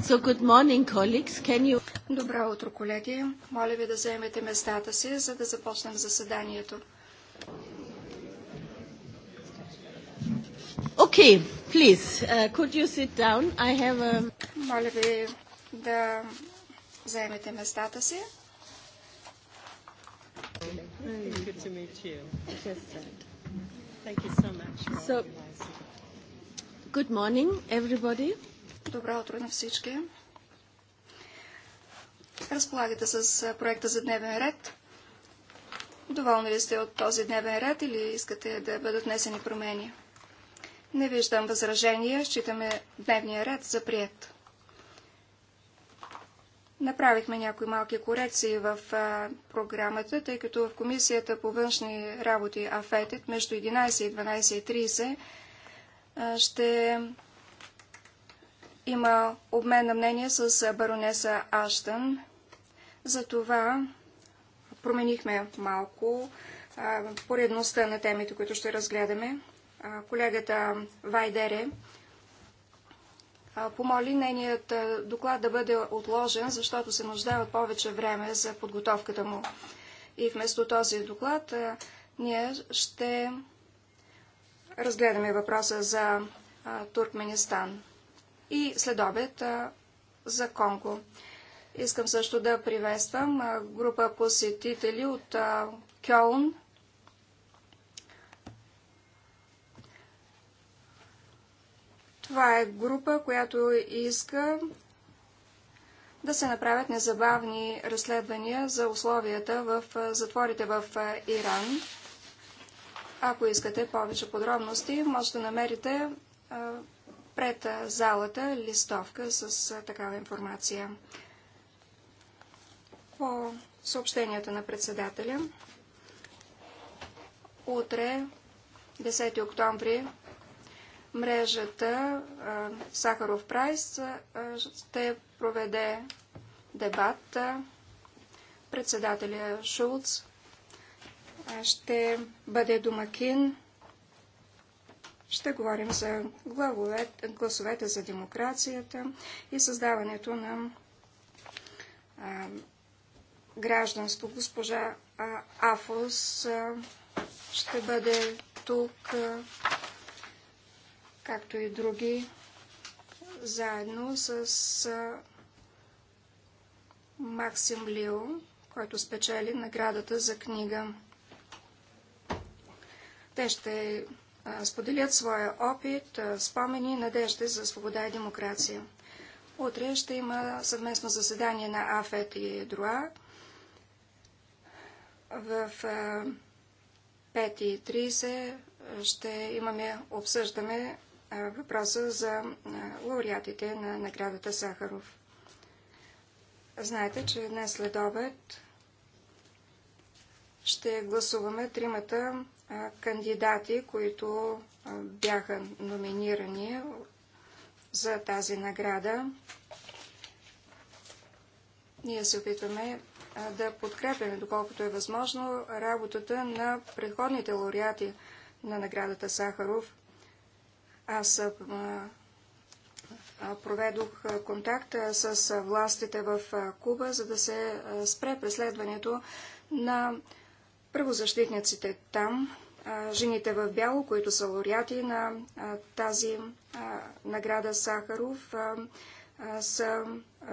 So good morning, colleagues. Can you... Добро утро, колеги. Моля ви да заемете местата си, за да започнем заседанието. Okay, please, uh, could you sit down? I have a... Моля ви да заемете местата си. Good to meet you. Thank you so much. So, good morning, everybody. Добро утро на всички. Разполагате с проекта за дневен ред. Доволни ли сте от този дневен ред или искате да бъдат внесени промени? Не виждам възражения. Считаме дневния ред за прият. Направихме някои малки корекции в програмата, тъй като в Комисията по външни работи АФЕТЕТ между 11 и 12.30 ще има обмен на мнение с баронеса Аштън. Затова променихме малко поредността на темите, които ще разгледаме. колегата Вайдере помоли нейният доклад да бъде отложен, защото се нуждае от повече време за подготовката му. И вместо този доклад ние ще разгледаме въпроса за Туркменистан и следобед за Конго. Искам също да приветствам група посетители от Кьолн. Това е група, която иска да се направят незабавни разследвания за условията в затворите в Иран. Ако искате повече подробности, може да намерите пред залата листовка с такава информация. По съобщенията на председателя, утре, 10 октомври, мрежата Сахаров Прайс ще проведе дебат. Председателя Шулц ще бъде домакин ще говорим за гласовете за демокрацията и създаването на а, гражданство. Госпожа а, Афос а, ще бъде тук, а, както и други, заедно с а, Максим Лио, който спечели наградата за книга. Те ще споделят своя опит, спомени Надежда за свобода и демокрация. Утре ще има съвместно заседание на АФЕТ и ДРУА в 5.30 ще имаме, обсъждаме въпроса за лауреатите на наградата Сахаров. Знаете, че днес след обед ще гласуваме тримата кандидати, които бяха номинирани за тази награда. Ние се опитваме да подкрепяме, доколкото е възможно, работата на предходните лауреати на наградата Сахаров. Аз проведох контакт с властите в Куба, за да се спре преследването на правозащитниците там, жените в бяло, които са лауреати на тази награда Сахаров, са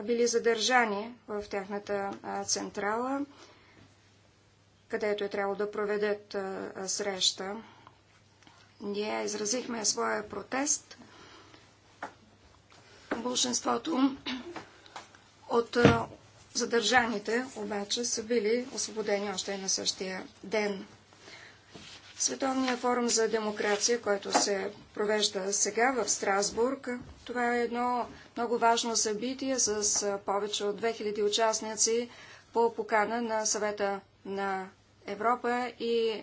били задържани в тяхната централа, където е трябвало да проведат среща. Ние изразихме своя протест. Большинството от Задържаните обаче са били освободени още на същия ден. Световния форум за демокрация, който се провежда сега в Страсбург, това е едно много важно събитие с повече от 2000 участници по покана на съвета на Европа и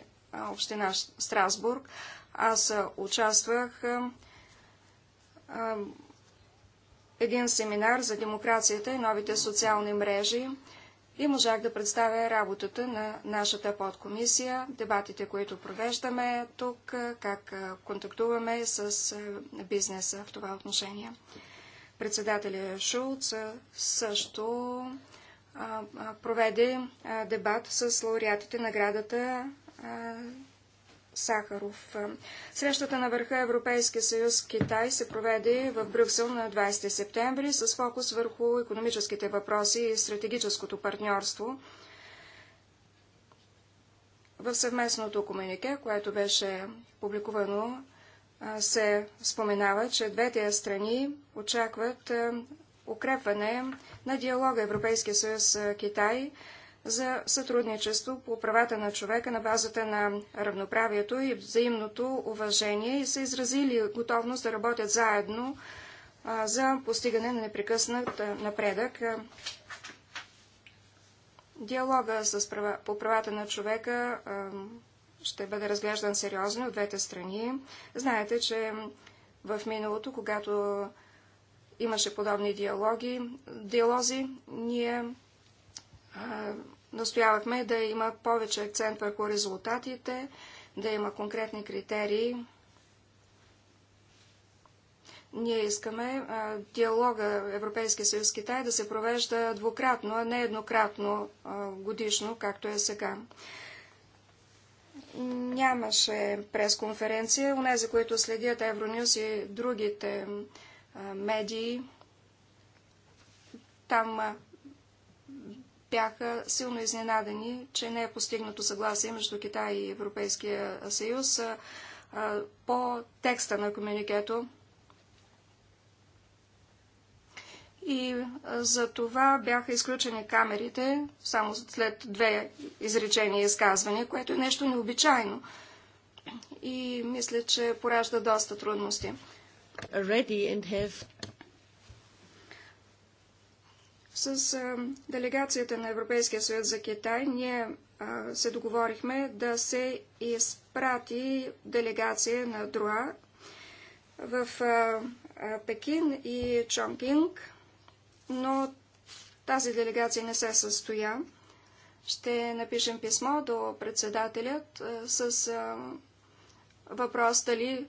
община Страсбург. Аз участвах един семинар за демокрацията и новите социални мрежи и можах да представя работата на нашата подкомисия, дебатите, които провеждаме тук, как контактуваме с бизнеса в това отношение. Председателя Шулц също проведе дебат с лауреатите наградата Сахаров. Срещата на върха Европейския съюз Китай се проведе в Брюксел на 20 септември с фокус върху економическите въпроси и стратегическото партньорство. В съвместното комунике, което беше публикувано, се споменава, че двете страни очакват укрепване на диалога Европейския съюз Китай за сътрудничество по правата на човека на базата на равноправието и взаимното уважение и са изразили готовност да работят заедно за постигане на непрекъснат напредък. диалога с права, по правата на човека ще бъде разглеждан сериозно от двете страни. Знаете, че в миналото, когато имаше подобни диалоги, диалози, ние настоявахме да има повече акцент върху резултатите, да има конкретни критерии. Ние искаме диалога Европейския съюз Китай да се провежда двукратно, а не еднократно годишно, както е сега. Нямаше пресконференция. нези, които следят Евронюс и другите медии, там бяха силно изненадани, че не е постигнато съгласие между Китай и Европейския съюз по текста на комуникето. И за това бяха изключени камерите само след две изречения и изказвания, което е нещо необичайно. И мисля, че поражда доста трудности. С делегацията на Европейския съюз за Китай ние се договорихме да се изпрати делегация на ДРУА в Пекин и Чонкинг, но тази делегация не се състоя. Ще напишем писмо до председателят с въпрос дали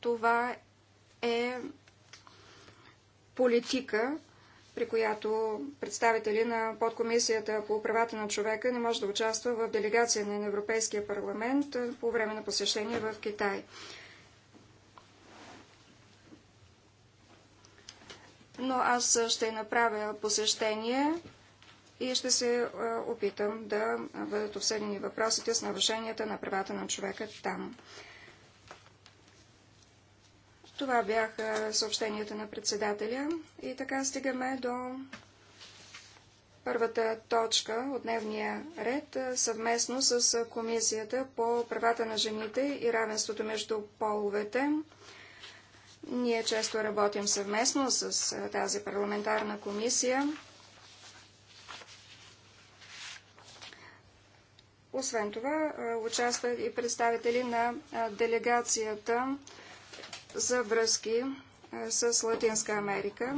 това е политика при която представители на подкомисията по правата на човека не може да участва в делегация на Европейския парламент по време на посещение в Китай. Но аз ще направя посещение и ще се опитам да бъдат обсъдени въпросите с нарушенията на правата на човека там. Това бяха съобщенията на председателя. И така стигаме до първата точка от дневния ред, съвместно с Комисията по правата на жените и равенството между половете. Ние често работим съвместно с тази парламентарна комисия. Освен това, участват и представители на делегацията за връзки с Латинска Америка.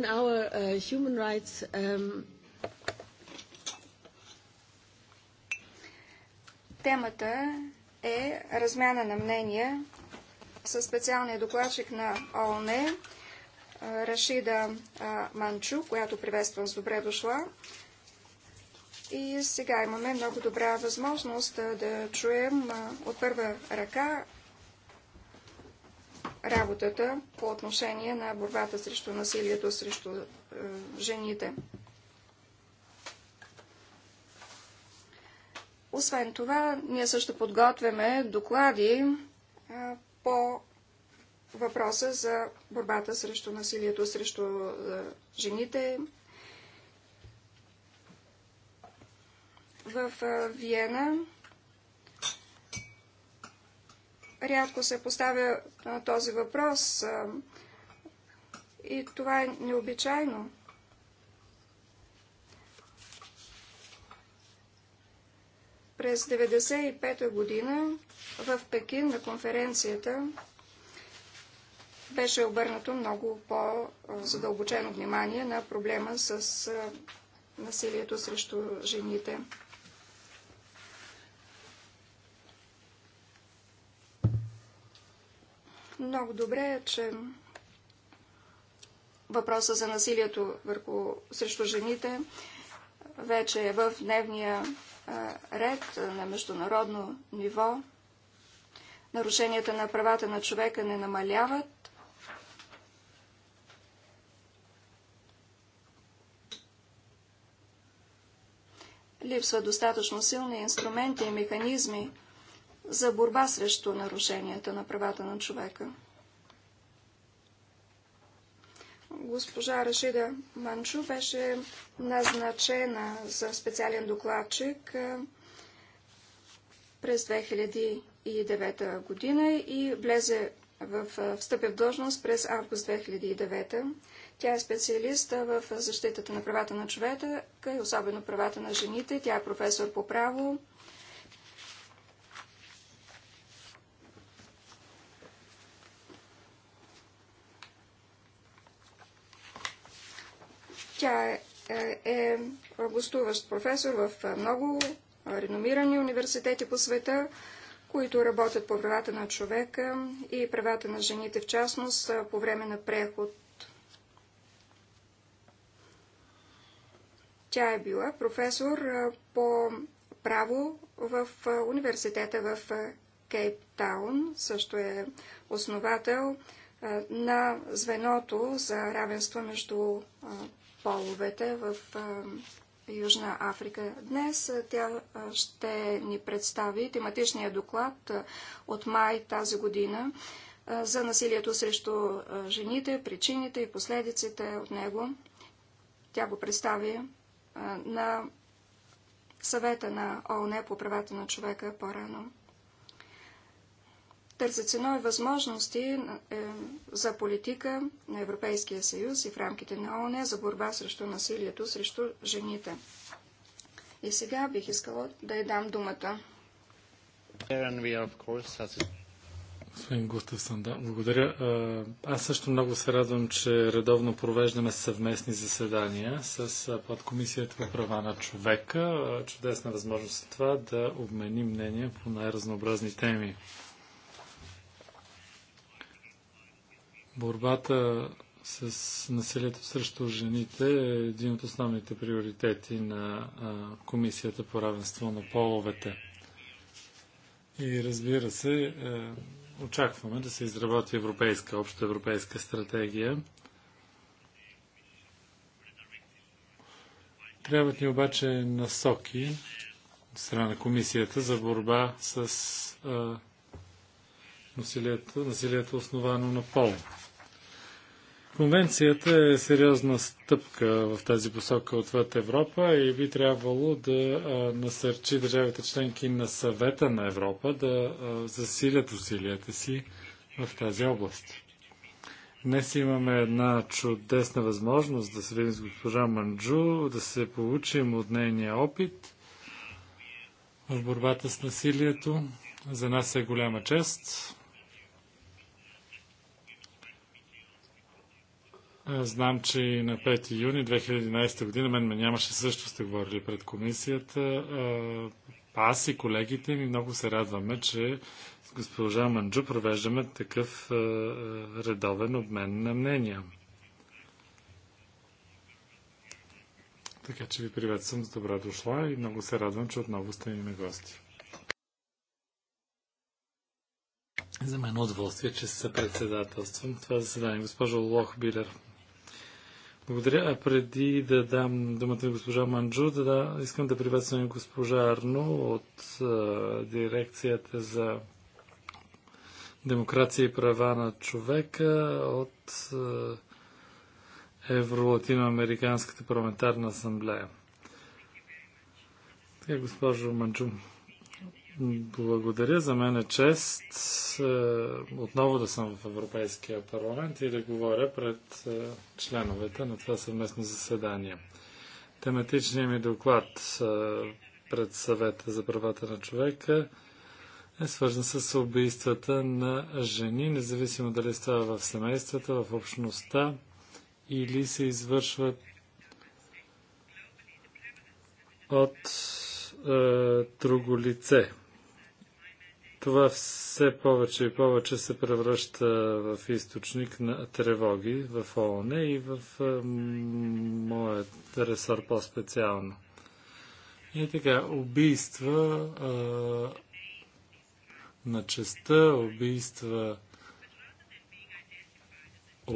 Our, uh, human rights, um... Темата е размяна на мнения със специалния докладчик на ООН Рашида Манчу, която приветствам с добре дошла. И сега имаме много добра възможност да чуем от първа ръка работата по отношение на борбата срещу насилието срещу е, жените. Освен това, ние също подготвяме доклади е, по въпроса за борбата срещу насилието срещу е, жените, в Виена. Рядко се поставя този въпрос и това е необичайно. През 1995 година в Пекин на конференцията беше обърнато много по-задълбочено внимание на проблема с насилието срещу жените. Много добре е, че въпроса за насилието върху, срещу жените вече е в дневния ред на международно ниво. Нарушенията на правата на човека не намаляват. Липсва достатъчно силни инструменти и механизми, за борба срещу нарушенията на правата на човека. Госпожа Рашида Манчу беше назначена за специален докладчик през 2009 година и влезе в, встъпя в должност през август 2009. Тя е специалиста в защитата на правата на човека и особено правата на жените. Тя е професор по право Тя е, е, е гостуващ професор в много реномирани университети по света, които работят по правата на човека и правата на жените в частност по време на преход. Тя е била професор по право в университета в Кейптаун, също е основател на звеното за равенство между половете в Южна Африка. Днес тя ще ни представи тематичния доклад от май тази година за насилието срещу жените, причините и последиците от него. Тя го представи на съвета на ООН по правата на човека по-рано. Търсят се нови възможности е, за политика на Европейския съюз и в рамките на ООН за борба срещу насилието срещу жените. И сега бих искала да й дам думата. Господин Густавсън, да, благодаря. Аз също много се радвам, че редовно провеждаме съвместни заседания с подкомисията по права на човека. Чудесна възможност е това да обменим мнение по най-разнообразни теми. Борбата с насилието срещу жените е един от основните приоритети на Комисията по равенство на половете. И разбира се, е, очакваме да се изработи европейска, обща европейска стратегия. Трябват ни обаче насоки от страна на комисията за борба с а, насилието, насилието основано на пол. Конвенцията е сериозна стъпка в тази посока отвъд Европа и би трябвало да насърчи държавите членки на съвета на Европа да засилят усилията си в тази област. Днес имаме една чудесна възможност да се видим с госпожа Манджу, да се получим от нейния опит в борбата с насилието. За нас е голяма чест. Знам, че и на 5 юни 2011 година мен ме нямаше също сте говорили пред комисията. Аз и колегите ми много се радваме, че с госпожа Манджу провеждаме такъв редовен обмен на мнения. Така че ви приветствам с добра дошла и много се радвам, че отново сте ни на гости. За мен удоволствие, че се председателствам това заседание. Госпожо Лох Билер. Благодаря. А преди да дам думата на госпожа Манджу, да, да искам да приветствам госпожа Арно от а, дирекцията за демокрация и права на човека от евро Евролатиноамериканската парламентарна асамблея. Така, госпожо Манджу, благодаря. За мен е чест е, отново да съм в Европейския парламент и да говоря пред е, членовете на това съвместно заседание. Тематичният ми доклад е, пред съвета за правата на човека е свързан с убийствата на жени, независимо дали става в семействата, в общността или се извършват от е, друго лице. Това все повече и повече се превръща в източник на тревоги в ООН и в е, моят ресор по-специално. И така, убийства а, е, на честа, убийства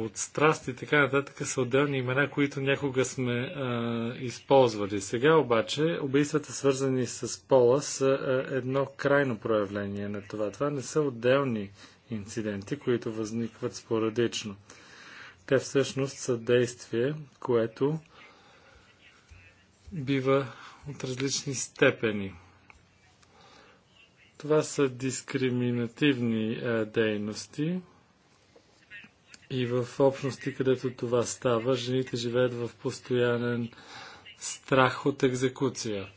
от страст и така нататък са отделни имена, които някога сме а, използвали. Сега обаче убийствата, свързани с пола, са а, едно крайно проявление на това. Това не са отделни инциденти, които възникват спорадично. Те всъщност са действие, което бива от различни степени. Това са дискриминативни а, дейности, и в общности, където това става, жените живеят в постоянен страх от екзекуция.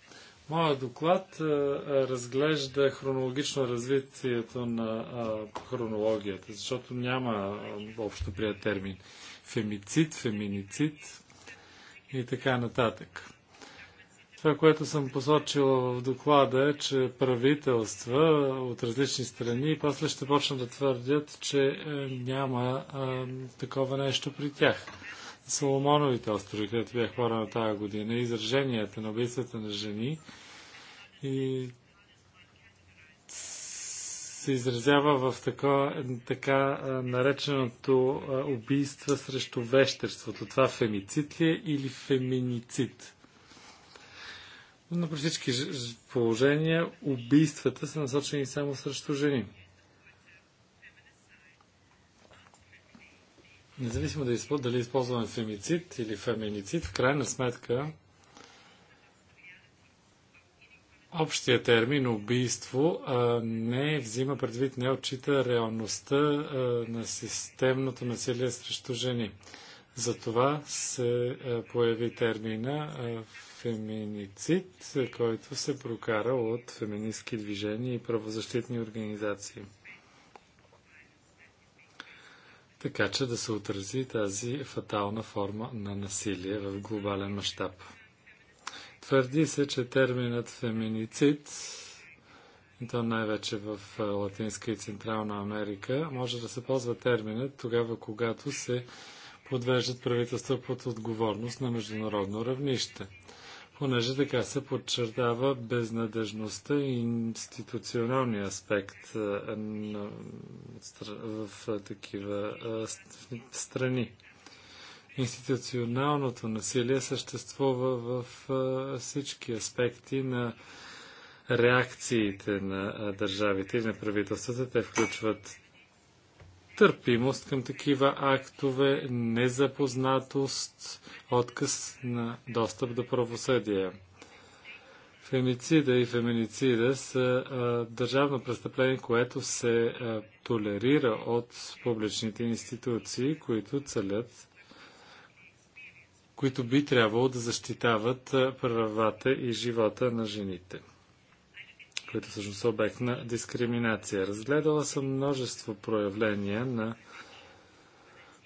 Моят доклад а, разглежда хронологично развитието на а, хронологията, защото няма а, общо прият термин. Фемицид, феминицид и така нататък. Това, което съм посочила в доклада е, че правителства от различни страни после ще почнат да твърдят, че е, няма а, е, такова нещо при тях. Соломоновите острови, където бях хора на тази година, израженията на убийствата на жени и се изразява в така, така е, нареченото убийство срещу вещерството. Това фемицит ли е или феминицид? Но при всички положения убийствата са насочени само срещу жени. Независимо да дали е използваме фемицид или феминицид, в крайна сметка общия термин убийство а, не взима предвид, не отчита реалността а, на системното насилие срещу жени. Затова се а, появи термина а, в феминицид, който се прокара от феминистки движения и правозащитни организации. Така че да се отрази тази фатална форма на насилие в глобален мащаб. Твърди се, че терминът феминицид, и то най-вече в Латинска и Централна Америка, може да се ползва терминът тогава, когато се подвеждат правителства под отговорност на международно равнище понеже така се подчертава безнадежността и институционалния аспект е, на, в е, такива е, страни. Институционалното насилие съществува в всички аспекти на реакциите на държавите и на правителствата. Те включват търпимост към такива актове, незапознатост, отказ на достъп до правосъдие. Фемицида и феминицида са а, държавно престъпление, което се а, толерира от публичните институции, които целят, които би трябвало да защитават правата и живота на жените които всъщност са обект на дискриминация. Разгледала съм множество проявления на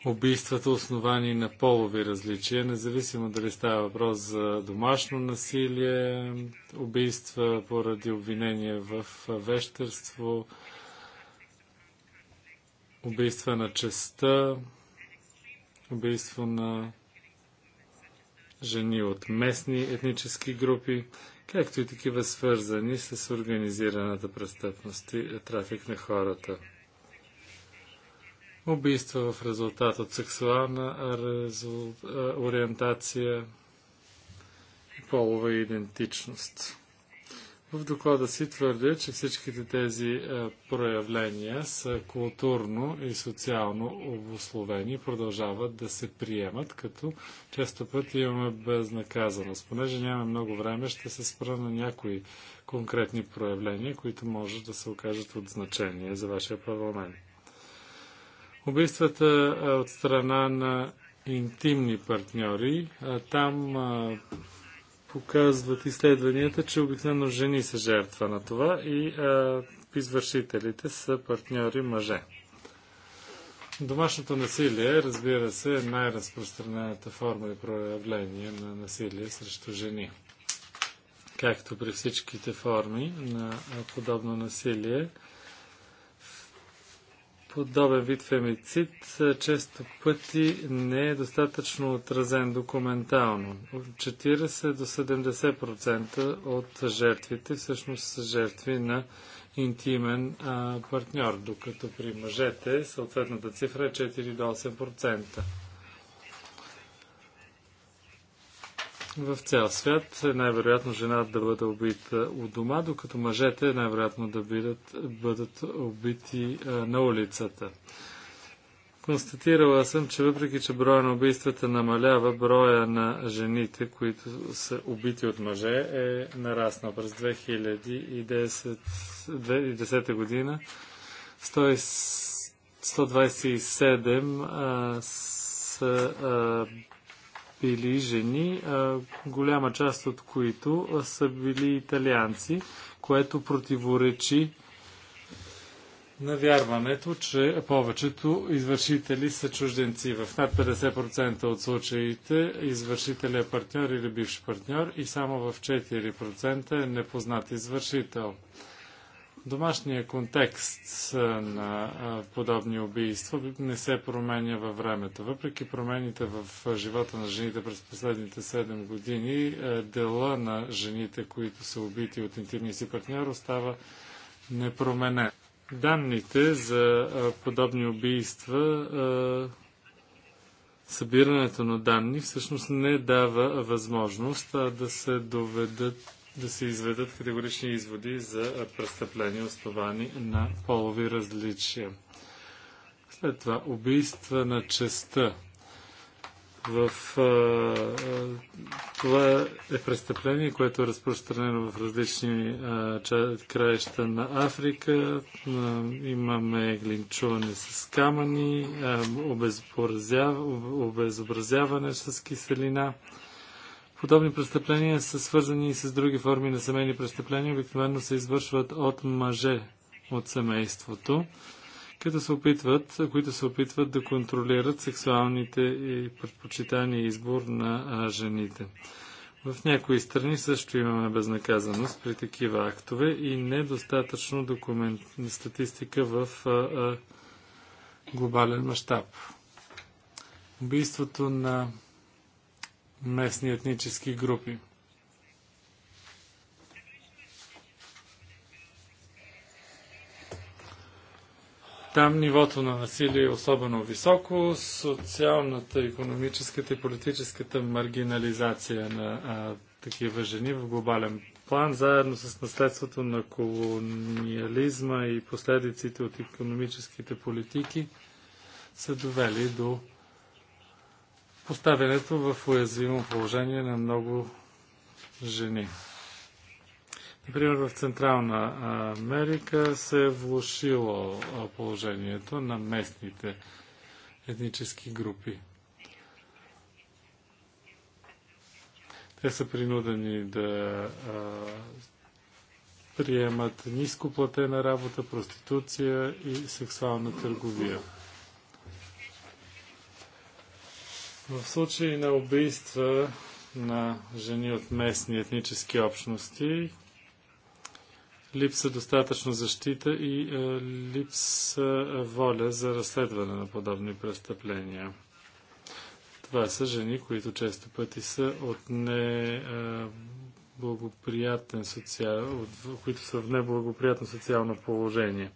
убийствата, основани на полови различия, независимо дали става въпрос за домашно насилие, убийства поради обвинение в вещерство, убийства на честа, убийство на жени от местни етнически групи както и такива свързани с организираната престъпност и трафик на хората. Убийства в резултат от сексуална резул... ориентация и полова идентичност. В доклада си твърдя, че всичките тези е, проявления са културно и социално обословени и продължават да се приемат, като често пъти имаме безнаказаност. Понеже нямаме много време, ще се спра на някои конкретни проявления, които може да се окажат от значение за вашия парламент. Убийствата е, от страна на интимни партньори. Е, там показват изследванията, че обикновено жени са жертва на това и а, извършителите са партньори мъже. Домашното насилие, разбира се, е най-разпространената форма и проявление на насилие срещу жени. Както при всичките форми на подобно насилие, подобен вид фемицид често пъти не е достатъчно отразен документално. От 40 до 70% от жертвите всъщност са жертви на интимен а, партньор, докато при мъжете съответната цифра е 4 до 8%. В цял свят е най-вероятно жена да бъде убита у дома, докато мъжете е най-вероятно да бъдат, бъдат убити а, е, на улицата. Констатирала съм, че въпреки, че броя на убийствата намалява, броя на жените, които са убити от мъже, е нараснал през 2010, 2010 година. 100, 127 а, са а, били жени, голяма част от които са били италианци, което противоречи на вярването, че повечето извършители са чужденци. В над 50% от случаите извършителят е партньор или бивш партньор и само в 4% е непознат извършител. Домашния контекст на подобни убийства не се променя във времето. Въпреки промените в живота на жените през последните 7 години, дела на жените, които са убити от интимния си партньор, остава непроменен. Данните за подобни убийства събирането на данни всъщност не дава възможност да се доведат да се изведат категорични изводи за престъпления, основани на полови различия. След това убийства на честа. В, а, това е престъпление, което е разпространено в различни а, краища на Африка. А, имаме глинчуване с камъни, а, обезобразяване с киселина. Подобни престъпления са свързани и с други форми на семейни престъпления. Обикновено се извършват от мъже от семейството, като се опитват, които се опитват да контролират сексуалните и предпочитания и избор на жените. В някои страни също имаме безнаказаност при такива актове и недостатъчно документ, статистика в а, а, глобален мащаб. Убийството на местни етнически групи. Там нивото на насилие е особено високо, социалната, економическата и политическата маргинализация на а, такива жени в глобален план, заедно с наследството на колониализма и последиците от економическите политики, са довели до поставянето в уязвимо положение на много жени. Например, в Централна Америка се е влушило положението на местните етнически групи. Те са принудени да а, приемат нископлатена работа, проституция и сексуална търговия. В случай на убийства на жени от местни етнически общности, липса достатъчно защита и е, липса воля за разследване на подобни престъпления. Това са жени, които често пъти са от е, благоприятен социал... които са в неблагоприятно социално положение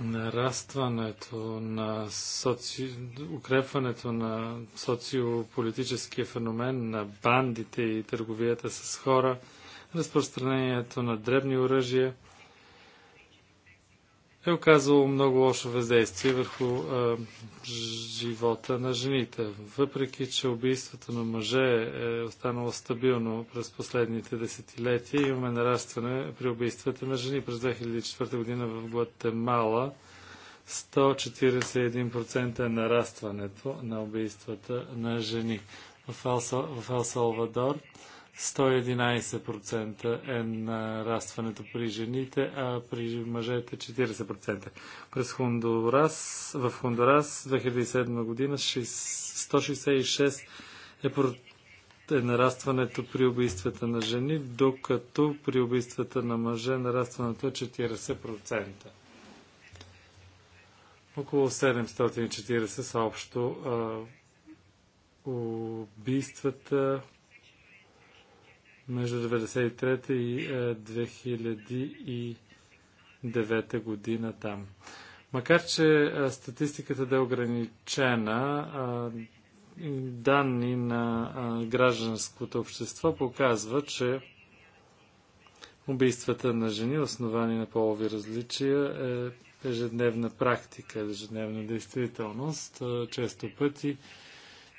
нарастването на соци... укрепването на социополитическия феномен на бандите и търговията с хора, разпространението на дребни оръжия – е оказало много лошо въздействие върху а, живота на жените. Въпреки, че убийството на мъже е останало стабилно през последните десетилетия, имаме нарастване при убийствата на жени. През 2004 година в Гватемала 141% е нарастването на убийствата на жени. В Ел Салвадор Ал- 111% е нарастването при жените, а при мъжете 40%. През Хондурас, в Хондурас 2007 година 166 е, е нарастването при убийствата на жени, докато при убийствата на мъже нарастването е 40%. Около 740 са общо а, убийствата между 1993 и 2009 е, година там. Макар, че е, статистиката да е ограничена, е, данни на гражданското общество показва, че убийствата на жени, основани на полови различия, е ежедневна практика, ежедневна действителност. Често пъти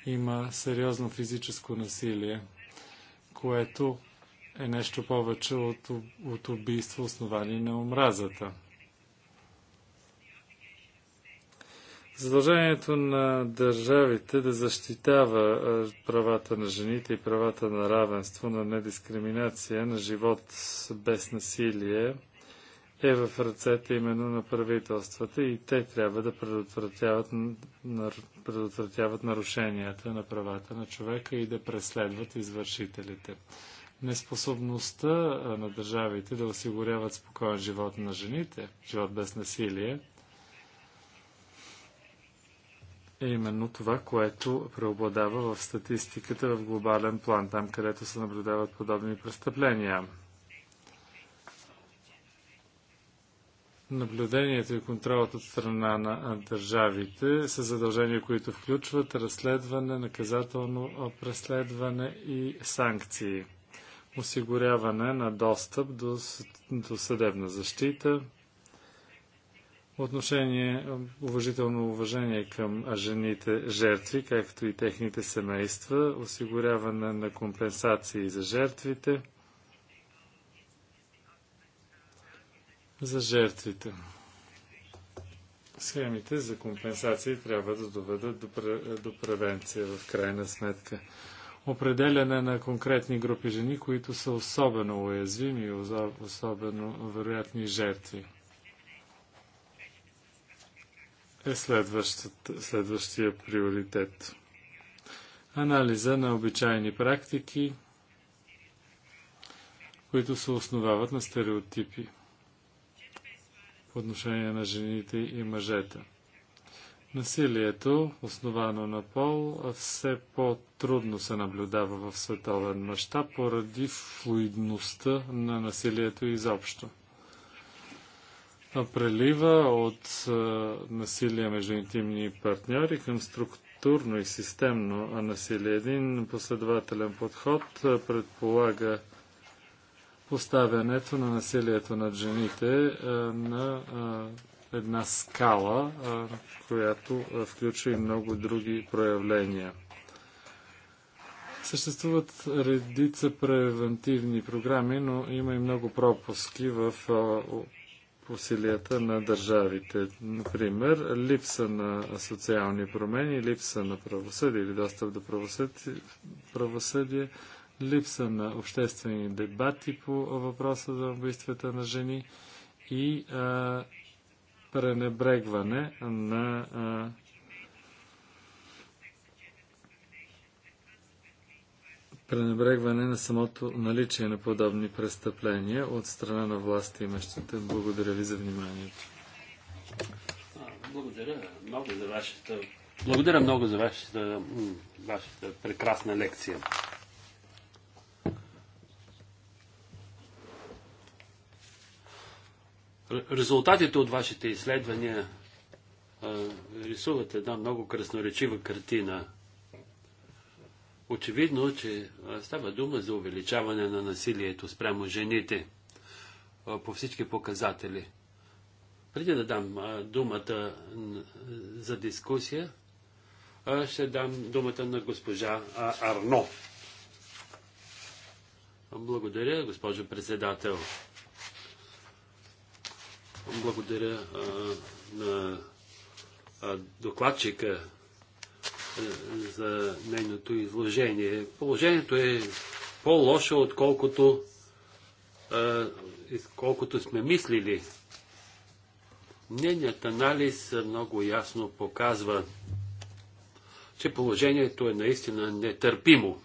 има сериозно физическо насилие което е нещо повече от, от убийство, основани на омразата. Задължението на държавите да защитава правата на жените и правата на равенство, на недискриминация, на живот без насилие – е в ръцете именно на правителствата и те трябва да предотвратяват, предотвратяват нарушенията на правата на човека и да преследват извършителите. Неспособността на държавите да осигуряват спокоен живот на жените, живот без насилие, е именно това, което преобладава в статистиката в глобален план, там където се наблюдават подобни престъпления. наблюдението и контролът от страна на държавите са задължения, които включват разследване, наказателно преследване и санкции, осигуряване на достъп до, до съдебна защита, отношение, уважително уважение към жените жертви, както и техните семейства, осигуряване на компенсации за жертвите – за жертвите. Схемите за компенсации трябва да доведат до, до превенция в крайна сметка. Определяне на конкретни групи жени, които са особено уязвими и особено вероятни жертви. е следващия приоритет. Анализа на обичайни практики, които се основават на стереотипи по отношение на жените и мъжете. Насилието, основано на пол, все по-трудно се наблюдава в световен мащаб поради флуидността на насилието изобщо. Прелива от насилие между интимни партньори към структурно и системно насилие. Един последователен подход предполага поставянето на насилието над жените на една скала, която включва и много други проявления. Съществуват редица превентивни програми, но има и много пропуски в усилията на държавите. Например, липса на социални промени, липса на правосъдие или достъп до правосъдие, правосъдие липса на обществени дебати по въпроса за убийствата на жени и а, пренебрегване на а, пренебрегване на самото наличие на подобни престъпления от страна на власти и мъщите. Благодаря ви за вниманието. Благодаря много за вашата, благодаря много за вашата, вашата прекрасна лекция. резултатите от вашите изследвания рисуват една много красноречива картина. Очевидно, че става дума за увеличаване на насилието спрямо жените по всички показатели. Преди да дам думата за дискусия, ще дам думата на госпожа Арно. Благодаря, госпожо председател. Благодаря а, на а, докладчика а, за нейното изложение. Положението е по-лошо, отколкото а, колкото сме мислили. Нейният анализ много ясно показва, че положението е наистина нетърпимо.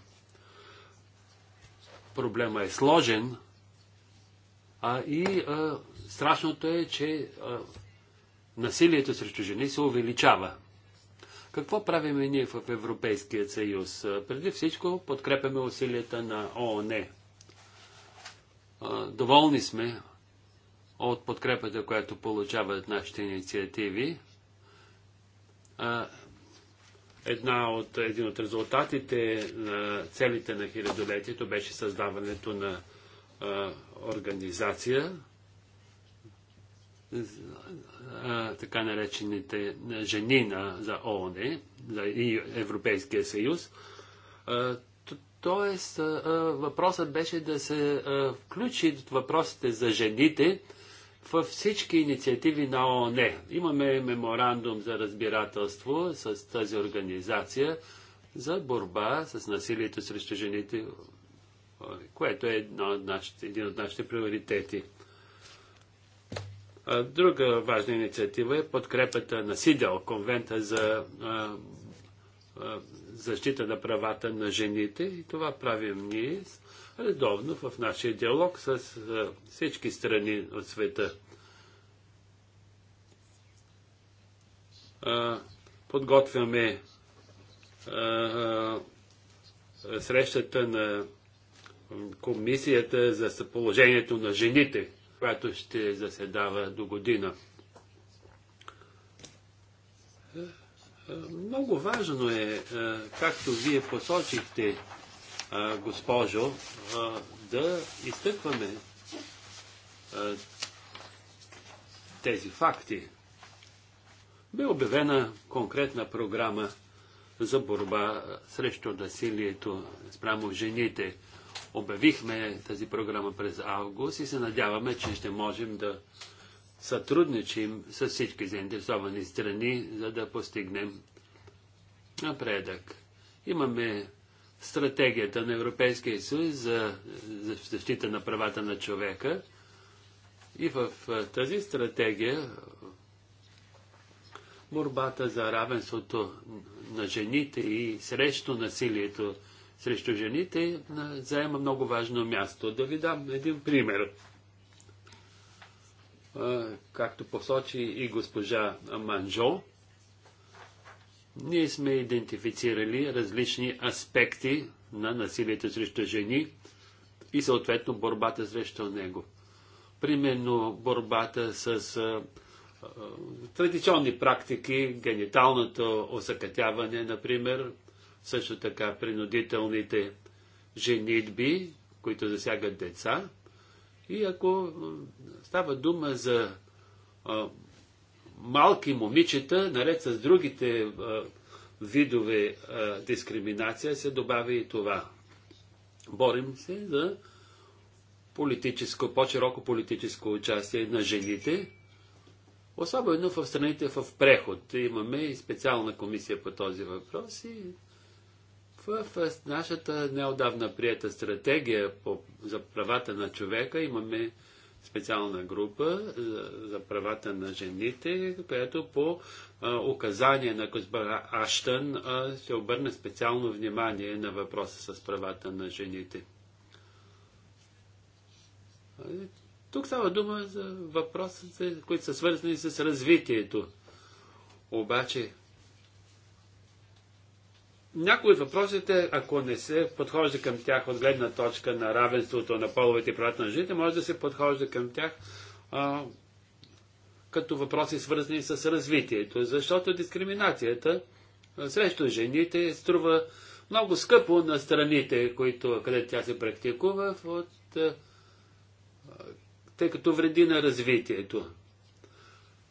Проблема е сложен, а и а, страшното е, че а, насилието срещу жени се увеличава. Какво правим ние в Европейския съюз? Преди всичко подкрепяме усилията на ООН. Доволни сме от подкрепата, която получават нашите инициативи. Една от, един от резултатите на целите на хилядолетието беше създаването на организация, така наречените жени на, за ООН, за и Европейския съюз. Тоест, въпросът беше да се включи въпросите за жените във всички инициативи на ООН. Имаме меморандум за разбирателство с тази организация за борба с насилието срещу жените, което е един от нашите приоритети. Друга важна инициатива е подкрепата на СИДЕЛ, Конвента за защита на правата на жените и това правим ние редовно в нашия диалог с всички страни от света. Подготвяме срещата на комисията за положението на жените която ще заседава до година. Много важно е, е както вие посочихте, е, госпожо, е, да изтъкваме тези факти. Бе обявена конкретна програма за борба срещу насилието спрямо жените. Обявихме тази програма през август и се надяваме, че ще можем да сътрудничим с всички заинтересовани страни, за да постигнем напредък. Имаме стратегията на Европейския съюз за защита на правата на човека и в тази стратегия борбата за равенството на жените и срещу насилието срещу жените заема много важно място. Да ви дам един пример. Както посочи и госпожа Манжо, ние сме идентифицирали различни аспекти на насилието срещу жени и съответно борбата срещу него. Примерно борбата с а, а, традиционни практики, гениталното осъкътяване, например, също така принудителните женитби, които засягат деца. И ако става дума за а, малки момичета, наред с другите а, видове а, дискриминация, се добави и това. Борим се за политическо, по-широко политическо участие на жените, особено в страните в преход. Имаме и специална комисия по този въпрос и в нашата неодавна прията стратегия по, за правата на човека имаме специална група за, е, за правата на жените, която по а, е, указание на Козбара Аштън а, е, ще обърне специално внимание на въпроса с правата на жените. Тук става дума за въпросите, които са свързани с развитието. Обаче някои от въпросите, ако не се подхожда към тях от гледна точка на равенството на половете и правата на жените, може да се подхожда към тях а, като въпроси свързани с развитието, защото дискриминацията срещу жените струва много скъпо на страните, които, където тя се практикува, от, тъй като вреди на развитието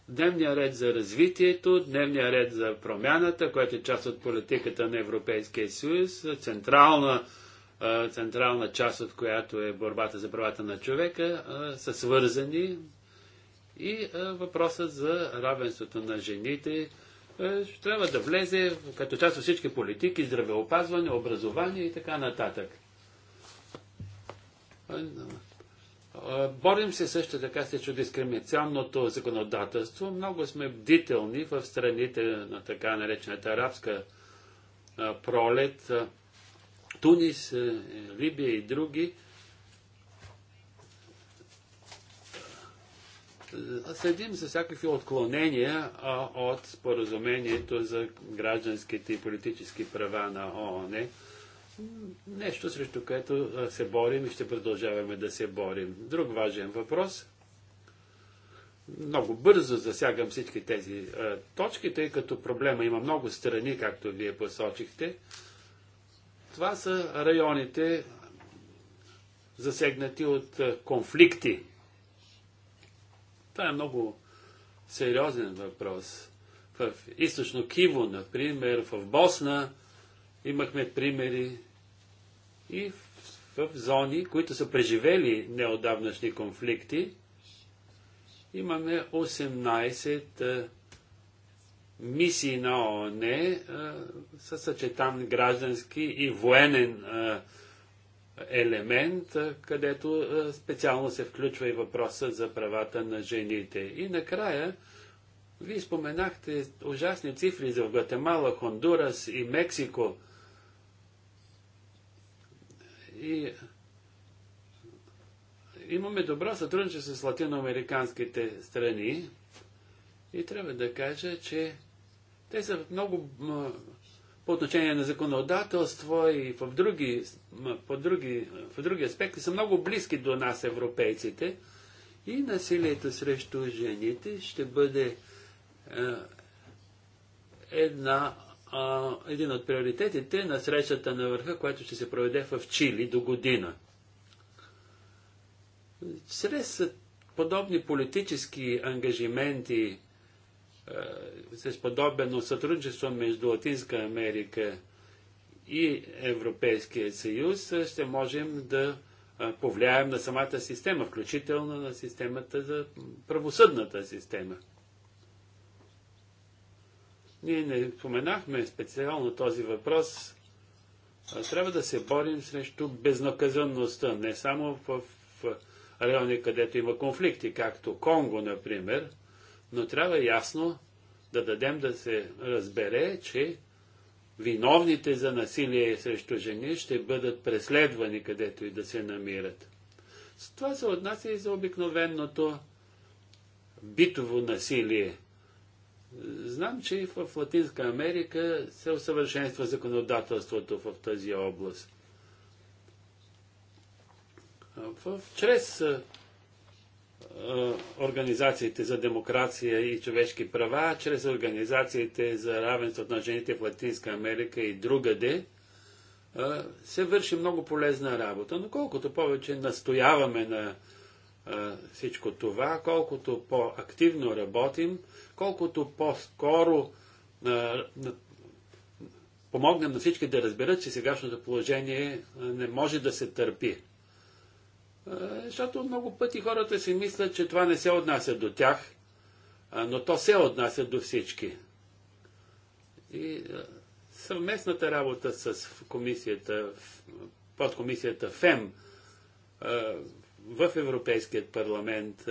дневния ред за развитието, дневния ред за промяната, което е част от политиката на Европейския съюз, централна, централна част от която е борбата за правата на човека, са свързани и въпросът за равенството на жените ще трябва да влезе като част от всички политики, здравеопазване, образование и така нататък. Борим се също така срещу дискриминационното законодателство. Много сме бдителни в страните на така наречената арабска пролет, Тунис, е, Либия и други. Следим за всякакви отклонения от споразумението за гражданските и политически права на ООН нещо срещу което се борим и ще продължаваме да се борим. Друг важен въпрос. Много бързо засягам всички тези точки, тъй като проблема има много страни, както вие посочихте. Това са районите засегнати от конфликти. Това е много сериозен въпрос. В източно Киво, например, в Босна имахме примери и в, в зони, които са преживели неодавнашни конфликти, имаме 18 мисии на ООН със съчетан граждански и военен елемент, където специално се включва и въпроса за правата на жените. И накрая, вие споменахте ужасни цифри за Гватемала, Хондурас и Мексико – и имаме добро сътрудничество с латиноамериканските страни и трябва да кажа, че те са много по отношение на законодателство и в други, по други, в други аспекти са много близки до нас, европейците. И насилието срещу жените ще бъде е, една а, един от приоритетите на срещата на върха, която ще се проведе в Чили до година. Срез подобни политически ангажименти, е, с подобено сътрудничество между Латинска Америка и Европейския съюз, е, ще можем да е, повлияем на самата система, включително на системата за правосъдната система. Ние не споменахме специално този въпрос. Трябва да се борим срещу безнаказанността, не само в райони, където има конфликти, както Конго, например, но трябва ясно да дадем да се разбере, че виновните за насилие срещу жени ще бъдат преследвани където и да се намират. С това се отнася и за обикновеното битово насилие – Знам, че и в Латинска Америка се усъвършенства законодателството в тази област. В, чрез а, организациите за демокрация и човешки права, чрез организациите за равенство на жените в Латинска Америка и другаде, се върши много полезна работа. Но колкото повече настояваме на всичко това. Колкото по-активно работим, колкото по-скоро помогнем на всички да разберат, че сегашното положение не може да се търпи. Защото много пъти хората си мислят, че това не се отнася до тях, но то се отнася до всички. И съвместната работа с комисията, подкомисията ФЕМ, в Европейският парламент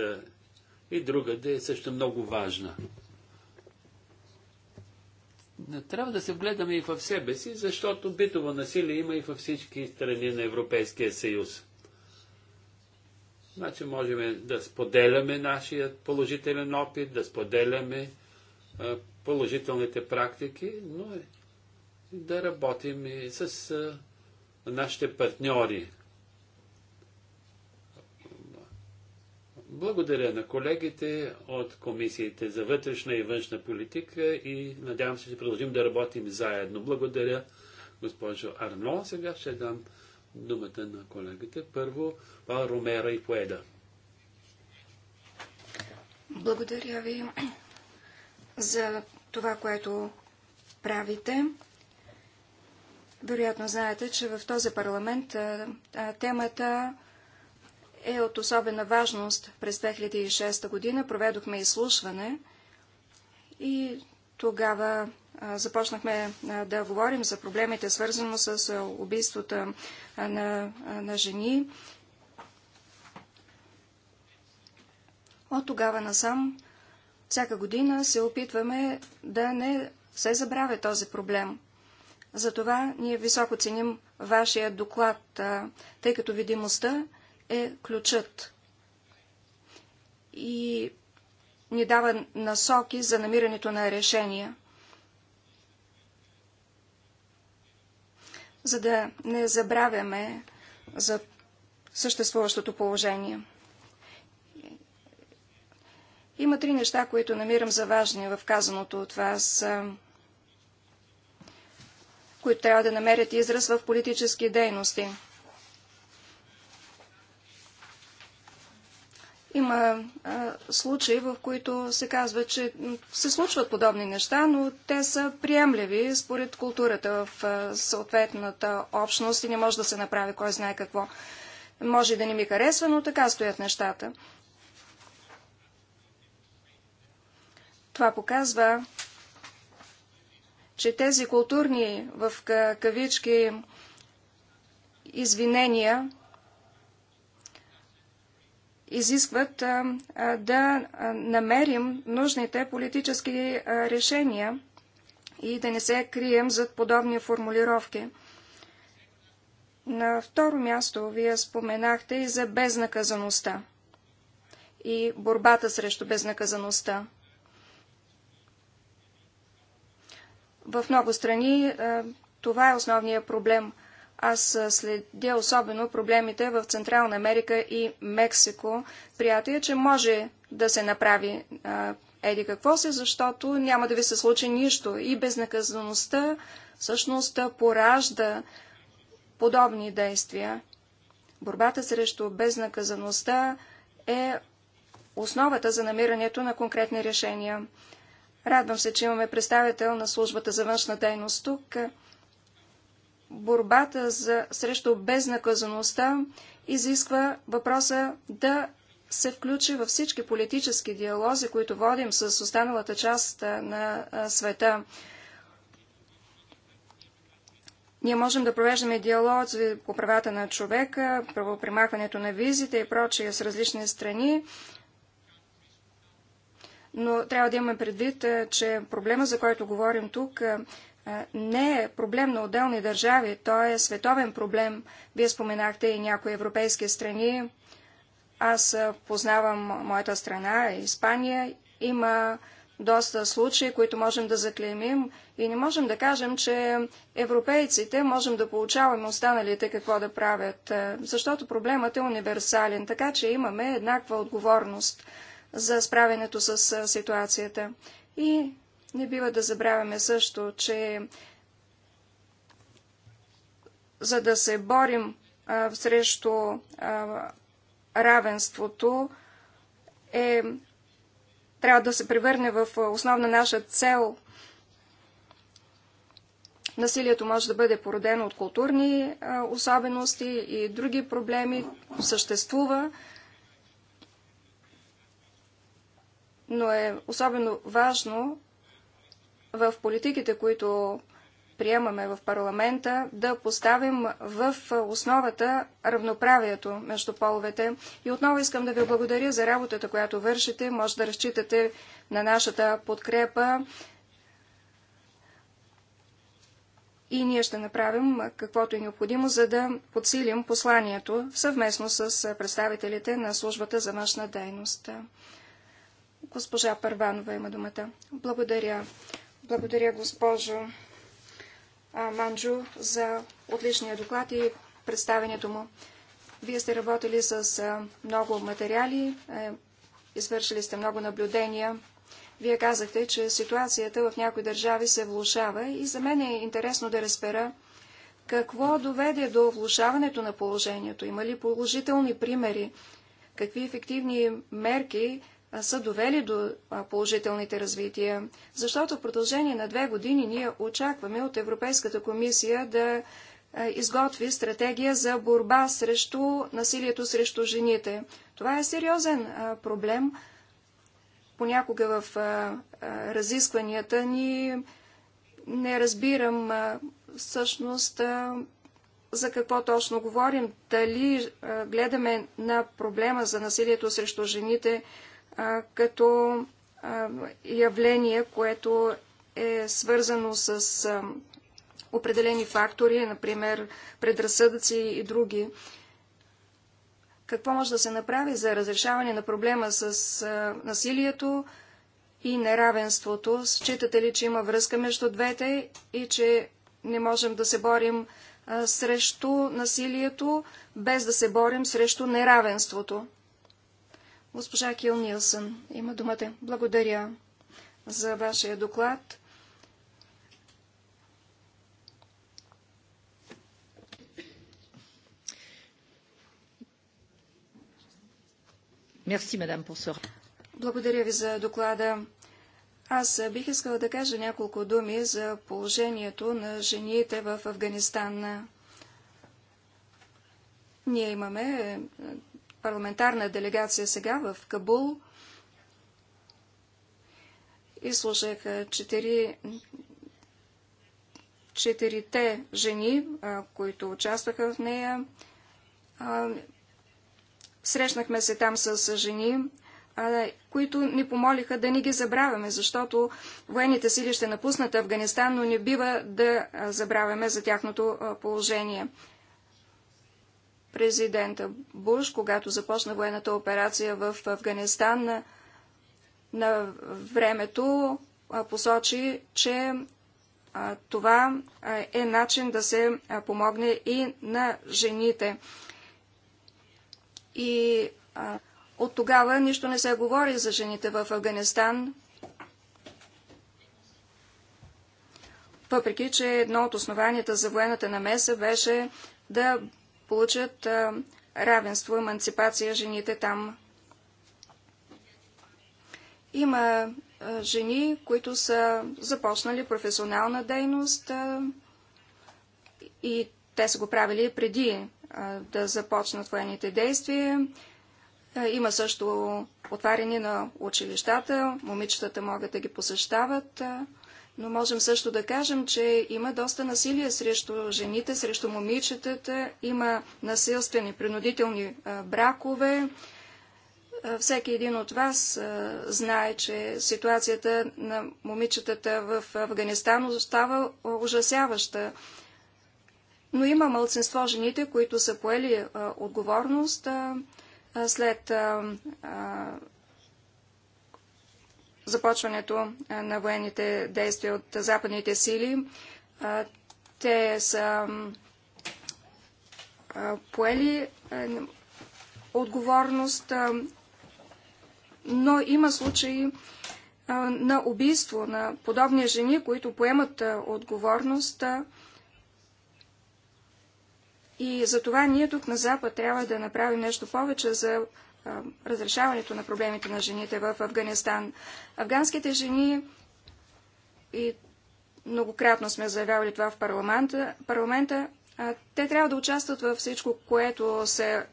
и другаде е също много важна. Не трябва да се вгледаме и в себе си, защото битово насилие има и във всички страни на Европейския съюз. Значи можем да споделяме нашия положителен опит, да споделяме положителните практики, но и да работим и с нашите партньори. Благодаря на колегите от комисиите за вътрешна и външна политика и надявам се, че продължим да работим заедно. Благодаря, госпожо Арно. Сега ще дам думата на колегите. Първо, Пал Ромера и Поеда. Благодаря ви за това, което правите. Вероятно знаете, че в този парламент темата е от особена важност. През 2006 година проведохме изслушване и тогава започнахме да говорим за проблемите, свързано с убийствата на, на жени. От тогава насам, всяка година се опитваме да не се забравя този проблем. Затова ние високо ценим вашия доклад, тъй като видимостта е ключът и ни дава насоки за намирането на решения. за да не забравяме за съществуващото положение. Има три неща, които намирам за важни в казаното от вас, които трябва да намерят израз в политически дейности – Има а, случаи, в които се казва, че се случват подобни неща, но те са приемливи според културата в а, съответната общност и не може да се направи кой знае какво. Може да не ми харесва, но така стоят нещата. Това показва, че тези културни в кавички извинения изискват да намерим нужните политически решения и да не се крием зад подобни формулировки. На второ място вие споменахте и за безнаказаността и борбата срещу безнаказаността. В много страни това е основният проблем – аз следя особено проблемите в Централна Америка и Мексико. Приятели, че може да се направи а, еди какво се, защото няма да ви се случи нищо. И безнаказаността всъщност поражда подобни действия. Борбата срещу безнаказаността е основата за намирането на конкретни решения. Радвам се, че имаме представител на службата за външна дейност тук борбата за, срещу безнаказаността изисква въпроса да се включи във всички политически диалози, които водим с останалата част на света. Ние можем да провеждаме диалози по правата на човека, правопримахването на визите и прочие с различни страни, но трябва да имаме предвид, че проблема, за който говорим тук, не е проблем на отделни държави, то е световен проблем. Вие споменахте и някои европейски страни. Аз познавам моята страна, Испания. Има доста случаи, които можем да заклеймим и не можем да кажем, че европейците можем да получаваме останалите какво да правят, защото проблемът е универсален, така че имаме еднаква отговорност за справянето с ситуацията. И не бива да забравяме също, че за да се борим а, срещу а, равенството, е, трябва да се превърне в основна наша цел. Насилието може да бъде породено от културни а, особености и други проблеми, съществува, но е особено важно в политиките, които приемаме в парламента, да поставим в основата равноправието между половете. И отново искам да ви благодаря за работата, която вършите. Може да разчитате на нашата подкрепа. И ние ще направим каквото е необходимо, за да подсилим посланието съвместно с представителите на службата за външна дейност. Госпожа Първанова има думата. Благодаря. Благодаря, госпожо Манджо, за отличния доклад и представенето му. Вие сте работили с много материали, е, извършили сте много наблюдения. Вие казахте, че ситуацията в някои държави се влушава и за мен е интересно да разбера какво доведе до влушаването на положението. Има ли положителни примери? Какви ефективни мерки са довели до положителните развития, защото в продължение на две години ние очакваме от Европейската комисия да изготви стратегия за борба срещу насилието срещу жените. Това е сериозен проблем. Понякога в разискванията ни не разбирам всъщност за какво точно говорим. Дали гледаме на проблема за насилието срещу жените като явление, което е свързано с определени фактори, например предразсъдъци и други. Какво може да се направи за разрешаване на проблема с насилието и неравенството? Считате ли, че има връзка между двете и че не можем да се борим срещу насилието, без да се борим срещу неравенството? Госпожа Кил Нилсън има думата. Благодаря за вашия доклад. Благодаря ви за доклада. Аз бих искала да кажа няколко думи за положението на жените в Афганистан. Ние имаме парламентарна делегация сега в Кабул. Изслушах четири, четирите жени, които участваха в нея. Срещнахме се там с жени, които ни помолиха да не ги забравяме, защото военните сили ще напуснат Афганистан, но не бива да забравяме за тяхното положение. Президента Буш, когато започна военната операция в Афганистан, на, на времето посочи, че това е начин да се помогне и на жените. И от тогава нищо не се говори за жените в Афганистан, въпреки че едно от основанията за военната намеса беше да получат равенство, еманципация жените там. Има жени, които са започнали професионална дейност и те са го правили преди да започнат военните действия. Има също отваряне на училищата, момичетата могат да ги посещават. Но можем също да кажем, че има доста насилие срещу жените, срещу момичетата, има насилствени, принудителни бракове. Всеки един от вас знае, че ситуацията на момичетата в Афганистан остава ужасяваща. Но има мълцинство жените, които са поели отговорност след започването на военните действия от западните сили. Те са поели отговорност, но има случаи на убийство на подобни жени, които поемат отговорност. И за това ние тук на Запад трябва да направим нещо повече за разрешаването на проблемите на жените в Афганистан. Афганските жени и многократно сме заявявали това в парламента, парламента те трябва да участват във всичко, което се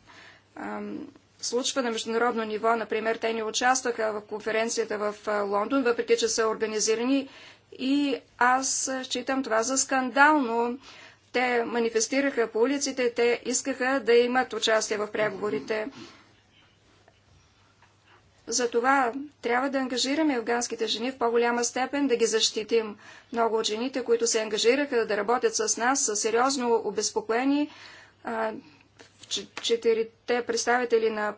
ам, случва на международно ниво. Например, те не участваха в конференцията в Лондон, въпреки че са организирани. И аз считам това за скандално. Те манифестираха по улиците, те искаха да имат участие в преговорите. Затова трябва да ангажираме афганските жени в по-голяма степен, да ги защитим. Много от жените, които се ангажираха да работят с нас, са сериозно обезпокоени. Четирите представители на,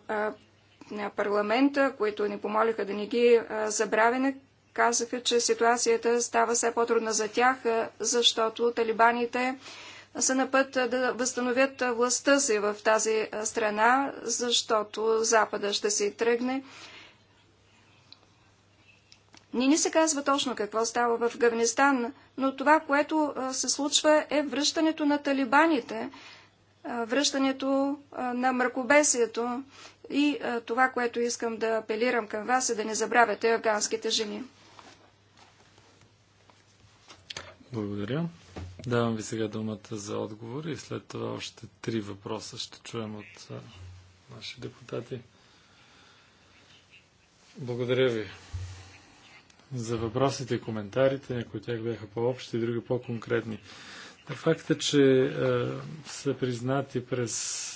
на парламента, които ни помолиха да ни ги забравяме, казаха, че ситуацията става все по-трудна за тях, защото талибаните са на път да възстановят властта си в тази страна, защото Запада ще се тръгне. Не ни се казва точно какво става в Афганистан, но това, което се случва е връщането на талибаните, връщането на мракобесието и това, което искам да апелирам към вас е да не забравяте афганските жени. Благодаря. Давам ви сега думата за отговор и след това още три въпроса ще чуем от наши депутати. Благодаря ви за въпросите и коментарите. Някои от тях бяха по-общи, други по-конкретни. Факта, че е, са признати през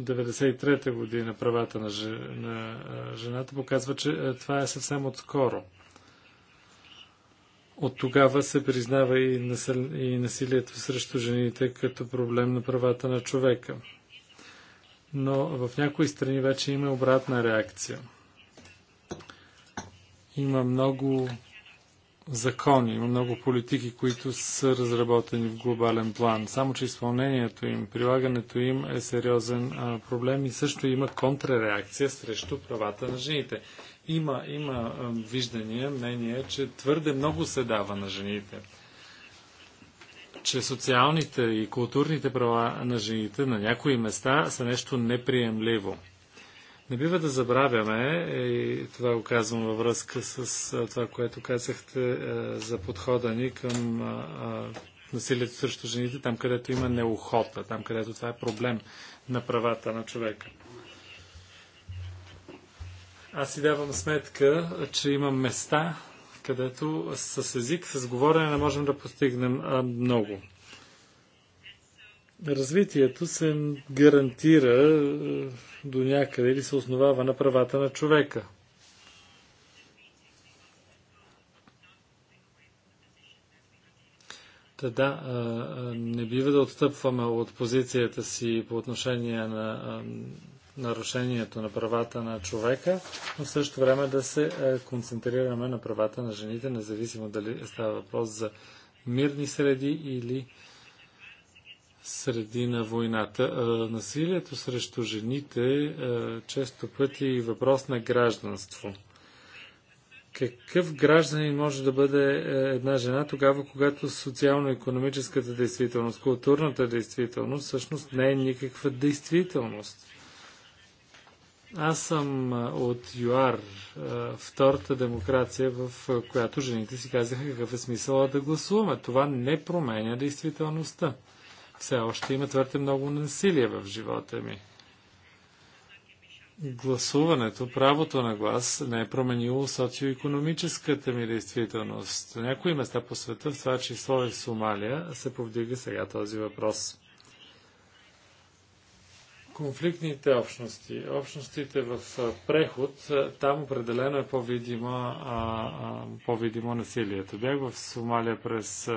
1993 година правата на, ж... на е, жената показва, че е, това е съвсем отскоро. От тогава се признава и, насъл... и насилието срещу жените като проблем на правата на човека. Но в някои страни вече има обратна реакция – има много закони, има много политики, които са разработени в глобален план. Само, че изпълнението им, прилагането им е сериозен а, проблем и също има контрареакция срещу правата на жените. Има, има а, виждания, мнение, че твърде много се дава на жените. Че социалните и културните права на жените на някои места са нещо неприемливо. Не бива да забравяме, е, и това го казвам във връзка с това, което казахте е, за подхода ни към насилието срещу жените, там където има неохота, там където това е проблем на правата на човека. Аз си давам сметка, че има места, където с език, с говорене не можем да постигнем много развитието се гарантира е, до някъде или се основава на правата на човека. Та да, е, е, не бива да отстъпваме от позицията си по отношение на нарушението на правата на човека, но в същото време да се концентрираме на правата на жените, независимо дали става въпрос за мирни среди или среди на войната. Насилието срещу жените често пъти е въпрос на гражданство. Какъв гражданин може да бъде е, една жена тогава, когато социално-економическата действителност, културната действителност всъщност не е никаква действителност? Аз съм от ЮАР, втората демокрация, в която жените си казаха какъв е смисъл да гласуваме. Това не променя действителността. Все още има твърде много насилие в живота ми. Гласуването, правото на глас не е променило социоекономическата ми действителност. На някои места по света, в това число и в Сомалия, се повдига сега този въпрос конфликтните общности, общностите в преход, там определено е по-видимо, по-видимо насилието. Бях в Сомалия през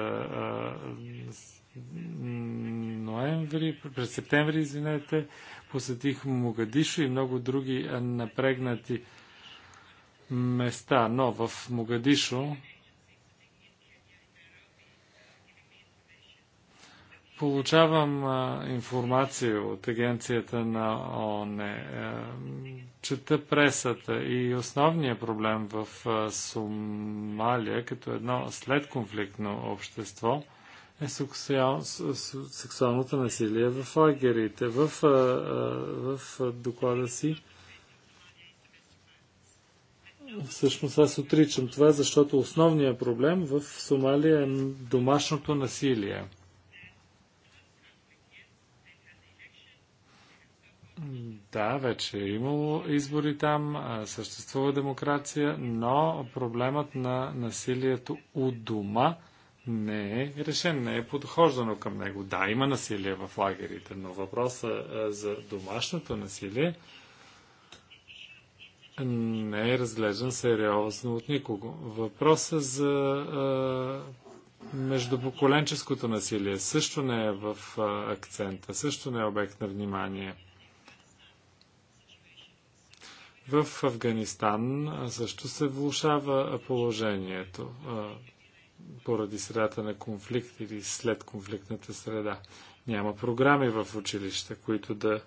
ноември, през септември, извинете, посетих Могадишо и много други напрегнати места. Но в Могадишо получавам а, информация от агенцията на ООН. Е, чета пресата и основният проблем в а, Сомалия, като едно следконфликтно общество, е сексуал, сексуалното насилие в лагерите. В, в, в доклада си всъщност аз отричам това, защото основният проблем в Сомалия е домашното насилие. Да, вече е имало избори там, съществува демокрация, но проблемът на насилието у дома – не е решен, не е подхождано към него. Да, има насилие в лагерите, но въпроса е, за домашното насилие не е разглеждан сериозно от никого. Въпроса за е, междупоколенческото насилие също не е в е, акцента, също не е обект на внимание. В Афганистан също се влушава положението поради средата на конфликт или след конфликтната среда. Няма програми в училища, които да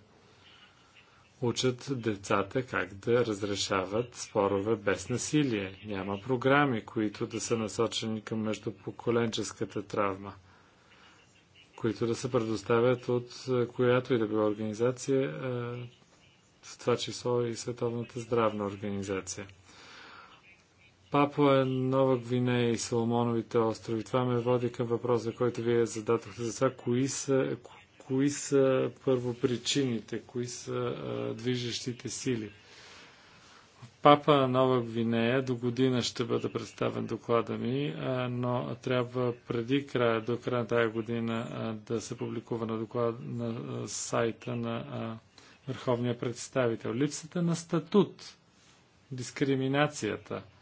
учат децата как да разрешават спорове без насилие. Няма програми, които да са насочени към междупоколенческата травма, които да се предоставят от която и да била организация, в това число и Световната здравна организация. Папуа, Нова Гвинея и Соломоновите острови. Това ме води към въпроса, който вие зададохте за това, кои са, кои са първопричините, кои са а, движещите сили. Папа Нова Гвинея до година ще бъде представен доклада ми, а, но трябва преди края, до края на тая година а, да се публикува на, доклад, на а, сайта на а, Върховния представител. Липсата на статут, дискриминацията –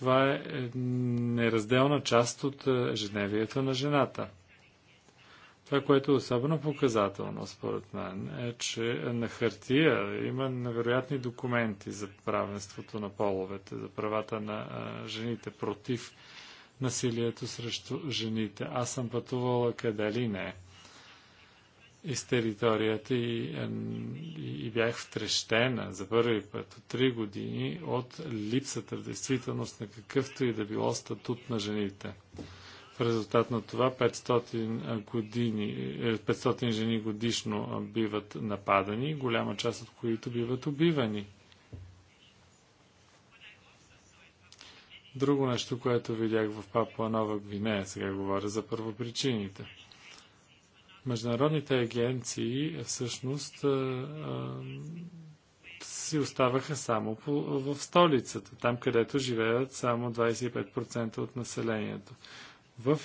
това е неразделна част от е, ежедневието на жената. Това, което е особено показателно, според мен, е, че на хартия има невероятни документи за правенството на половете, за правата на е, жените против насилието срещу жените. Аз съм пътувала къде ли не из територията и, и, и бях втрещена за първи път от три години от липсата в действителност на какъвто и да било статут на жените. В резултат на това 500, години, 500 е, жени годишно биват нападани, голяма част от които биват убивани. Друго нещо, което видях в Папуа Нова Гвинея, сега говоря за първопричините – Международните агенции е, всъщност е, е, си оставаха само в столицата, там където живеят само 25% от населението. В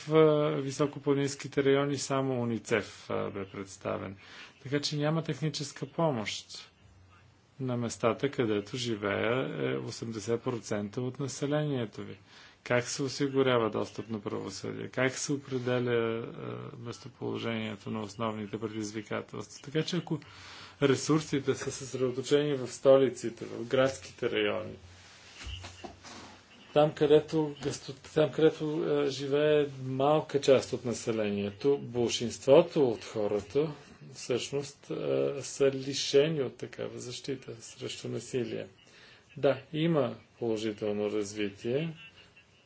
високопланинските райони само УНИЦЕФ бе представен. Така че няма техническа помощ на местата, където живее 80% от населението ви. Как се осигурява достъп на правосъдие? Как се определя е, местоположението на основните предизвикателства? Така че ако ресурсите са съсредоточени в столиците, в градските райони, там, където, там, където а, е, живее малка част от населението, большинството от хората всъщност а, е, са лишени от такава защита срещу насилие. Да, има положително развитие,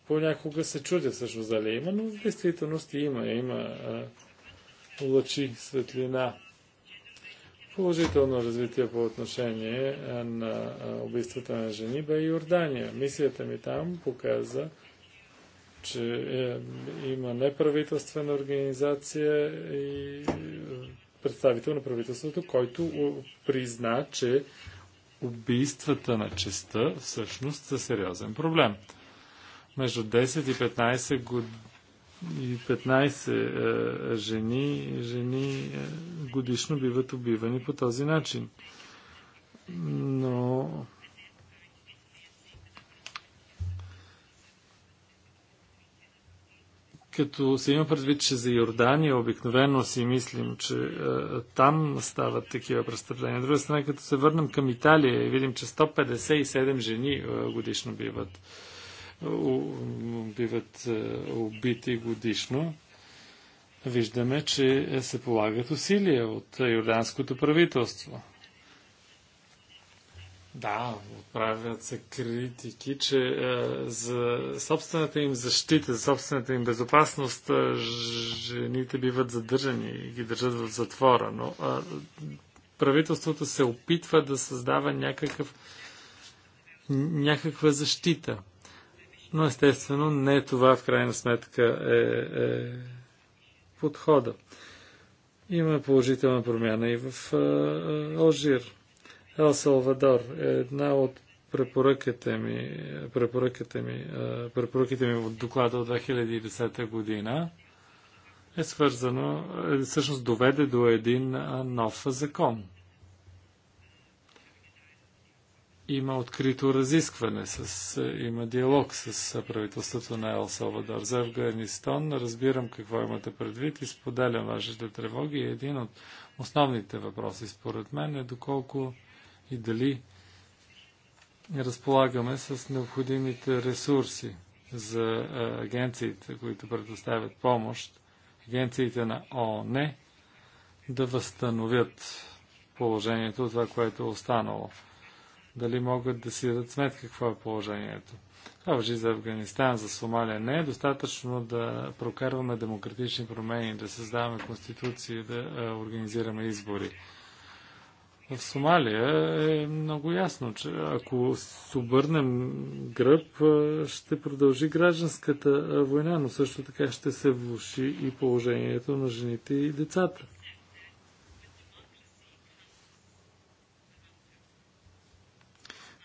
понякога се чудя за дали има, но в действителност има. Има а, лъчи, светлина, положително развитие по отношение на убийствата на жени бе Йордания. Мисията ми там показа, че е, има неправителствена организация и е, представител на правителството, който призна, че убийствата на честа всъщност са сериозен проблем между 10 и 15 години и 15 е, жени, жени е, годишно биват убивани по този начин. Но като се има предвид, че за Йордания обикновено си мислим, че е, там стават такива престъпления. друга страна, като се върнем към Италия и видим, че 157 жени е, годишно биват биват е, убити годишно. Виждаме, че се полагат усилия от Йорданското правителство. Да, отправят се критики, че е, за собствената им защита, за собствената им безопасност, е, жените биват задържани и ги държат в затвора. Но е, правителството се опитва да създава някакъв, някаква защита. Но естествено не това в крайна сметка е, е подхода. Има положителна промяна и в е, е, Алжир. Ел Салвадор е една от препоръките ми, препоръките ми, е, препоръките ми от доклада от 2010 година е свързано, е, всъщност доведе до един нов закон има открито разискване, с, е, има диалог с е, правителството на Ел Салвадор за Афганистан. Разбирам какво имате предвид и споделям вашите тревоги. Един от основните въпроси, според мен, е доколко и дали разполагаме с необходимите ресурси за е, агенциите, които предоставят помощ, агенциите на ООН, да възстановят положението, това, което е останало дали могат да си дадат сметка какво е положението. Това въжи за Афганистан, за Сомалия. Не е достатъчно да прокарваме демократични промени, да създаваме конституции, да организираме избори. В Сомалия е много ясно, че ако се обърнем гръб, ще продължи гражданската война, но също така ще се влуши и положението на жените и децата.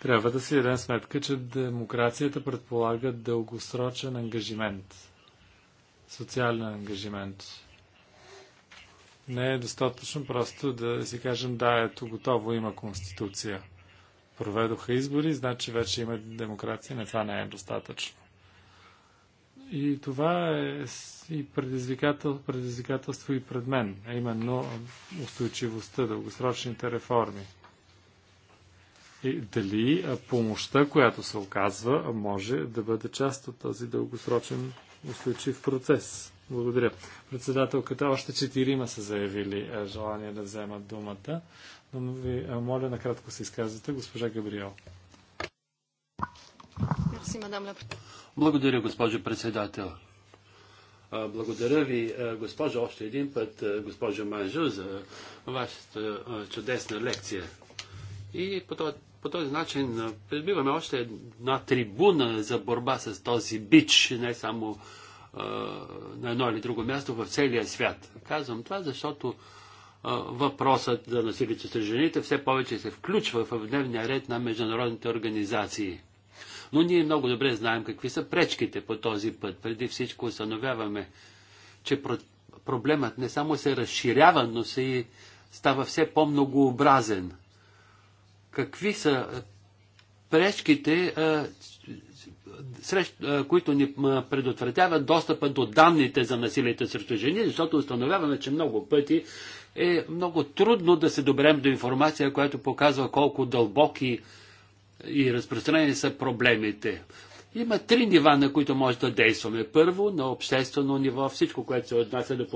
Трябва да си дадем сметка, че демокрацията предполага дългосрочен ангажимент, социален ангажимент. Не е достатъчно просто да си кажем, да, ето готово има конституция. Проведоха избори, значи вече има демокрация, не това не е достатъчно. И това е и предизвикател, предизвикателство и пред мен, а именно устойчивостта, дългосрочните реформи и дали помощта, която се оказва, може да бъде част от този дългосрочен устойчив процес. Благодаря. Председателката, още четирима са заявили желание да вземат думата, но ви моля накратко се изказвате, госпожа Габриел. Благодаря, госпожо председател. Благодаря ви, госпожо, още един път, госпожо Манжо, за вашата чудесна лекция. И по този по този начин придобиваме още една трибуна за борба с този бич, не само а, на едно или друго място в целия свят. Казвам това, защото а, въпросът за насилието срещу жените все повече се включва в дневния ред на международните организации. Но ние много добре знаем какви са пречките по този път. Преди всичко установяваме, че про проблемът не само се разширява, но се и става все по-многообразен – какви са пречките, които ни предотвратяват достъпа до данните за насилието срещу жени, защото установяваме, че много пъти е много трудно да се доберем до информация, която показва колко дълбоки и разпространени са проблемите. Има три нива, на които може да действаме. Първо, на обществено ниво, всичко, което се отнася до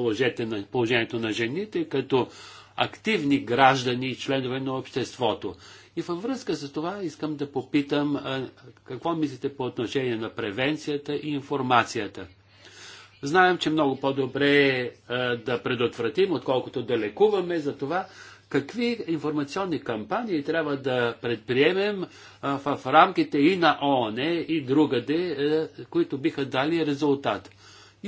положението на жените, като активни граждани и членове на обществото. И във връзка с това искам да попитам а, какво мислите по отношение на превенцията и информацията. Знаем, че много по-добре е да предотвратим, отколкото да лекуваме за това какви информационни кампании трябва да предприемем а, в рамките и на ООН и другаде, а, които биха дали резултат.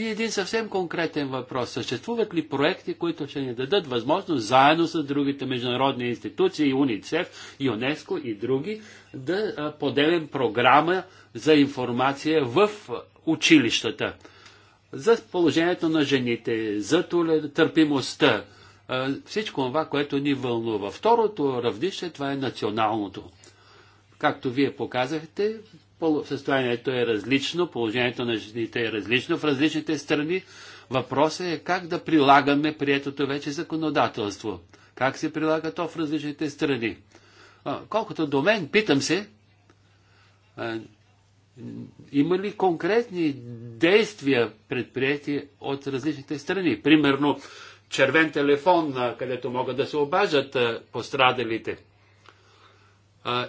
И един съвсем конкретен въпрос. Съществуват ли проекти, които ще ни дадат възможност заедно с другите международни институции, УНИЦЕФ, ЮНЕСКО и други, да поделим програма за информация в училищата? За положението на жените, за търпимостта, всичко това, което ни вълнува. Второто равнище, това е националното. Както вие показахте, състоянието е различно, положението на жените е различно в различните страни. Въпросът е как да прилагаме приетото вече законодателство. Как се прилага то в различните страни. Колкото до мен, питам се, има ли конкретни действия предприяти от различните страни? Примерно, червен телефон, където могат да се обажат пострадалите –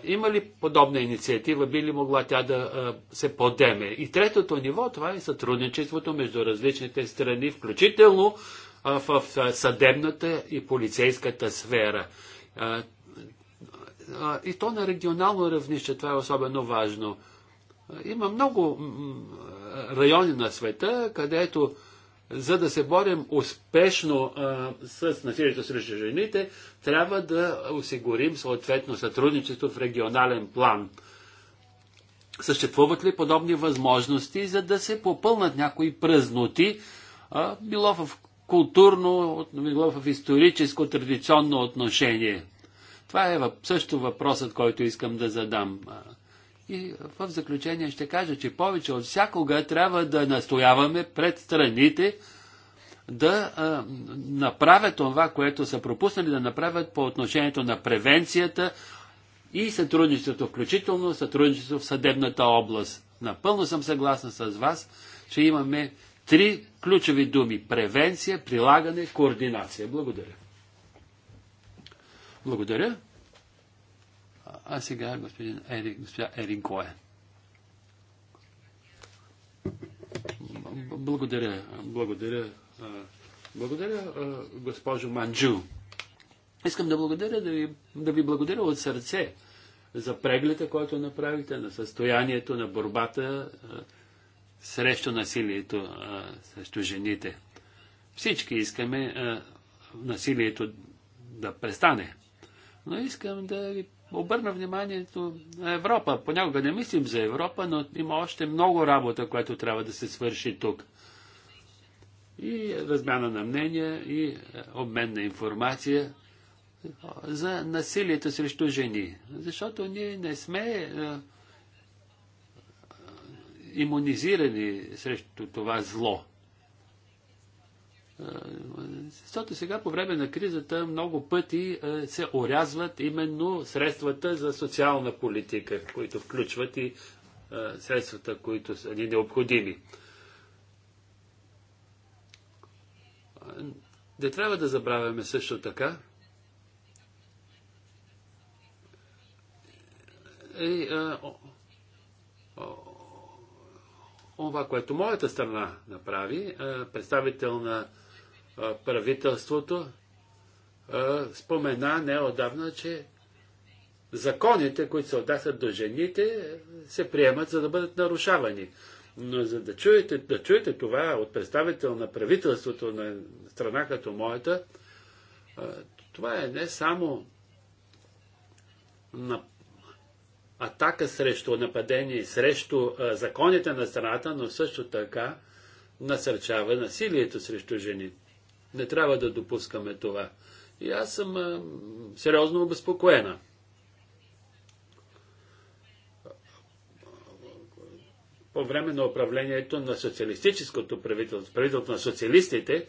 има ли подобна инициатива, би ли могла тя да се подеме? И третото ниво, това е сътрудничеството между различните страни, включително в съдебната и полицейската сфера. и то на регионално равнище, това е особено важно. има много райони на света, където за да се борим успешно а, с насилието срещу жените, трябва да осигурим съответно сътрудничество в регионален план. Съществуват ли подобни възможности, за да се попълнат някои празноти, а, било в културно, било в историческо, традиционно отношение? Това е също въпросът, който искам да задам. И в заключение ще кажа, че повече от всякога трябва да настояваме пред страните да а, направят това, което са пропуснали да направят по отношението на превенцията и сътрудничеството, включително сътрудничество в съдебната област. Напълно съм съгласна с вас, че имаме три ключови думи превенция, прилагане, координация. Благодаря. Благодаря. А сега господин Ерик, госпожа Ерин Коен. Благодаря, благодаря. Благодаря, госпожо Манджу. Искам да благодаря, да ви, да ви благодаря от сърце за прегледа, който направите на състоянието на борбата срещу насилието срещу жените. Всички искаме насилието да престане. Но искам да ви обърна вниманието на Европа. Понякога не мислим за Европа, но има още много работа, която трябва да се свърши тук. И размяна на мнения, и е, обмен на информация е, за насилието срещу жени. Защото ние не сме е, имунизирани срещу това зло. Защото сега по време на кризата много пъти е, се орязват именно средствата за социална политика, които включват и е, средствата, които са ни необходими. Не трябва да забравяме също така, и, а, това, което моята страна направи, а, е, представител на правителството спомена неодавна, че законите, които се отнасят до жените, се приемат за да бъдат нарушавани. Но за да чуете, да чуете това от представител на правителството на страна като моята, това е не само на атака срещу нападение, срещу законите на страната, но също така насърчава насилието срещу жените. Не трябва да допускаме това. И аз съм а, сериозно обезпокоена. По време на управлението на социалистическото правителство, правителството на социалистите,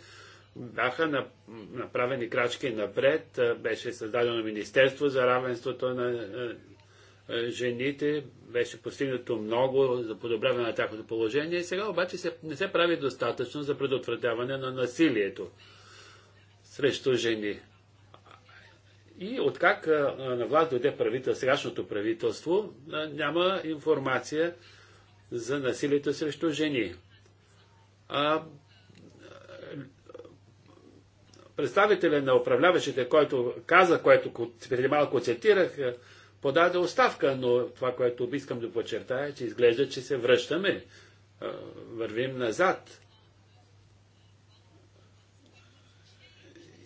бяха направени крачки напред. Беше създадено Министерство за равенството на жените, беше постигнато много за подобряване на тяхното положение. Сега обаче не се прави достатъчно за предотвратяване на насилието срещу жени. И откак на власт дойде правител, сегашното правителство, няма информация за насилието срещу жени. А, представителя на управляващите, който каза, което преди малко цитирах, подаде оставка, но това, което искам да подчертая, е, че изглежда, че се връщаме, вървим назад.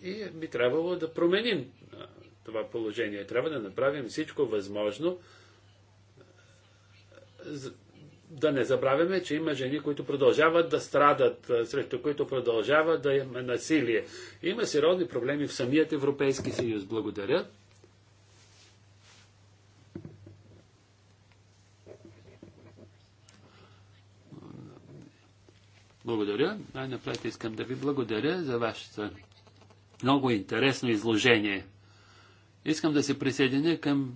И би трябвало да променим това положение. Трябва да направим всичко възможно, да не забравяме, че има жени, които продължават да страдат, срещу които продължава да има насилие. Има сериозни проблеми в самият Европейски съюз. Благодаря. Благодаря. Най-напред искам да ви благодаря за вашата много интересно изложение. Искам да се присъединя към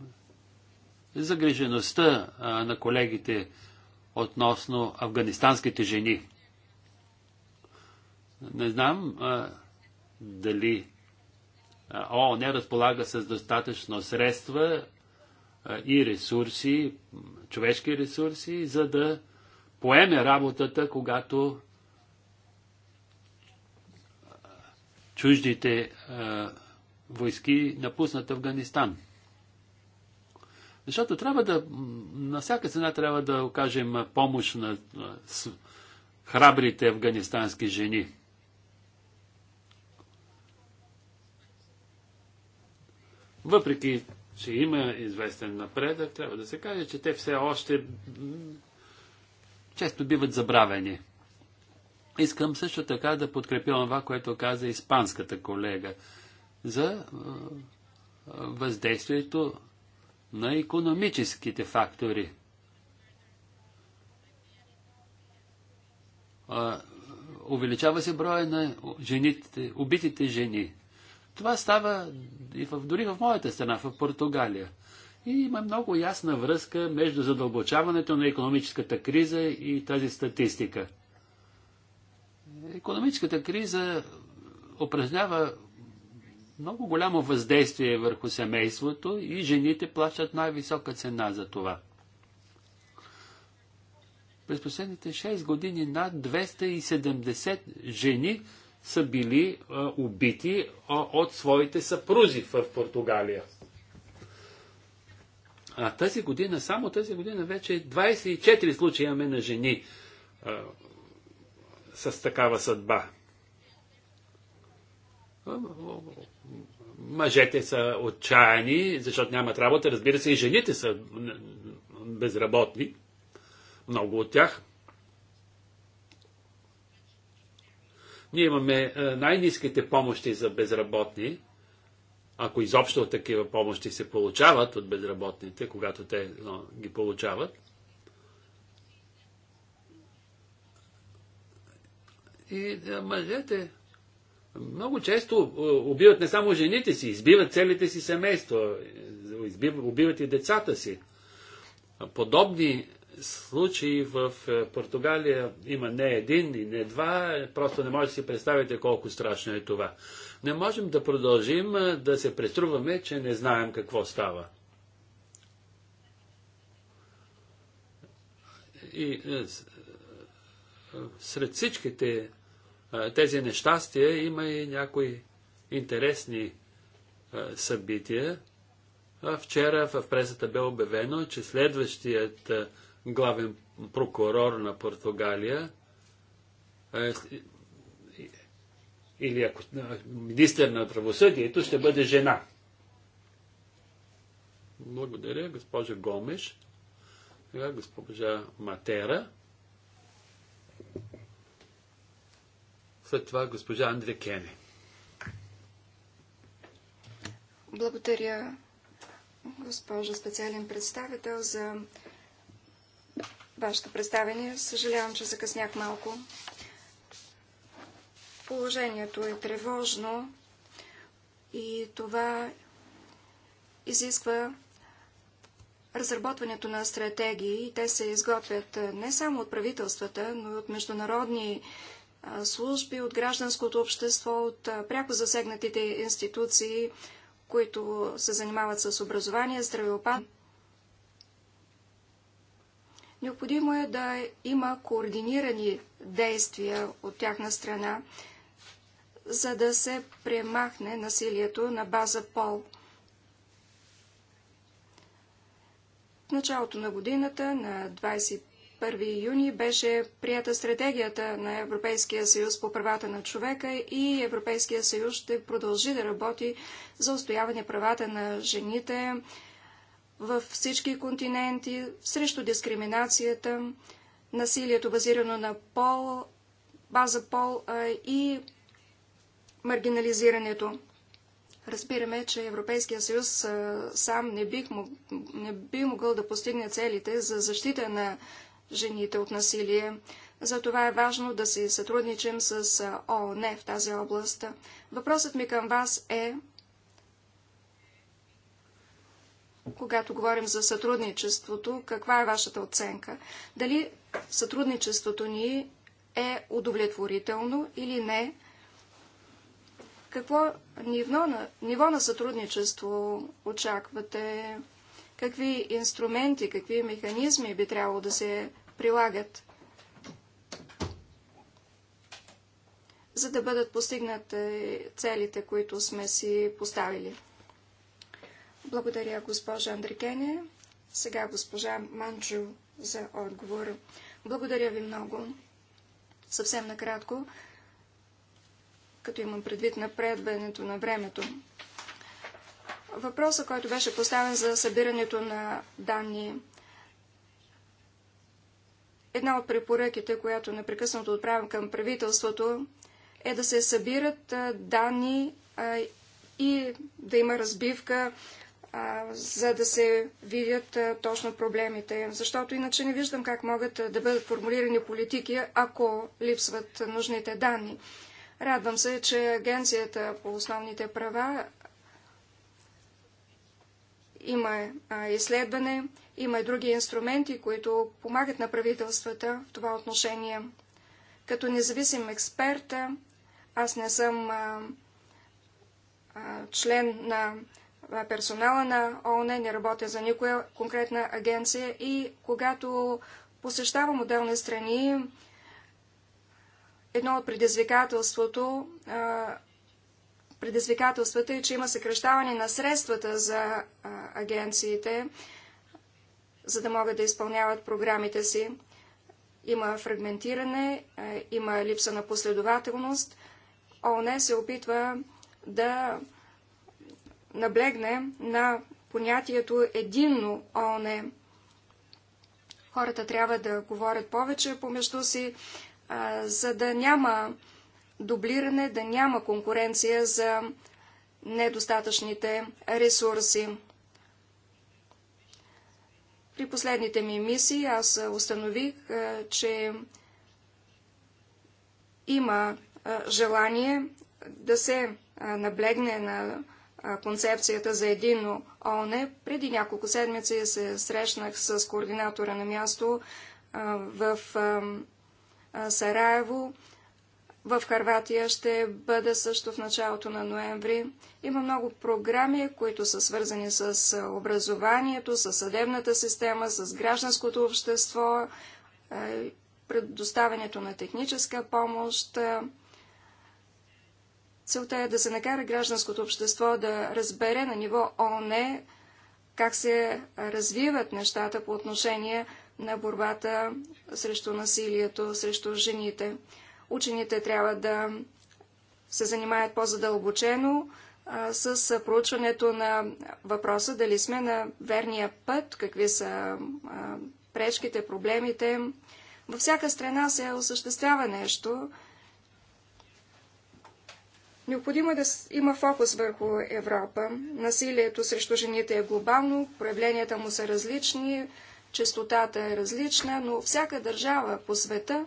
загрижеността на колегите относно афганистанските жени. Не знам а, дали О, не разполага с достатъчно средства а, и ресурси, човешки ресурси, за да поеме работата, когато чуждите а, войски напуснат Афганистан. Защото трябва да, на всяка цена трябва да окажем помощ на с, храбрите афганистански жени. Въпреки, че има известен напредък, трябва да се каже, че те все още често биват забравени. Искам също така да подкрепя това, което каза испанската колега за е, въздействието на економическите фактори. Е, увеличава се броя на жените, убитите жени. Това става и в, дори в моята страна, в Португалия. И има много ясна връзка между задълбочаването на економическата криза и тази статистика – Економическата криза упражнява много голямо въздействие върху семейството и жените плащат най-висока цена за това. През последните 6 години над 270 жени са били а, убити а, от своите съпрузи в Португалия. А тази година, само тази година вече 24 случая имаме на жени а, с такава съдба. Мъжете са отчаяни, защото нямат работа. Разбира се, и жените са безработни. Много от тях. Ние имаме най-низките помощи за безработни, ако изобщо такива помощи се получават от безработните, когато те ги получават. И мъжете много често е, убиват не само жените си, избиват целите си семейства, е, убиват и децата си. Подобни случаи в е, Португалия има не един и не два, просто не може да си представите колко страшно е това. Не можем да продължим да се преструваме, че не знаем какво става. И сред всичките тези нещастия има и някои интересни събития. Вчера в пресата бе обявено, че следващият главен прокурор на Португалия или ако министър на правосъдието ще бъде жена. Благодаря, госпожа Гомеш. госпожа Матера. След това госпожа Андре Кене. Благодаря, госпожо специален представител, за вашето представение. Съжалявам, че закъснях малко. Положението е тревожно и това изисква разработването на стратегии. Те се изготвят не само от правителствата, но и от международни служби, от гражданското общество, от пряко засегнатите институции, които се занимават с образование, здравеопад. Необходимо е да има координирани действия от тяхна страна, за да се премахне насилието на база пол. В началото на годината, на 1 юни беше прията стратегията на Европейския съюз по правата на човека и Европейския съюз ще продължи да работи за устояване правата на жените във всички континенти, срещу дискриминацията, насилието базирано на пол, база пол и маргинализирането. Разбираме, че Европейския съюз сам не, бих не би могъл да постигне целите за защита на жените от насилие. Затова е важно да си сътрудничим с ООН в тази област. Въпросът ми към вас е, когато говорим за сътрудничеството, каква е вашата оценка? Дали сътрудничеството ни е удовлетворително или не? Какво ниво на, ниво на сътрудничество очаквате? Какви инструменти, какви механизми би трябвало да се прилагат. за да бъдат постигнати целите, които сме си поставили. Благодаря, госпожа Андрикене. Сега госпожа Манчо за отговор. Благодаря ви много. Съвсем накратко, като имам предвид напредването на времето. Въпросът, който беше поставен за събирането на данни, Една от препоръките, която непрекъснато отправям към правителството, е да се събират данни и да има разбивка, за да се видят точно проблемите. Защото иначе не виждам как могат да бъдат формулирани политики, ако липсват нужните данни. Радвам се, че Агенцията по основните права има изследване има и други инструменти, които помагат на правителствата в това отношение. Като независим експерт, аз не съм а, а, член на персонала на ООН, не работя за никоя конкретна агенция и когато посещавам отделни страни, едно от предизвикателството, предизвикателствата е, че има съкръщаване на средствата за агенциите за да могат да изпълняват програмите си. Има фрагментиране, е, има липса на последователност. ООН се опитва да наблегне на понятието единно ООН. Хората трябва да говорят повече помежду си, е, за да няма дублиране, да няма конкуренция за недостатъчните ресурси. При последните ми мисии аз установих, че има желание да се наблегне на концепцията за едино ОНЕ. Преди няколко седмици се срещнах с координатора на място в Сараево в Харватия ще бъде също в началото на ноември. Има много програми, които са свързани с образованието, с съдебната система, с гражданското общество, предоставянето на техническа помощ. Целта е да се накара гражданското общество да разбере на ниво ООН как се развиват нещата по отношение на борбата срещу насилието, срещу жените. Учените трябва да се занимаят по-задълбочено с проучването на въпроса дали сме на верния път, какви са а, пречките, проблемите. Във всяка страна се осъществява нещо. Необходимо е да има фокус върху Европа. Насилието срещу жените е глобално, проявленията му са различни, частотата е различна, но всяка държава по света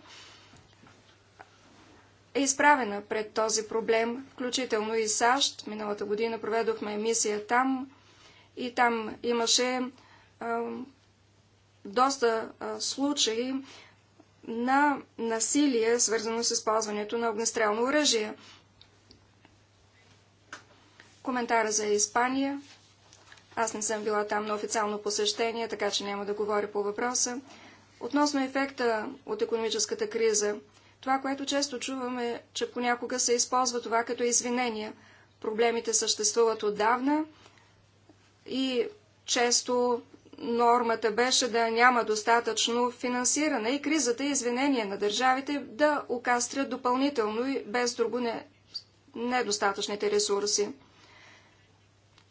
е изправена пред този проблем, включително и САЩ. Миналата година проведохме емисия там и там имаше а, доста а, случаи на насилие, свързано с използването на огнестрелно оръжие. Коментара за Испания. Аз не съм била там на официално посещение, така че няма да говоря по въпроса. Относно ефекта от економическата криза, това, което често чувам е, че понякога се използва това като извинение. Проблемите съществуват отдавна и често нормата беше да няма достатъчно финансиране и кризата и извинение на държавите да окастрят допълнително и без друго не, недостатъчните ресурси.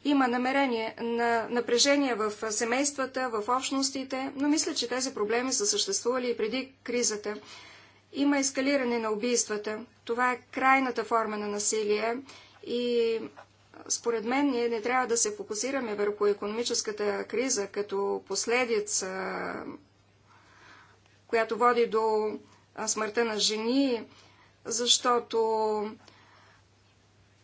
Има намерение на напрежение в семействата, в общностите, но мисля, че тези проблеми са съществували и преди кризата. Има ескалиране на убийствата. Това е крайната форма на насилие и според мен ние не трябва да се фокусираме върху економическата криза като последица, която води до смъртта на жени, защото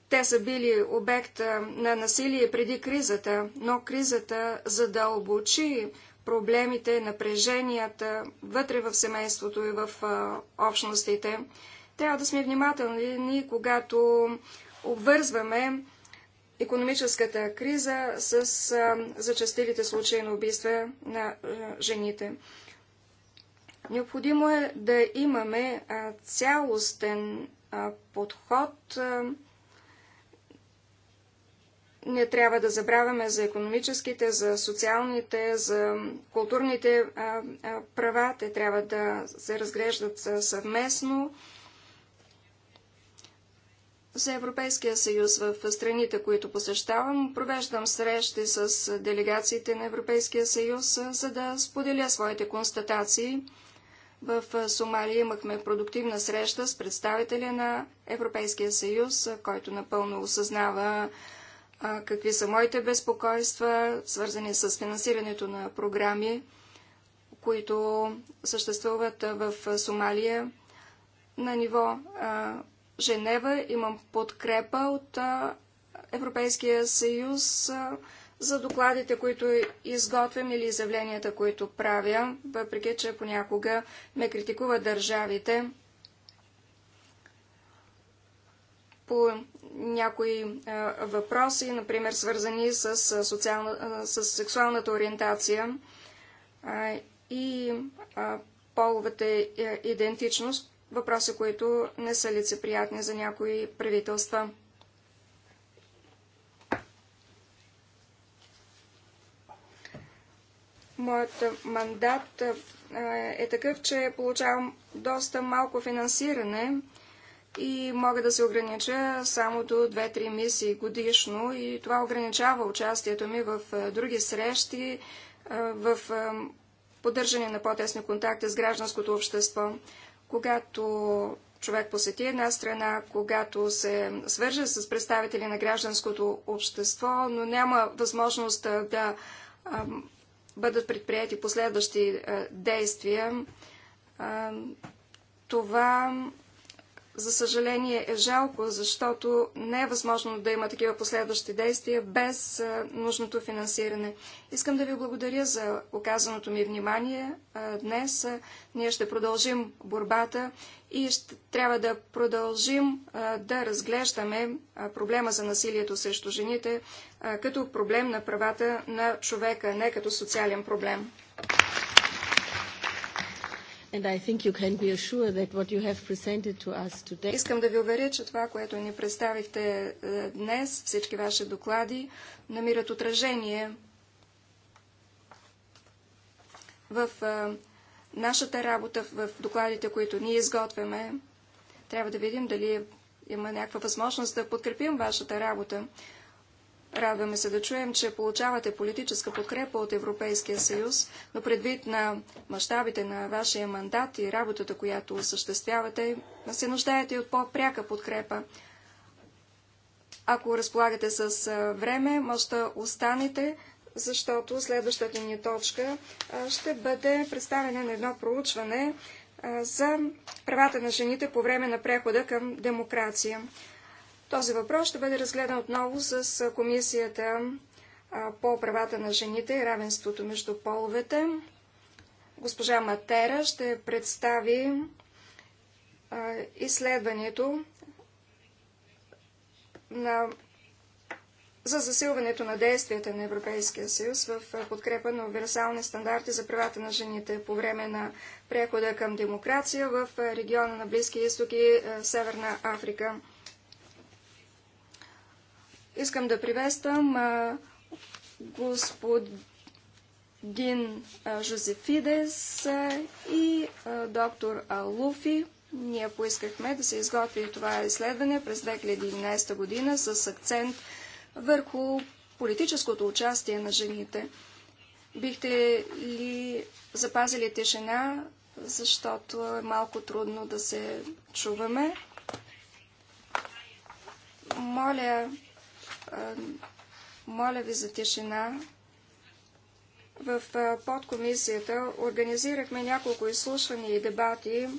те са били обект на насилие преди кризата, но кризата задълбочи проблемите, напреженията вътре в семейството и в общностите. Трябва да сме внимателни, когато обвързваме економическата криза с зачастилите случаи на убийства на жените. Необходимо е да имаме цялостен подход не трябва да забравяме за економическите, за социалните, за културните права. Те трябва да се разглеждат съвместно. За Европейския съюз в страните, които посещавам, провеждам срещи с делегациите на Европейския съюз, за да споделя своите констатации. В Сомалия имахме продуктивна среща с представителя на Европейския съюз, който напълно осъзнава какви са моите безпокойства, свързани с финансирането на програми, които съществуват в Сомалия. На ниво Женева имам подкрепа от Европейския съюз за докладите, които изготвям или изявленията, които правя, въпреки че понякога ме критикуват държавите по някои въпроси, например свързани с, социална, с сексуалната ориентация и половата е, идентичност, въпроси, които не са лицеприятни за някои правителства. Моят мандат е такъв, че получавам доста малко финансиране и мога да се огранича само до 2-3 мисии годишно и това ограничава участието ми в други срещи, в поддържане на по-тесни контакти с гражданското общество. Когато човек посети една страна, когато се свърже с представители на гражданското общество, но няма възможност да бъдат предприяти последващи действия, това за съжаление, е жалко, защото не е възможно да има такива последващи действия без нужното финансиране. Искам да ви благодаря за оказаното ми внимание. Днес ние ще продължим борбата и ще трябва да продължим да разглеждаме проблема за насилието срещу жените като проблем на правата на човека, не като социален проблем. Искам да ви уверя, че това, което ни представихте е, днес, всички ваши доклади, намират отражение в е, нашата работа, в докладите, които ние изготвяме. Трябва да видим дали има някаква възможност да подкрепим вашата работа. Радваме се да чуем, че получавате политическа подкрепа от Европейския съюз, но предвид на мащабите на вашия мандат и работата, която осъществявате, се нуждаете от по-пряка подкрепа. Ако разполагате с време, може да останете, защото следващата ни точка ще бъде представене на едно проучване за правата на жените по време на прехода към демокрация. Този въпрос ще бъде разгледан отново с Комисията по правата на жените и равенството между половете. Госпожа Матера ще представи изследването на, за засилването на действията на Европейския съюз в подкрепа на универсални стандарти за правата на жените по време на прехода към демокрация в региона на изток изтоки Северна Африка. Искам да приветствам господин Жозефидес и доктор Луфи. Ние поискахме да се изготви това изследване през 2011 година с акцент върху политическото участие на жените. Бихте ли запазили тишина, защото е малко трудно да се чуваме? Моля моля ви за тишина. В подкомисията организирахме няколко изслушвания и дебати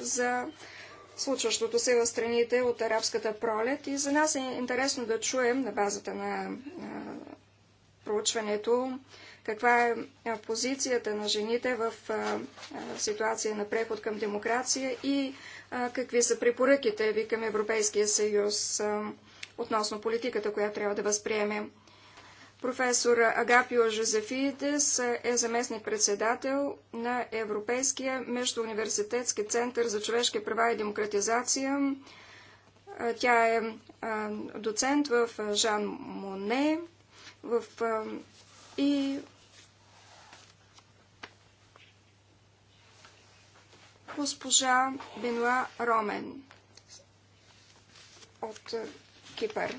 за случващото се в страните от арабската пролет и за нас е интересно да чуем на базата на, проучването каква е позицията на жените в ситуация на преход към демокрация и какви са препоръките ви към Европейския съюз относно политиката, която трябва да възприемем. Професор Агапио Жозефидес е заместник-председател на Европейския междууниверситетски център за човешки права и демократизация. Тя е доцент в Жан Моне в, и госпожа Бенуа Ромен от Кипър.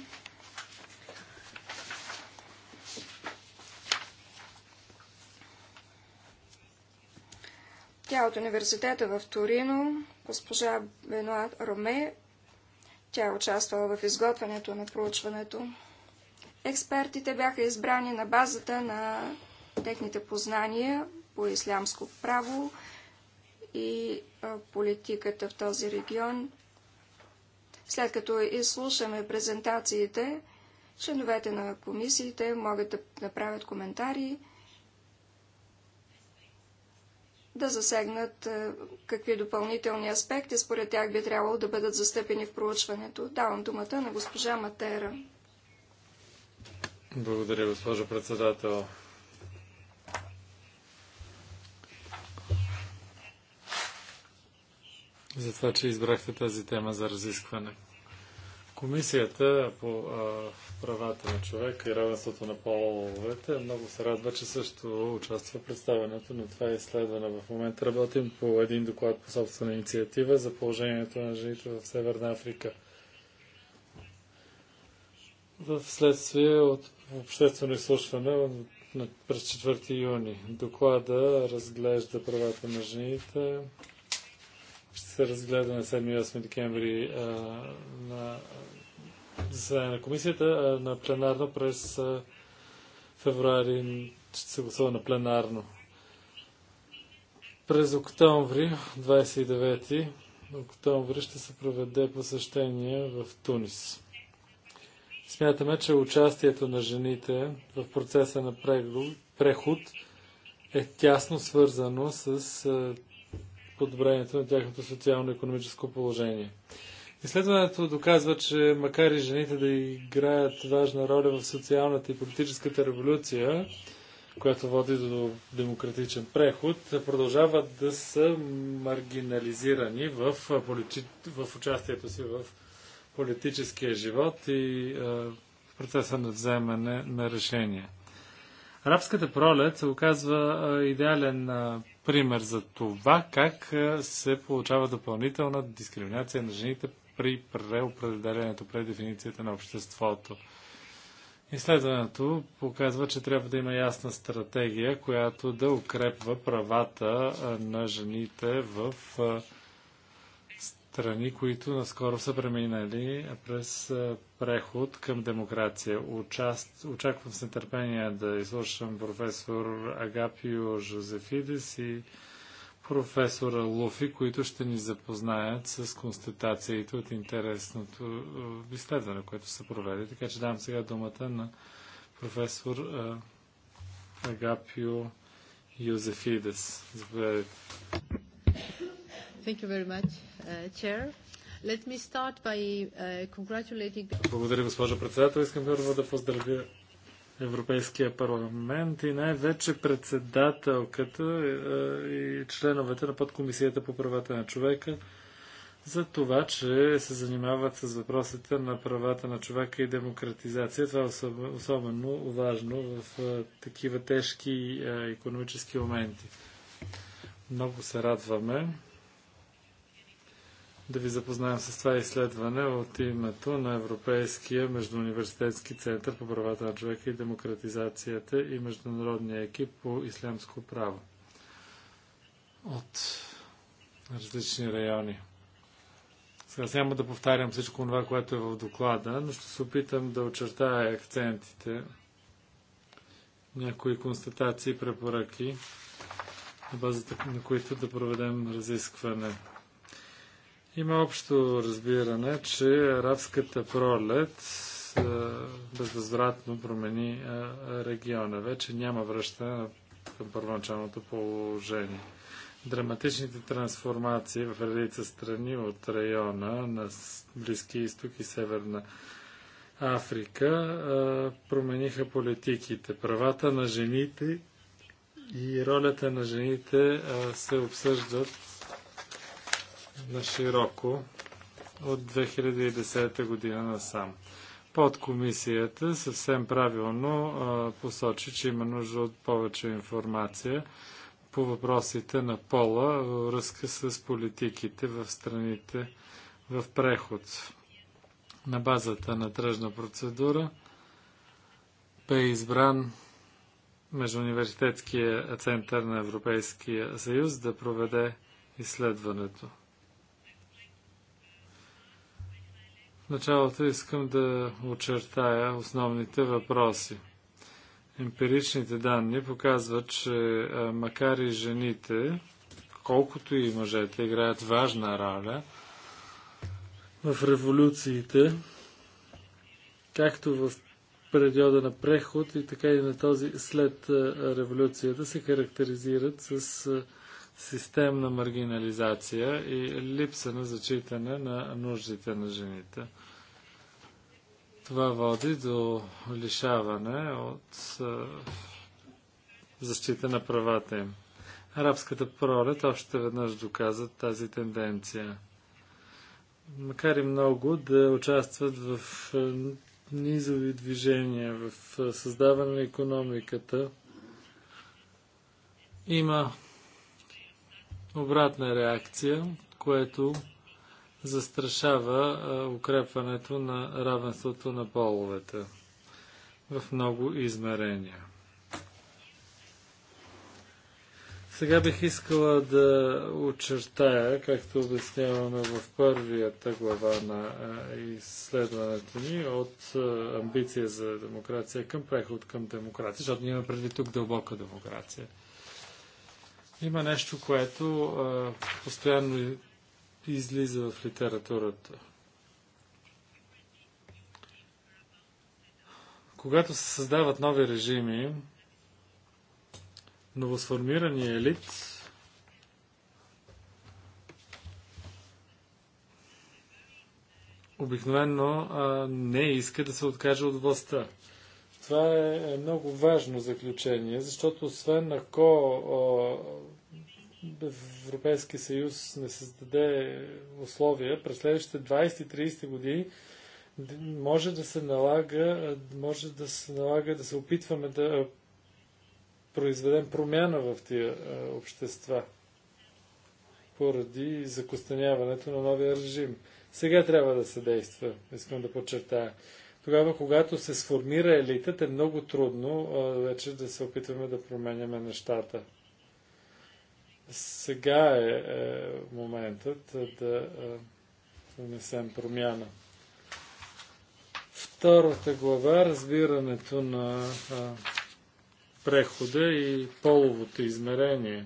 Тя е от университета в Торино, госпожа Бенуа Роме, тя е участвала в изготвянето на проучването. Експертите бяха избрани на базата на техните познания по ислямско право и политиката в този регион. След като изслушаме презентациите, членовете на комисиите могат да направят коментари, да засегнат е, какви допълнителни аспекти според тях би трябвало да бъдат застъпени в проучването. Давам думата на госпожа Матера. Благодаря, госпожо председател. за това, че избрахте тази тема за разискване. Комисията по а, правата на човека и равенството на половете много се радва, че също участва в представянето на това е изследване. В момента работим по един доклад по собствена инициатива за положението на жените в Северна Африка. В следствие от обществено изслушване през 4 юни. Доклада разглежда правата на жените, ще се разгледа на 7-8 декември а, на заседание на комисията, а на пленарно през а, февруари ще се гласува на пленарно. През октомври, 29 октомври, ще се проведе посещение в Тунис. Смятаме, че участието на жените в процеса на преход е тясно свързано с подобрението на тяхното социално-економическо положение. Изследването доказва, че макар и жените да играят важна роля в социалната и политическата революция, която води до демократичен преход, продължават да са маргинализирани в, полити... в участието си в политическия живот и в процеса на вземане на решения. Арабската пролет оказва идеален пример за това как се получава допълнителна дискриминация на жените при при предефиницията на обществото. Изследването показва, че трябва да има ясна стратегия, която да укрепва правата на жените в страни, които наскоро са преминали през преход към демокрация. Участ... Очаквам с нетърпение да изслушам професор Агапио Жозефидис и професора Луфи, които ще ни запознаят с констатациите от интересното изследване, което са провели. Така че давам сега думата на професор Агапио Йозефидес. Заповядайте. Thank you very much, uh, Chair. Let me start by uh, congratulating... Благодаря, госпожо председател. Искам първо да поздравя Европейския парламент и най-вече председателката е, е, и членовете на подкомисията по правата на човека за това, че се занимават с въпросите на правата на човека и демократизация. Това е особено важно в е, такива тежки економически моменти. Много се радваме, да ви запознаем с това изследване от името на Европейския междууниверситетски център по правата на човека и демократизацията и международния екип по ислямско право от различни райони. Сега няма да повтарям всичко това, което е в доклада, но ще се опитам да очертая акцентите, някои констатации и препоръки, на базата на които да проведем разискване. Има общо разбиране, че арабската пролет безвъзвратно промени региона. Вече няма връщане към първоначалното положение. Драматичните трансформации в редица страни от района на Близки изток и Северна Африка промениха политиките. Правата на жените и ролята на жените се обсъждат на широко от 2010 година насам. Под комисията съвсем правилно а, посочи, че има нужда от повече информация по въпросите на пола във връзка с политиките в страните в преход. На базата на тръжна процедура бе избран Междуниверситетския център на Европейския съюз да проведе изследването. началото искам да очертая основните въпроси. Емпиричните данни показват, че макар и жените, колкото и мъжете, играят важна роля в революциите, както в периода на преход и така и на този след революцията се характеризират с системна маргинализация и липса на зачитане на нуждите на жените. Това води до лишаване от защита на правата им. Арабската пролет още веднъж доказа тази тенденция. Макар и много да участват в низови движения, в създаване на економиката, има обратна реакция, което застрашава укрепването на равенството на половете в много измерения. Сега бих искала да очертая, както обясняваме в първията глава на изследването ни, от амбиция за демокрация към преход към демокрация, защото ние имаме преди тук дълбока демокрация – има нещо, което а, постоянно излиза в литературата. Когато се създават нови режими, новосформирания елит обикновено а, не иска да се откаже от властта. Това е, е много важно заключение, защото освен ако Европейския съюз не създаде условия, през следващите 20-30 години може да се налага, може да се налага да се опитваме да произведем промяна в тия е, общества поради закостеняването на новия режим. Сега трябва да се действа, искам да подчертая. Тогава, когато се сформира елитът, е много трудно вече да се опитваме да променяме нещата. Сега е, е моментът да внесем промяна. Втората глава разбирането на а, прехода и половото измерение.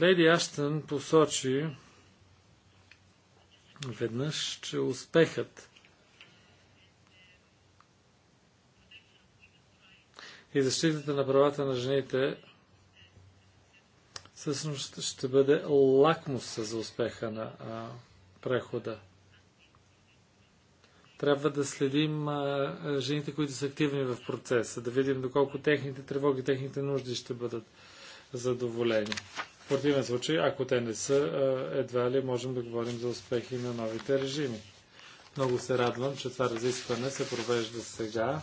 Леди Аштън посочи веднъж, че успехът и защитата на правата на жените всъщност ще бъде лакмуса за успеха на а, прехода. Трябва да следим а, жените, които са активни в процеса, да видим доколко техните тревоги, техните нужди ще бъдат задоволени. В противен случай, ако те не са, а, едва ли можем да говорим за успехи на новите режими. Много се радвам, че това разискване се провежда сега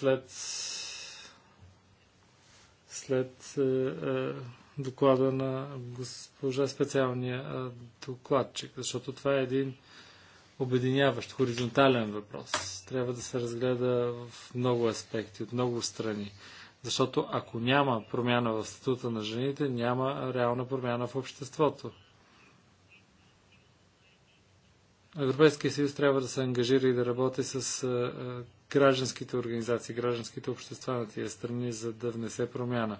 след, след е, е, доклада на госпожа специалния е, докладчик, защото това е един обединяващ, хоризонтален въпрос. Трябва да се разгледа в много аспекти, от много страни. Защото ако няма промяна в статута на жените, няма реална промяна в обществото. Европейския съюз трябва да се ангажира и да работи с гражданските организации, гражданските общества на тия страни, за да внесе промяна.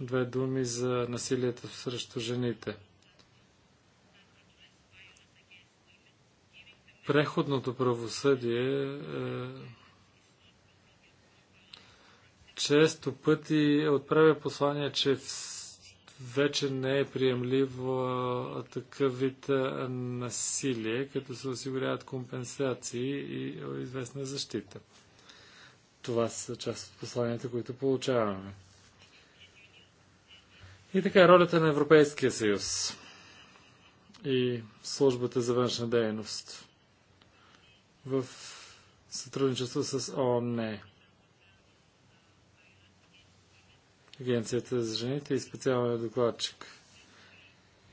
Две думи за насилието срещу жените. Преходното правосъдие е, често пъти отправя послание, че в вече не е приемливо такъв вид насилие, като се осигуряват компенсации и известна защита. Това са част от посланията, които получаваме. И така, ролята на Европейския съюз и службата за външна дейност в сътрудничество с ООН. Агенцията за жените и специалния докладчик.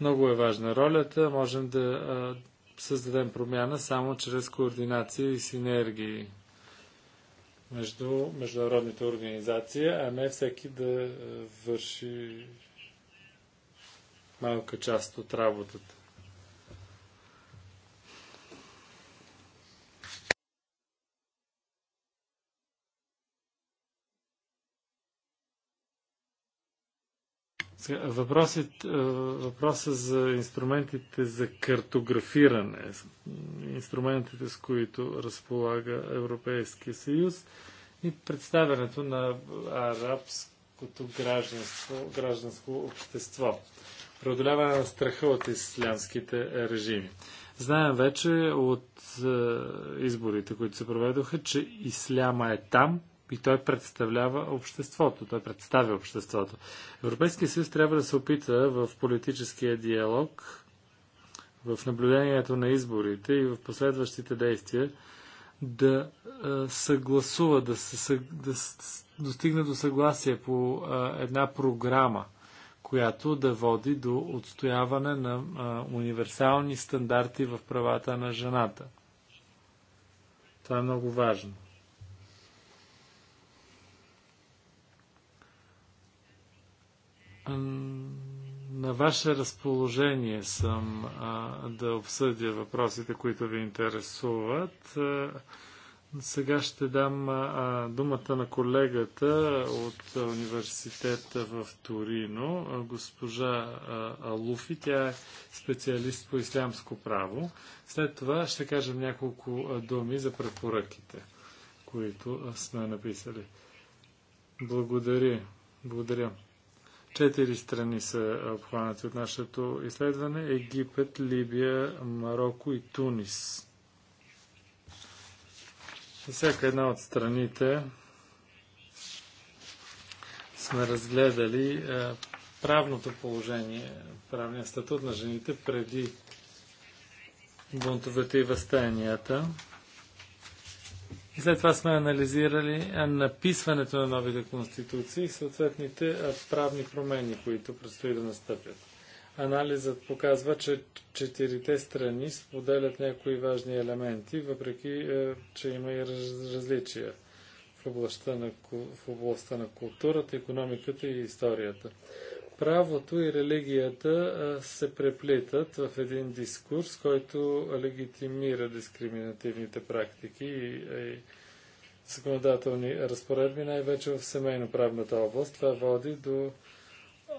Много е важна ролята. Можем да а, създадем промяна само чрез координация и синергии между международните организации, а не всеки да върши малка част от работата. Въпроса въпросът, е, въпросът за инструментите за картографиране, инструментите с които разполага Европейския съюз и представянето на арабското гражданство, гражданско общество, преодоляване на страха от ислямските режими. Знаем вече от е, изборите, които се проведоха, че исляма е там – и той представлява обществото, той представя обществото. Европейския съюз трябва да се опита в политическия диалог, в наблюдението на изборите и в последващите действия да съгласува, да, се, да достигне до съгласие по една програма, която да води до отстояване на универсални стандарти в правата на жената. Това е много важно. На ваше разположение съм а, да обсъдя въпросите, които ви интересуват. Сега ще дам а, думата на колегата от университета в Торино, госпожа а, Алуфи. Тя е специалист по ислямско право. След това ще кажем няколко думи за препоръките, които сме написали. Благодаря. Благодаря. Четири страни са обхванати от нашето изследване Египет, Либия, Марокко и Тунис. всяка една от страните сме разгледали е, правното положение, правния статут на жените преди бунтовете и възстанията. И след това сме анализирали написването на новите конституции и съответните правни промени, които предстои да настъпят. Анализът показва, че четирите страни споделят някои важни елементи, въпреки е, че има и различия в областта на, в областта на културата, економиката и историята правото и религията се преплитат в един дискурс, който легитимира дискриминативните практики и, и законодателни разпоредби, най-вече в семейно-правната област. Това води до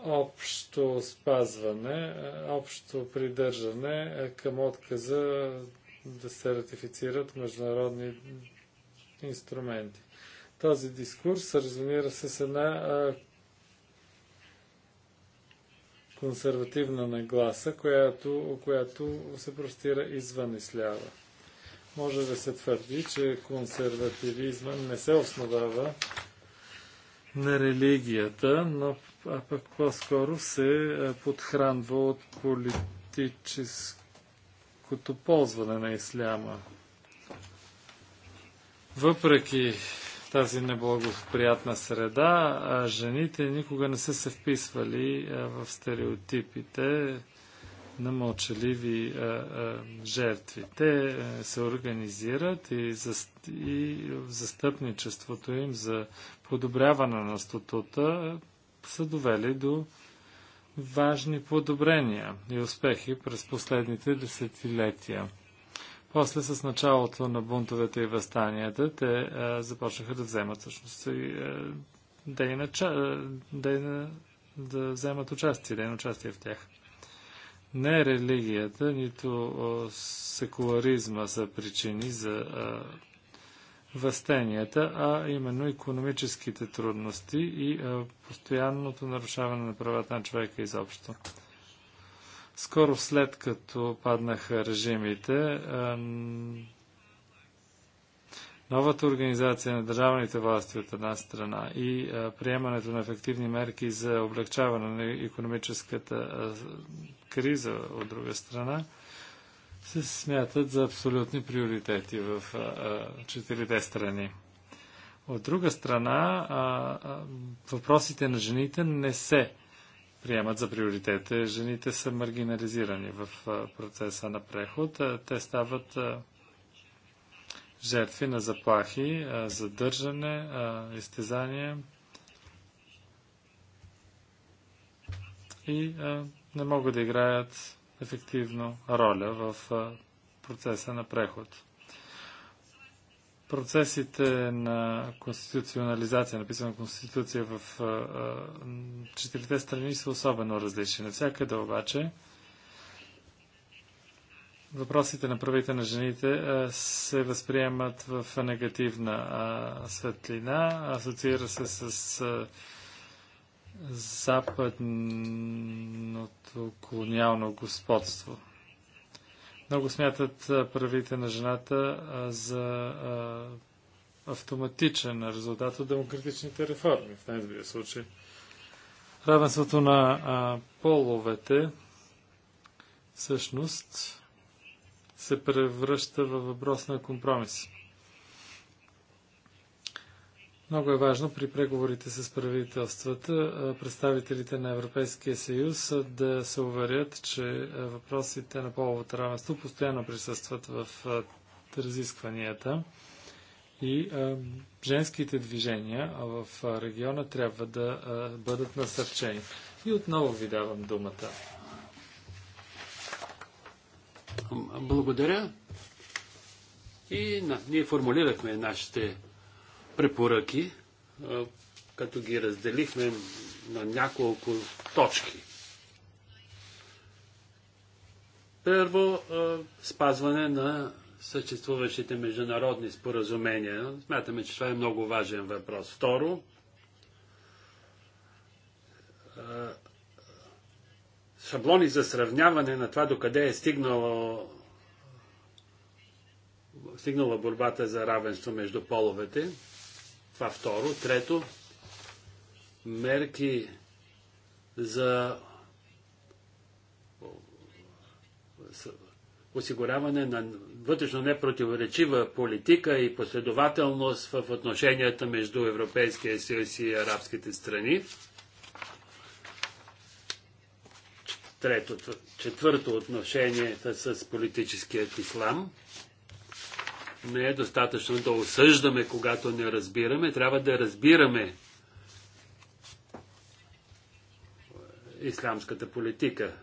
общо спазване, общо придържане към отказа да се ратифицират международни инструменти. Този дискурс резонира с една консервативна нагласа, която, която се простира извън излява. Може да се твърди, че консервативизма не се основава на религията, но а пък по-скоро се подхранва от политическото ползване на исляма. Въпреки тази неблагоприятна среда, а жените никога не са се вписвали в стереотипите на мълчаливи жертви. Те е, се организират и, в и застъпничеството им за подобряване на статута е, са довели до важни подобрения и успехи през последните десетилетия. После с началото на бунтовете и възстанията те а, е, започнаха да вземат всъщност и а, е, да, и да, е, и на, да вземат участие, да и участие в тях. Не религията, нито секуларизма са причини за а, възстанията, а именно економическите трудности и а, постоянното нарушаване на правата на човека изобщо. Скоро след като паднаха режимите, новата организация на държавните власти от една страна и приемането на ефективни мерки за облегчаване на економическата криза от друга страна се смятат за абсолютни приоритети в четирите страни. От друга страна, въпросите на жените не се приемат за приоритет. Жените са маргинализирани в процеса на преход. Те стават жертви на заплахи, задържане, изтезания и не могат да играят ефективно роля в процеса на преход процесите на конституционализация, написана конституция в четирите страни са особено различни. Навсякъде обаче въпросите на правите на жените се възприемат в негативна светлина, асоциира се с западното колониално господство. Много смятат правите на жената за автоматичен резултат от демократичните реформи в най-добрия случай. Равенството на а, половете всъщност се превръща във въпрос на компромис. Много е важно при преговорите с правителствата представителите на Европейския съюз да се уверят, че въпросите на половото равенство постоянно присъстват в разискванията и женските движения в региона трябва да бъдат насърчени. И отново ви давам думата. Благодаря. И ние формулирахме нашите препоръки, като ги разделихме на няколко точки. Първо, спазване на съществуващите международни споразумения. Смятаме, че това е много важен въпрос. Второ, шаблони за сравняване на това докъде е стигнало, стигнала борбата за равенство между половете. Това второ. Трето, мерки за осигуряване на вътрешно непротиворечива политика и последователност в отношенията между Европейския съюз и арабските страни. Трето, четвърто отношение с политическият ислам не е достатъчно да осъждаме, когато не разбираме, трябва да разбираме исламската политика.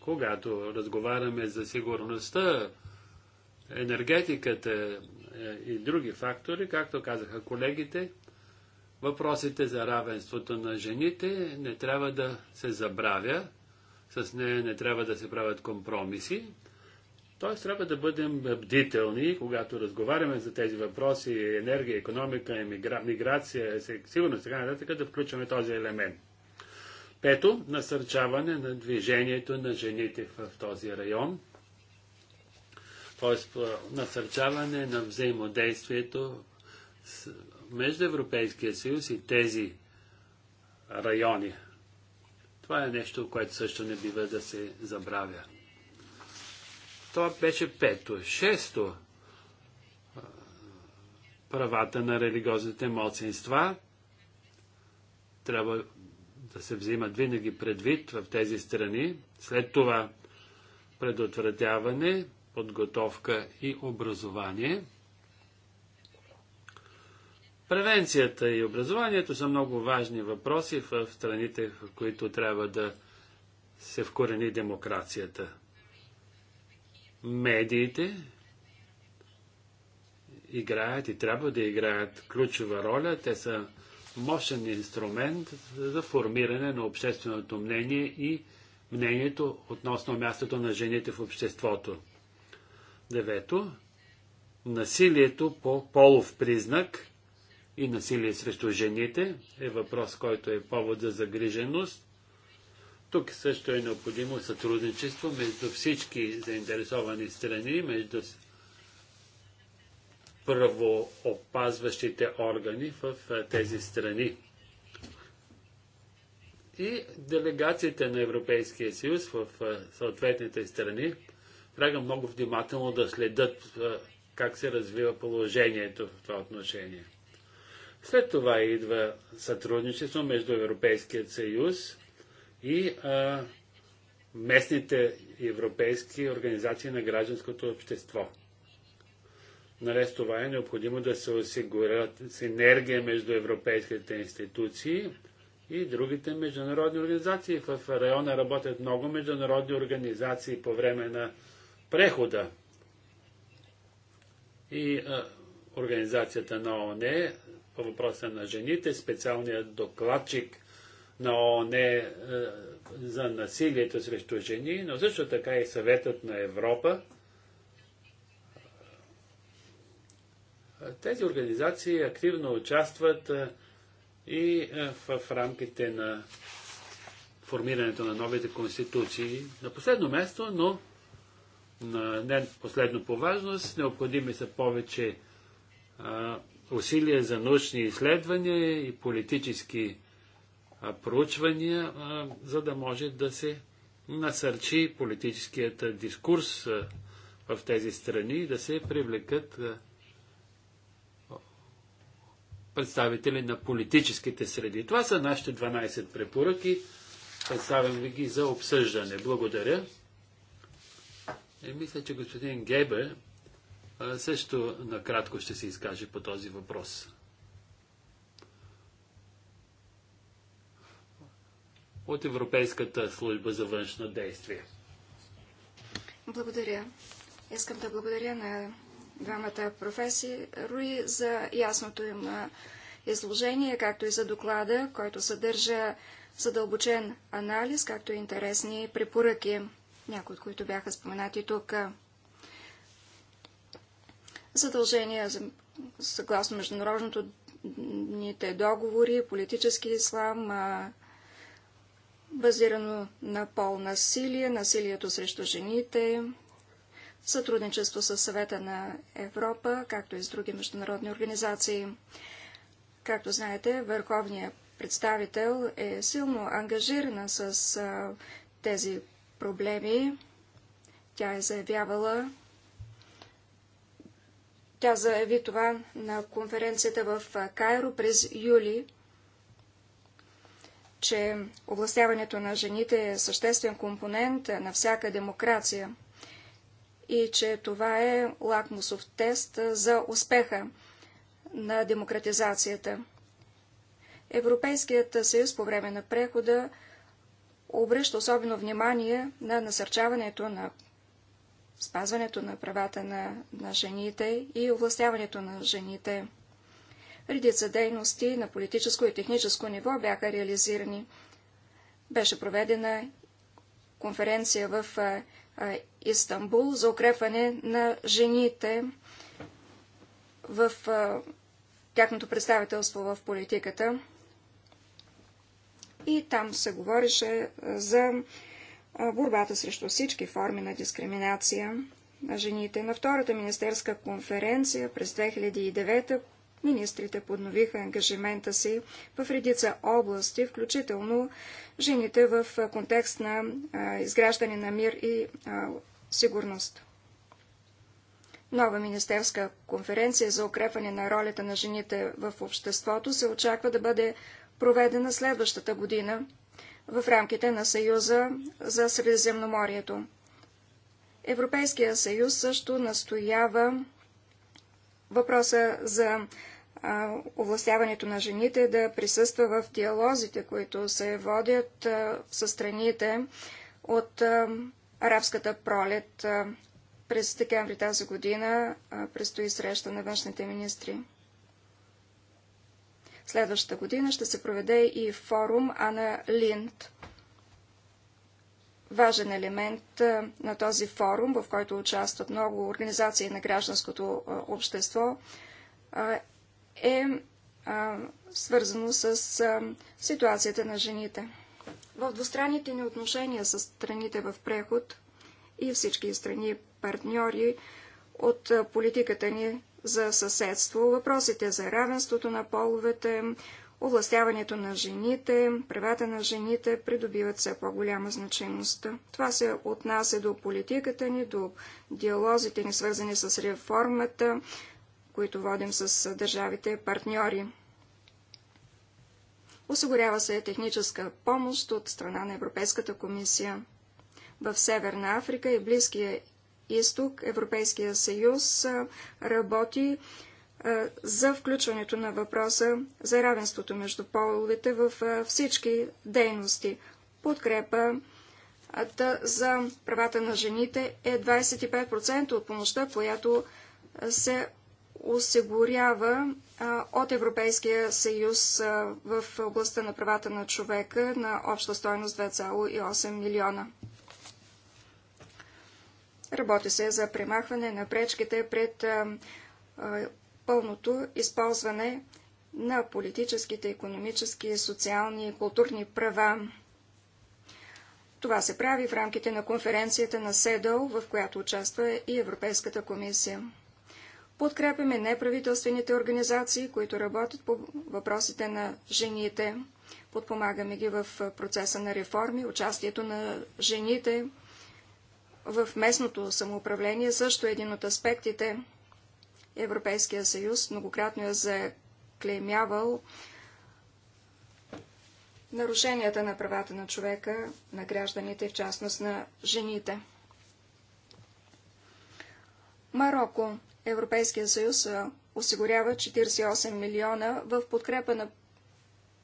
Когато разговаряме за сигурността, енергетиката е, и други фактори, както казаха колегите, въпросите за равенството на жените не трябва да се забравя, с нея не трябва да се правят компромиси, Тоест трябва да бъдем бдителни, когато разговаряме за тези въпроси, енергия, економика, емигра... миграция, сигурност, така нататък, да включваме този елемент. Пето, насърчаване на движението на жените в, в този район, т.е. насърчаване на взаимодействието с... между Европейския съюз и тези райони. Това е нещо, което също не бива да се забравя. Това беше пето. Шесто. Правата на религиозните младсинства трябва да се взимат винаги предвид в тези страни. След това предотвратяване, подготовка и образование. Превенцията и образованието са много важни въпроси в страните, в които трябва да се вкорени демокрацията медиите играят и трябва да играят ключова роля. Те са мощен инструмент за формиране на общественото мнение и мнението относно мястото на жените в обществото. Девето, насилието по полов признак и насилие срещу жените е въпрос, който е повод за загриженост тук също е необходимо сътрудничество между всички заинтересовани страни, между правоопазващите органи в тези страни. И делегациите на Европейския съюз в съответните страни трябва много внимателно да следят как се развива положението в това отношение. След това идва сътрудничество между Европейският съюз и а, местните европейски организации на гражданското общество. Наред с това е необходимо да се осигурят синергия между европейските институции и другите международни организации. В района работят много международни организации по време на прехода. И а, организацията на ООН е по въпроса на жените, специалният докладчик – на е, за насилието срещу жени, но също така и съветът на Европа. Тези организации активно участват е, и е, в рамките на формирането на новите конституции. На последно място, но не последно по важност, необходими са повече усилия за научни изследвания и политически проучвания, за да може да се насърчи политическият дискурс в тези страни и да се привлекат представители на политическите среди. Това са нашите 12 препоръки. Представям ви ги за обсъждане. Благодаря. И е, мисля, че господин Гебе също накратко ще се изкаже по този въпрос. от Европейската служба за външно действие. Благодаря. Искам да благодаря на двамата професи Руи за ясното им изложение, както и за доклада, който съдържа задълбочен анализ, както и интересни препоръки, някои от които бяха споменати тук. Задължения съгласно международните договори, политически ислам, базирано на пол насилие, насилието срещу жените, сътрудничество с съвета на Европа, както и с други международни организации. Както знаете, върховният представител е силно ангажирана с а, тези проблеми. Тя е заявявала тя заяви това на конференцията в Кайро през юли че областяването на жените е съществен компонент на всяка демокрация и че това е лакмусов тест за успеха на демократизацията. Европейският съюз по време на прехода обръща особено внимание на насърчаването на спазването на правата на, на жените и овластяването на жените редица дейности на политическо и техническо ниво бяха реализирани. Беше проведена конференция в Истанбул за укрепване на жените в тяхното представителство в политиката. И там се говореше за борбата срещу всички форми на дискриминация на жените. На втората министерска конференция през 2009 Министрите подновиха ангажимента си в редица области, включително жените в контекст на изграждане на мир и сигурност. Нова министерска конференция за укрепване на ролята на жените в обществото се очаква да бъде проведена следващата година в рамките на Съюза за Средиземноморието. Европейския съюз също настоява въпроса за овластяването на жените да присъства в диалозите, които се водят със страните от арабската пролет. През декември тази година предстои среща на външните министри. Следващата година ще се проведе и форум Ана Линд. Важен елемент на този форум, в който участват много организации на гражданското общество, е а, свързано с а, ситуацията на жените. В двустранните ни отношения с страните в преход и всички страни партньори от политиката ни за съседство, въпросите за равенството на половете, овластяването на жените, правата на жените придобиват все по-голяма значимост. Това се отнася до политиката ни, до диалозите ни, свързани с реформата, които водим с държавите партньори. Осигурява се техническа помощ от страна на Европейската комисия. В Северна Африка и Близкия изток Европейския съюз работи за включването на въпроса за равенството между половите в всички дейности. Подкрепа за правата на жените е 25% от помощта, която се осигурява от Европейския съюз в областта на правата на човека на обща стойност 2,8 милиона. Работи се за премахване на пречките пред пълното използване на политическите, економически, социални и културни права. Това се прави в рамките на конференцията на СЕДО, в която участва и Европейската комисия. Подкрепяме неправителствените организации, които работят по въпросите на жените. Подпомагаме ги в процеса на реформи, участието на жените в местното самоуправление също е един от аспектите. Европейския съюз многократно е заклеймявал нарушенията на правата на човека, на гражданите, в частност на жените. Марокко. Европейския съюз осигурява 48 милиона в подкрепа на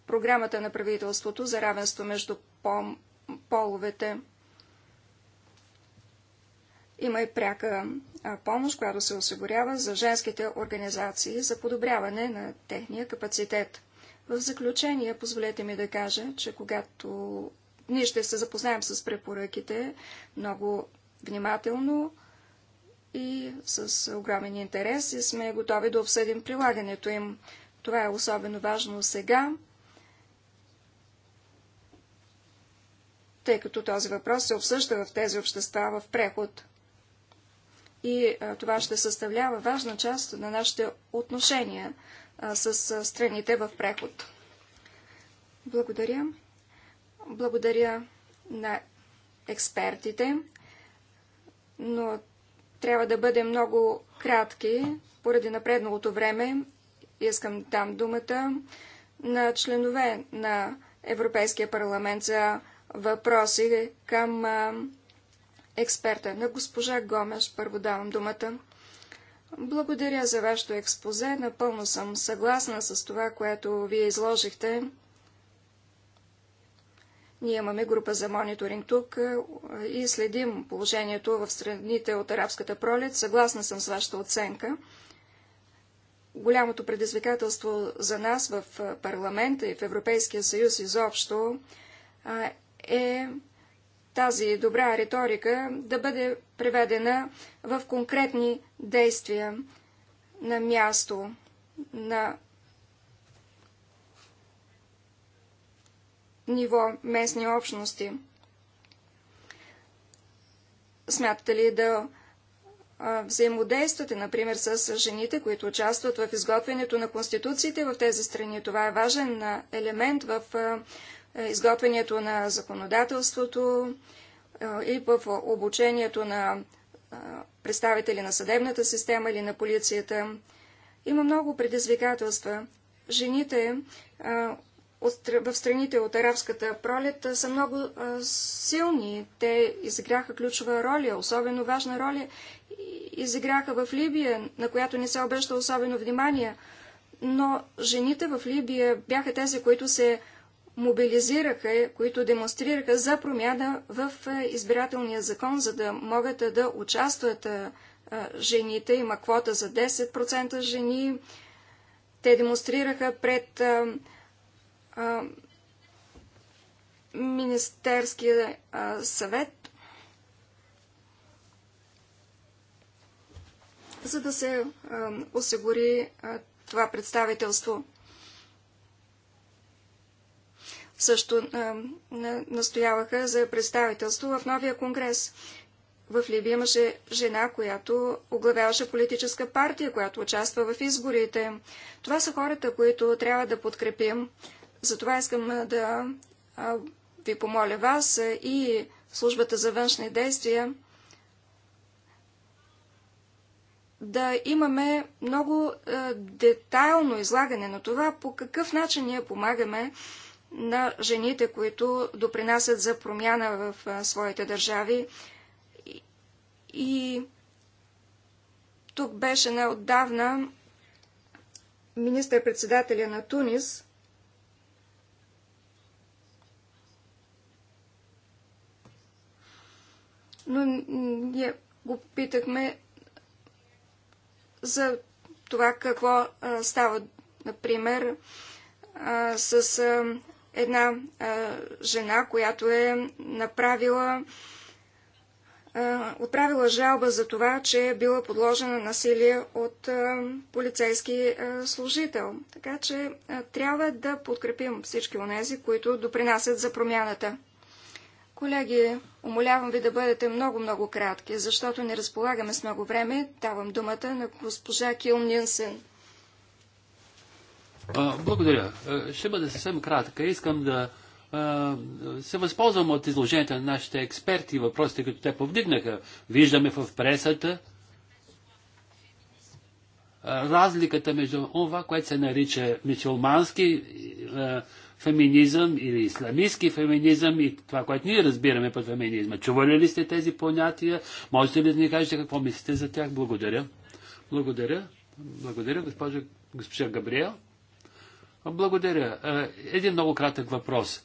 програмата на правителството за равенство между половете. Има и пряка помощ, която се осигурява за женските организации за подобряване на техния капацитет. В заключение, позволете ми да кажа, че когато ние ще се запознаем с препоръките много внимателно, и с огромен интерес и сме готови да обсъдим прилагането им. Това е особено важно сега, тъй като този въпрос се обсъжда в тези общества в преход. И а, това ще съставлява важна част на нашите отношения а, с а, страните в преход. Благодаря. Благодаря на експертите, но трябва да бъдем много кратки, поради напредналото време. Искам да дам думата на членове на Европейския парламент за въпроси към експерта. На госпожа Гомеш първо давам думата. Благодаря за вашето експозе. Напълно съм съгласна с това, което вие изложихте. Ние имаме група за мониторинг тук е, и следим положението в страните от арабската пролет. Съгласна съм с вашата оценка. Голямото предизвикателство за нас в е, парламента и в Европейския съюз изобщо е тази добра риторика да бъде преведена в конкретни действия на място, на ниво местни общности. Смятате ли да взаимодействате, например, с жените, които участват в изготвянето на конституциите в тези страни. Това е важен елемент в е, изготвянето на законодателството и в обучението на представители на съдебната система или на полицията. Има много предизвикателства. Жените в страните от арабската пролет са много силни. Те изиграха ключова роля, особено важна роля изиграха в Либия, на която не се обръща особено внимание. Но жените в Либия бяха тези, които се мобилизираха, които демонстрираха за промяна в избирателния закон, за да могат да участват жените. Има квота за 10% жени. Те демонстрираха пред а, Министерския а, съвет, за да се а, осигури а, това представителство. Също а, настояваха за представителство в новия конгрес. В Либия имаше жена, която оглавяваше политическа партия, която участва в изборите. Това са хората, които трябва да подкрепим, затова искам да ви помоля вас и службата за външни действия да имаме много детайлно излагане на това, по какъв начин ние помагаме на жените, които допринасят за промяна в своите държави. И тук беше неотдавна министър-председателя на Тунис – но ние го питахме за това какво а, става, например, а, с а, една а, жена, която е направила, а, отправила жалба за това, че е била подложена насилие от а, полицейски а, служител. Така че а, трябва да подкрепим всички онези, които допринасят за промяната. Колеги, умолявам ви да бъдете много-много кратки, защото не разполагаме с много време. Давам думата на госпожа Кил Нинсен. Благодаря. Ще бъда съвсем кратка. Искам да се възползвам от изложението на нашите експерти и въпросите, които те повдигнаха. Виждаме в пресата разликата между това, което се нарича мисюлмански феминизъм или исламистски феминизъм и това, което ние разбираме под феминизма. Чували ли сте тези понятия? Можете ли да ни кажете какво мислите за тях? Благодаря. Благодаря. Благодаря, госпожа, госпожа Габриел. Благодаря. Един много кратък въпрос,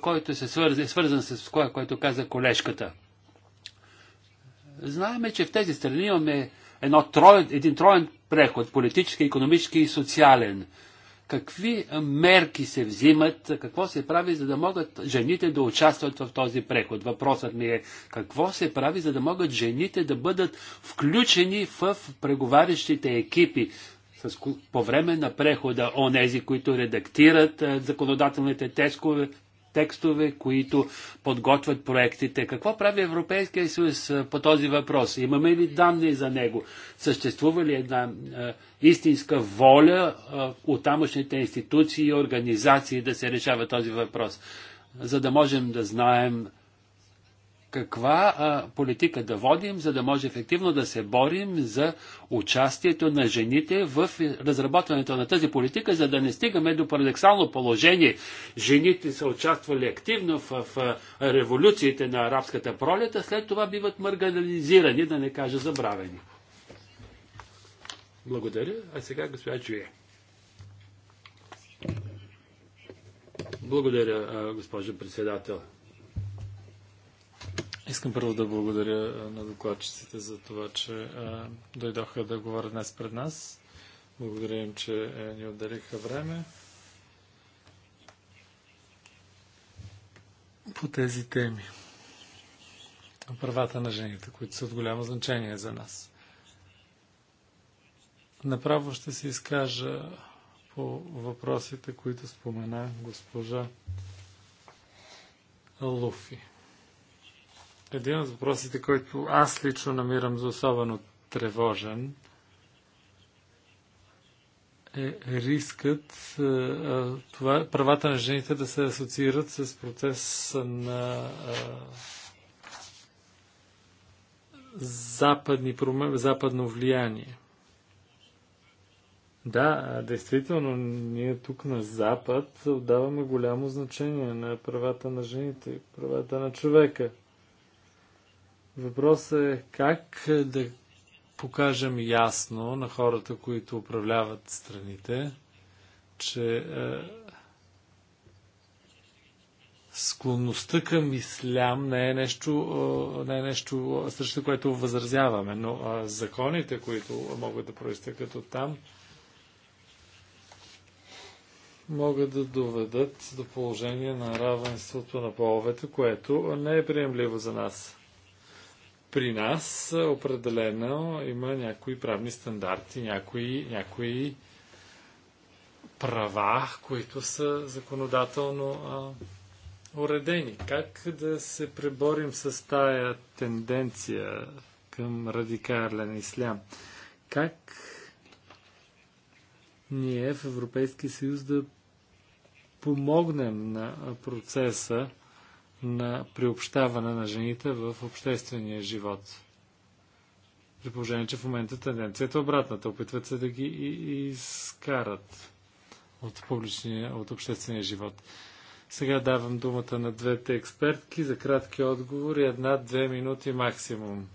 който се свързан, е свързан с това, което каза колежката. Знаеме, че в тези страни имаме едно троен, един троен преход, политически, економически и социален. Какви мерки се взимат, какво се прави, за да могат жените да участват в този преход? Въпросът ми е какво се прави, за да могат жените да бъдат включени в преговарящите екипи с, по време на прехода, онези, които редактират е, законодателните тескове, текстове, които подготвят проектите. Какво прави Европейския съюз по този въпрос? Имаме ли данни за него? Съществува ли една е, истинска воля е, от тамошните институции и организации да се решава този въпрос? За да можем да знаем каква а, политика да водим, за да може ефективно да се борим за участието на жените в разработването на тази политика, за да не стигаме до парадоксално положение. Жените са участвали активно в, в, в революциите на арабската пролета, след това биват марганализирани, да не кажа забравени. Благодаря. А сега госпожа Джуе. Благодаря, госпожо председател. Искам първо да благодаря на докладчиците за това, че а, дойдоха да говорят днес пред нас. Благодаря им, че е, ни отделиха време. По тези теми. Правата на жените, които са от голямо значение за нас. Направо ще се изкажа по въпросите, които спомена госпожа Луфи. Един от въпросите, който аз лично намирам за особено тревожен, е рискът е, е, това, правата на жените да се асоциират с процес на е, западни промен, западно влияние. Да, действително, ние тук на Запад отдаваме голямо значение на правата на жените, правата на човека – Въпросът е как да покажем ясно на хората, които управляват страните, че е, склонността към ислям не е нещо, е, не е нещо срещу което възразяваме, но е, законите, които могат да проистъкат от там, могат да доведат до положение на равенството на половете, което не е приемливо за нас при нас е, определено има някои правни стандарти, някои, някои права, които са законодателно а, уредени. Как да се преборим с тая тенденция към радикален ислям? Как ние в Европейския съюз да помогнем на процеса на приобщаване на жените в обществения живот. При положение, че в момента тенденцията е обратната. Опитват се да ги изкарат от, публичния, от обществения живот. Сега давам думата на двете експертки за кратки отговори. Една-две минути максимум.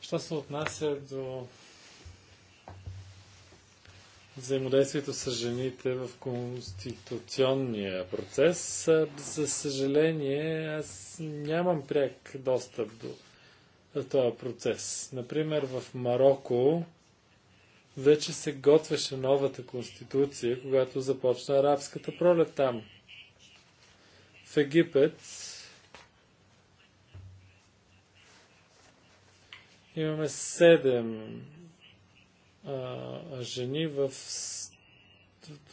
Що се отнася до взаимодействието с жените в конституционния процес. За съжаление, аз нямам пряк достъп до, този процес. Например, в Марокко вече се готвеше новата конституция, когато започна арабската пролет там. В Египет имаме седем а, жени в,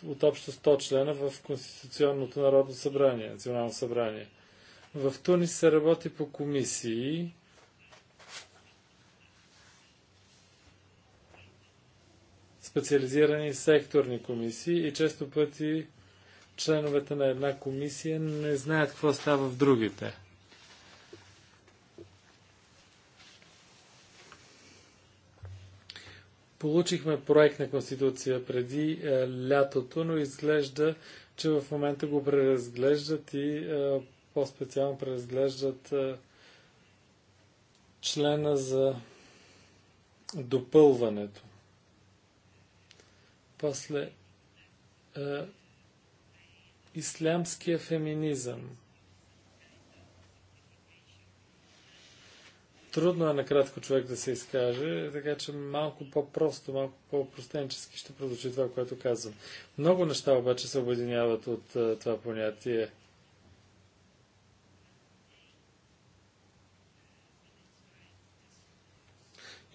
от общо 100 члена в Конституционното народно събрание, национално събрание. В Тунис се работи по комисии. специализирани секторни комисии и често пъти членовете на една комисия не знаят какво става в другите. Получихме проект на Конституция преди е, лятото, но изглежда, че в момента го преразглеждат и е, по-специално преразглеждат е, члена за допълването. После е, ислямския феминизъм. Трудно е накратко човек да се изкаже, така че малко по-просто, малко по-простенчески ще продължи това, което казвам. Много неща обаче се объединяват от това понятие.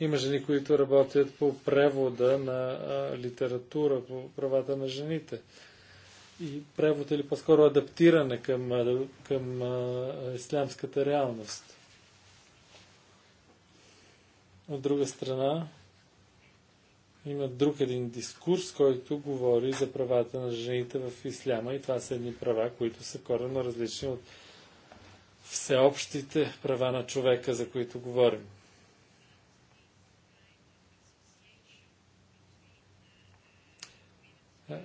Има жени, които работят по превода на а, литература, по правата на жените. И превод или е по-скоро адаптиране към, към а, ислямската реалност. От друга страна, има друг един дискурс, който говори за правата на жените в исляма и това са едни права, които са коренно различни от всеобщите права на човека, за които говорим.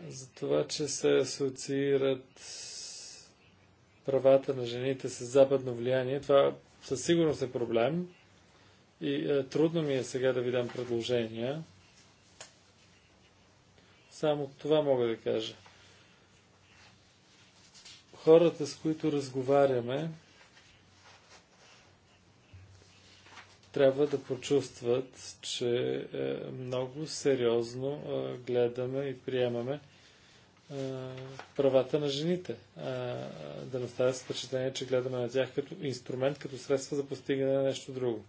За това, че се асоциират правата на жените с западно влияние, това със сигурност е проблем, и е, трудно ми е сега да ви дам предложения. Само това мога да кажа. Хората, с които разговаряме, трябва да почувстват, че е, много сериозно е, гледаме и приемаме е, правата на жените. А, е, да не става с впечатление, че гледаме на тях като инструмент, като средство за постигане на нещо друго.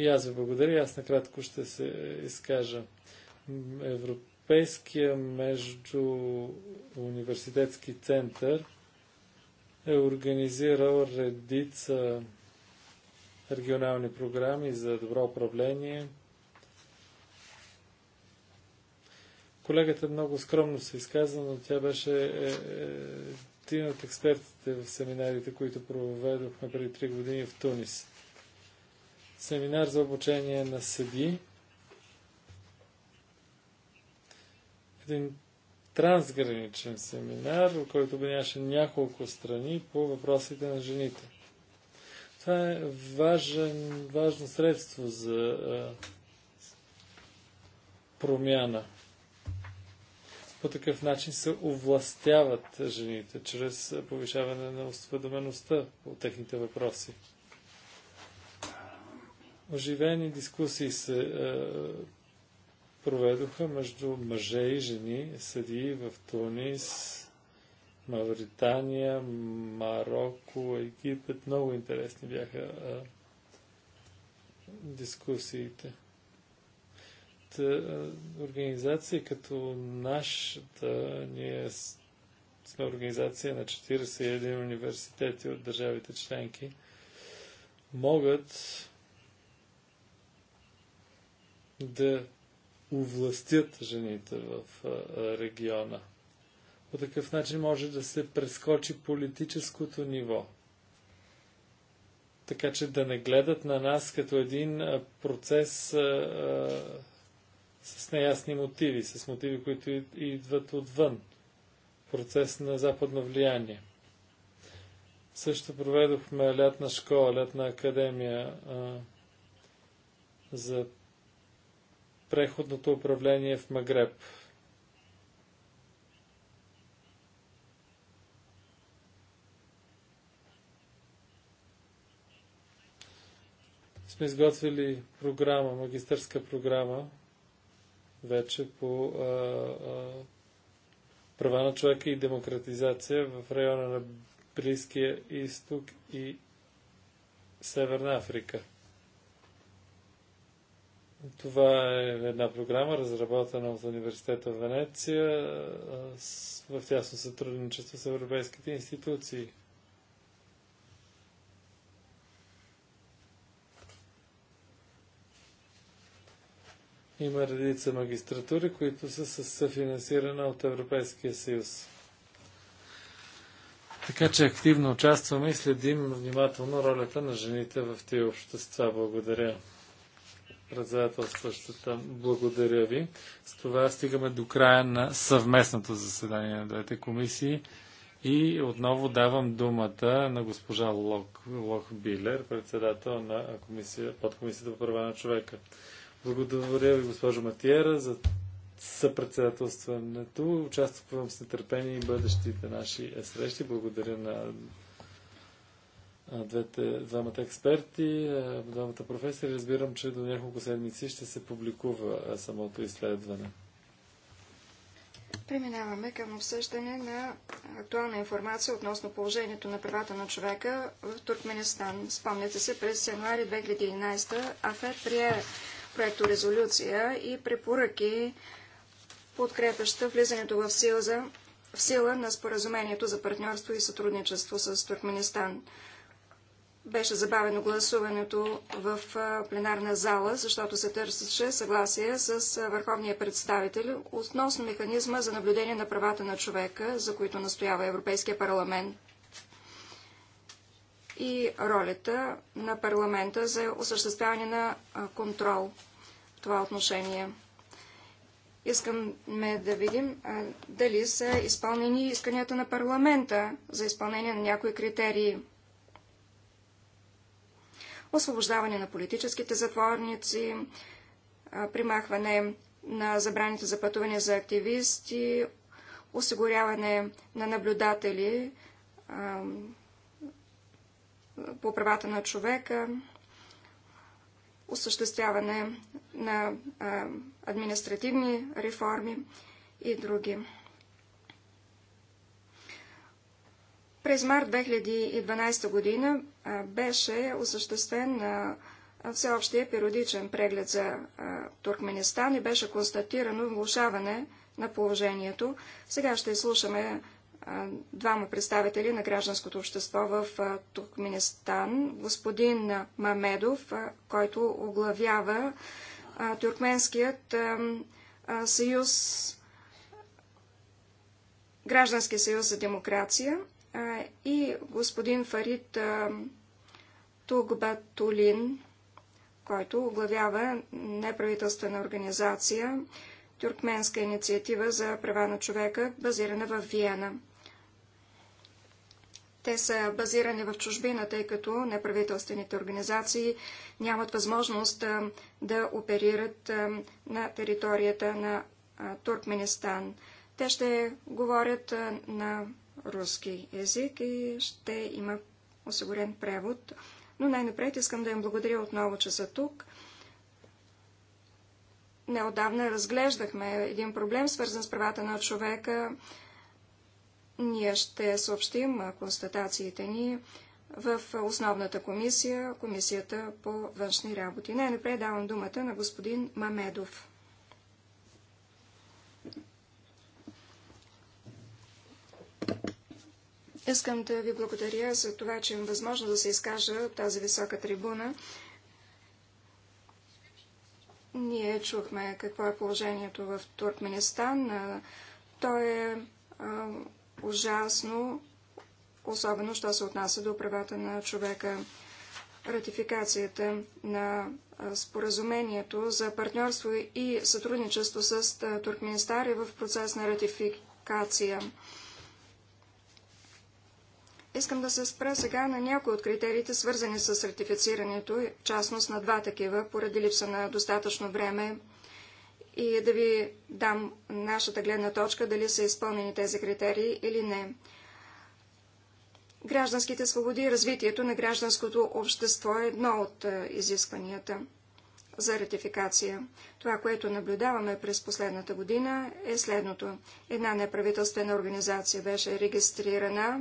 И аз ви благодаря. Аз накратко ще се изкажа. Европейския между университетски център е организирал редица регионални програми за добро управление. Колегата много скромно се изказа, но тя беше е, е, един от експертите в семинарите, които проведохме преди три години в Тунис семинар за обучение на съди. Един трансграничен семинар, в който обвиняваше няколко страни по въпросите на жените. Това е важен, важно средство за а, промяна. По такъв начин се овластяват жените, чрез повишаване на осведомеността по техните въпроси. Оживени дискусии се е, проведоха между мъже и жени, съди в Тунис, Мавритания, Марокко, Египет. Много интересни бяха е, дискусиите. Та, е, организации като нашата, ние сме организация на 41 университети от държавите членки, могат да овластят жените в региона. По такъв начин може да се прескочи политическото ниво. Така че да не гледат на нас като един процес а, а, с неясни мотиви, с мотиви, които идват отвън. Процес на западно влияние. Също проведохме лятна школа, лятна академия а, за преходното управление в Магреб. Сме изготвили програма, магистърска програма, вече по а, а, права на човека и демократизация в района на Близкия изток и Северна Африка. Това е една програма, разработена от Университета в Венеция в тясно сътрудничество с европейските институции. Има редица магистратури, които са съфинансирани от Европейския съюз. Така че активно участваме и следим внимателно ролята на жените в тези общества. Благодаря председателстващата. Благодаря ви. С това стигаме до края на съвместното заседание на двете комисии. И отново давам думата на госпожа Лох, Лох Билер, председател на комисия, подкомисията по права на човека. Благодаря ви, госпожо Матиера, за съпредседателстването. Участвам с нетърпение и бъдещите наши срещи. Благодаря на двете, двамата експерти, двамата професори. Разбирам, че до няколко седмици ще се публикува самото изследване. Преминаваме към обсъждане на актуална информация относно положението на правата на човека в Туркменистан. Спомняте се, през януари 2011 АФЕД прие проекто резолюция и препоръки, подкрепяща влизането в сила, в сила на споразумението за партньорство и сътрудничество с Туркменистан беше забавено гласуването в пленарна зала, защото се търсеше съгласие с върховния представител относно механизма за наблюдение на правата на човека, за които настоява Европейския парламент и ролята на парламента за осъществяване на контрол в това отношение. Искаме да видим дали са изпълнени исканията на парламента за изпълнение на някои критерии – освобождаване на политическите затворници, примахване на забраните за пътуване за активисти, осигуряване на наблюдатели по правата на човека, осъществяване на административни реформи и други. През март 2012 година беше осъществен всеобщия периодичен преглед за Туркменистан и беше констатирано влушаване на положението. Сега ще слушаме двама представители на гражданското общество в Туркменистан. Господин Мамедов, който оглавява Туркменският съюз, Граждански съюз за демокрация и господин Фарид Тугбатулин, който оглавява неправителствена организация Тюркменска инициатива за права на човека, базирана в Виена. Те са базирани в чужбина, тъй като неправителствените организации нямат възможност да оперират на територията на Туркменистан. Те ще говорят на руски език и ще има осигурен превод. Но най-напред искам да им благодаря отново, че са тук. Неодавна разглеждахме един проблем, свързан с правата на човека. Ние ще съобщим констатациите ни в основната комисия, комисията по външни работи. Най-напред давам думата на господин Мамедов. Искам да ви благодаря за това, че имам възможно да се изкажа от тази висока трибуна. Ние чухме какво е положението в Туркменистан. То е ужасно, особено, що се отнася до правата на човека. Ратификацията на споразумението за партньорство и сътрудничество с Туркменистан е в процес на ратификация. Искам да се спра сега на някои от критериите, свързани с ратифицирането, частност на два такива, поради липса на достатъчно време и да ви дам нашата гледна точка, дали са изпълнени тези критерии или не. Гражданските свободи и развитието на гражданското общество е едно от е, изискванията за ратификация. Това, което наблюдаваме през последната година е следното. Една неправителствена организация беше регистрирана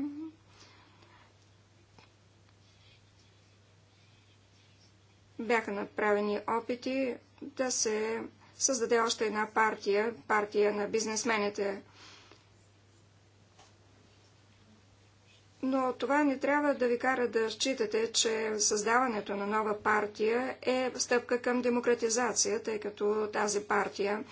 Бяха направени опити да се създаде още една партия, партия на бизнесмените. Но това не трябва да ви кара да считате, че създаването на нова партия е стъпка към демократизация, тъй като тази партия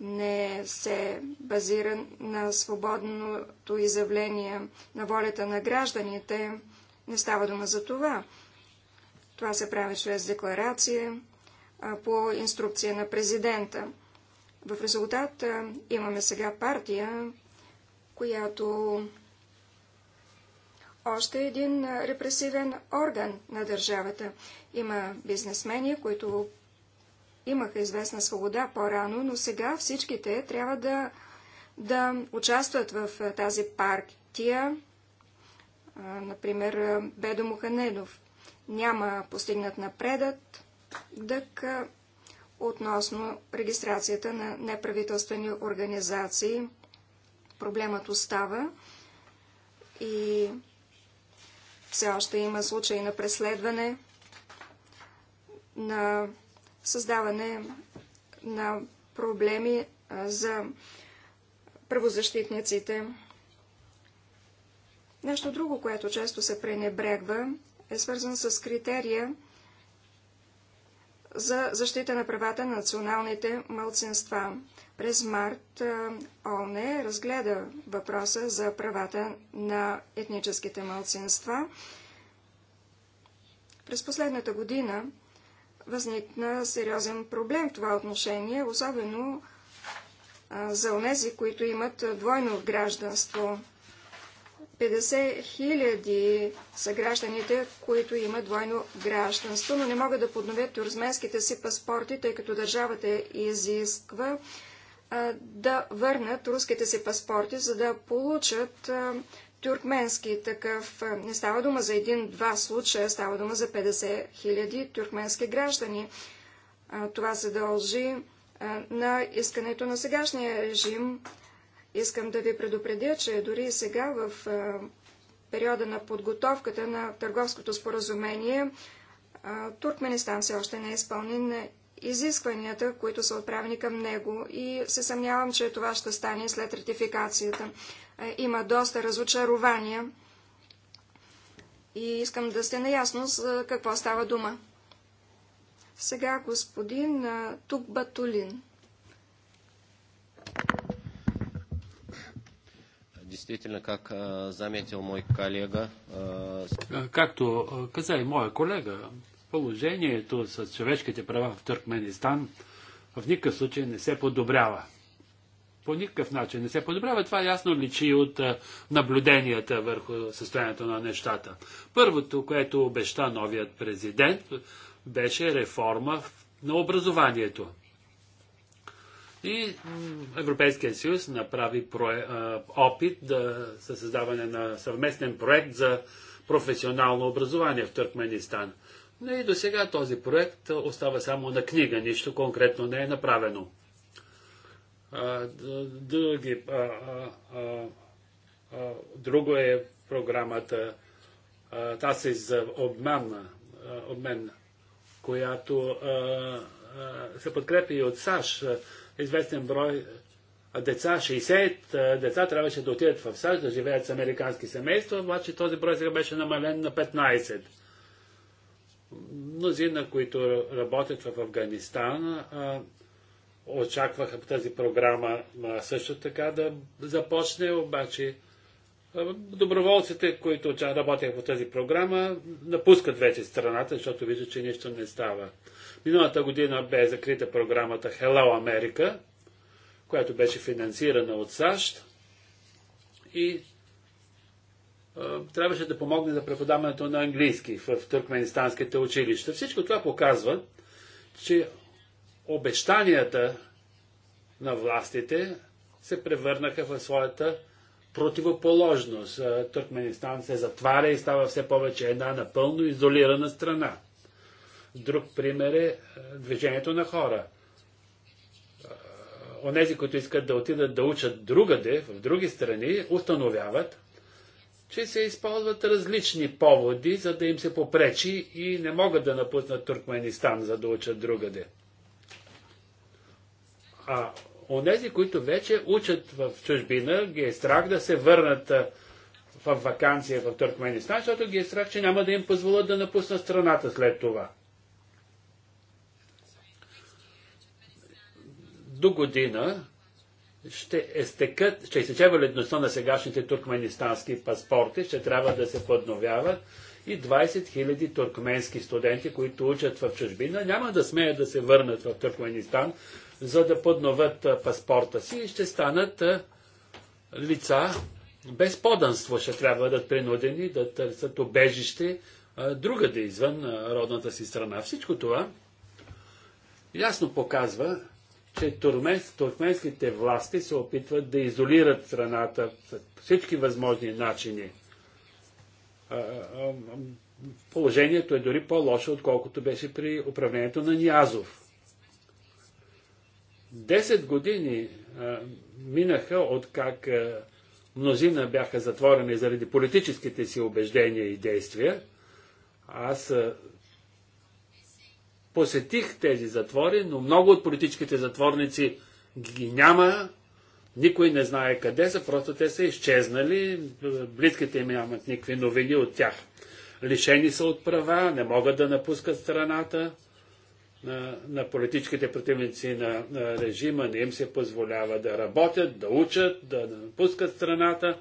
не се базира на свободното изявление на волята на гражданите. Не става дума за това. Това се прави чрез декларация по инструкция на президента. В резултат имаме сега партия, която още е един репресивен орган на държавата. Има бизнесмени, които имаха известна свобода по-рано, но сега всичките трябва да, да участват в тази партия. Например, Бедо Муханедов няма постигнат напредът, дък относно регистрацията на неправителствени организации. Проблемът остава и все още има случаи на преследване, на създаване на проблеми за правозащитниците. Нещо друго, което често се пренебрегва, е свързан с критерия за защита на правата на националните мълцинства. През март ООН разгледа въпроса за правата на етническите мълцинства. През последната година възникна сериозен проблем в това отношение, особено за онези, които имат двойно гражданство. 50 хиляди са гражданите, които имат двойно гражданство, но не могат да подновят турзменските си паспорти, тъй като държавата изисква да върнат руските си паспорти, за да получат туркменски тюркменски такъв. Не става дума за един-два случая, става дума за 50 хиляди тюркменски граждани. това се дължи на искането на сегашния режим Искам да ви предупредя, че дори и сега в периода на подготовката на търговското споразумение Туркменистан все още не е изпълнен на изискванията, които са отправени към него и се съмнявам, че това ще стане след ратификацията. Има доста разочарования и искам да сте наясно за какво става дума. Сега господин Тукбатулин, Батулин. действительно, как заметил мой коллега... Както каза и моя колега, положението с човешките права в Туркменистан в никакъв случай не се подобрява. По никакъв начин не се подобрява. Това ясно личи от наблюденията върху състоянието на нещата. Първото, което обеща новият президент, беше реформа на образованието. И Европейския съюз направи опит да, за създаване на съвместен проект за професионално образование в Туркменистан. Но и до сега този проект остава само на книга, нищо конкретно не е направено. Други, друго е програмата тази за обмен, обмен която се подкрепи и от САЩ известен брой деца, 60 деца трябваше да отидат в САЩ, да живеят с американски семейства, обаче този брой сега беше намален на 15. Мнозина, които работят в Афганистан, очакваха тази програма също така да започне, обаче доброволците, които работят по тази програма, напускат вече страната, защото виждат, че нищо не става. Миналата година бе закрита програмата Hello America, която беше финансирана от САЩ и а, трябваше да помогне за преподаването на английски в туркменистанските училища. Всичко това показва, че обещанията на властите се превърнаха в своята противоположност. Туркменистан се затваря и става все повече една напълно изолирана страна. Друг пример е, е движението на хора. Е, онези, които искат да отидат да учат другаде, в други страни, установяват, че се използват различни поводи, за да им се попречи и не могат да напуснат Туркменистан, за да учат другаде. А онези, които вече учат в чужбина, ги е страх да се върнат е, в вакансия в Туркменистан, защото ги е страх, че няма да им позволят да напуснат страната след това. до година ще, естекът, ще изтече валидността на сегашните туркменистански паспорти, ще трябва да се подновяват и 20 000 туркменски студенти, които учат в чужбина, няма да смеят да се върнат в Туркменистан, за да подновят паспорта си и ще станат лица без поданство, ще трябва да бъдат принудени да търсят обежище другаде извън родната си страна. Всичко това ясно показва, че туркменските власти се опитват да изолират страната по всички възможни начини. Положението е дори по-лошо, отколкото беше при управлението на Ниязов. Десет години минаха от как мнозина бяха затворени заради политическите си убеждения и действия. Аз Посетих тези затвори, но много от политическите затворници ги няма. Никой не знае къде са, просто те са изчезнали. Близките им нямат никакви новини от тях. Лишени са от права, не могат да напускат страната. На, на политическите противници на, на режима не им се позволява да работят, да учат, да напускат страната.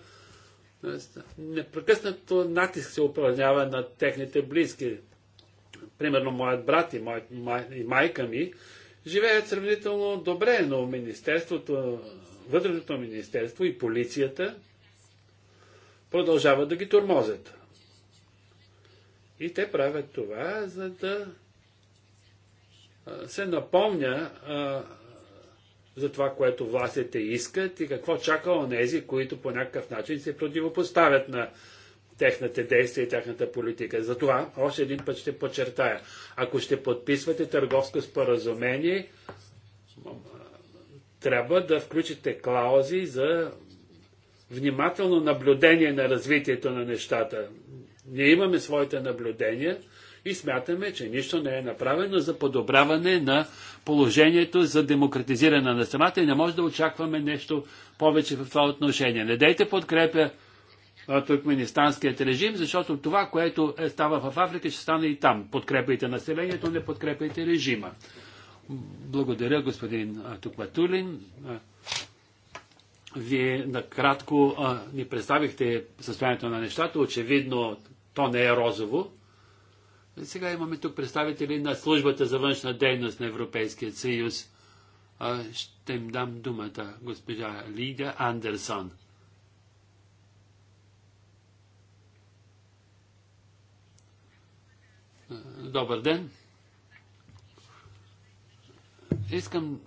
Непрекъснато натиск се упражнява на техните близки примерно моят брат и, моят, май, и майка ми живеят сравнително добре, но Министерството, Вътрешното министерство и полицията продължават да ги турмозят. И те правят това, за да се напомня а, за това, което властите искат и какво чака онези, които по някакъв начин се противопоставят на техните действия и тяхната политика. Затова още един път ще подчертая. Ако ще подписвате търговско споразумение, трябва да включите клаузи за внимателно наблюдение на развитието на нещата. Ние имаме своите наблюдения и смятаме, че нищо не е направено за подобряване на положението за демократизиране на страната и не може да очакваме нещо повече в това отношение. Не дайте подкрепя туркменистанският режим, защото това, което е става в Африка, ще стане и там. Подкрепайте населението, не подкрепайте режима. Благодаря, господин Тукватулин. Вие накратко а, ни представихте състоянието на нещата. Очевидно, то не е розово. Сега имаме тук представители на службата за външна дейност на Европейския съюз. А, ще им дам думата госпожа Лидия Андерсон. Добър ден. Искам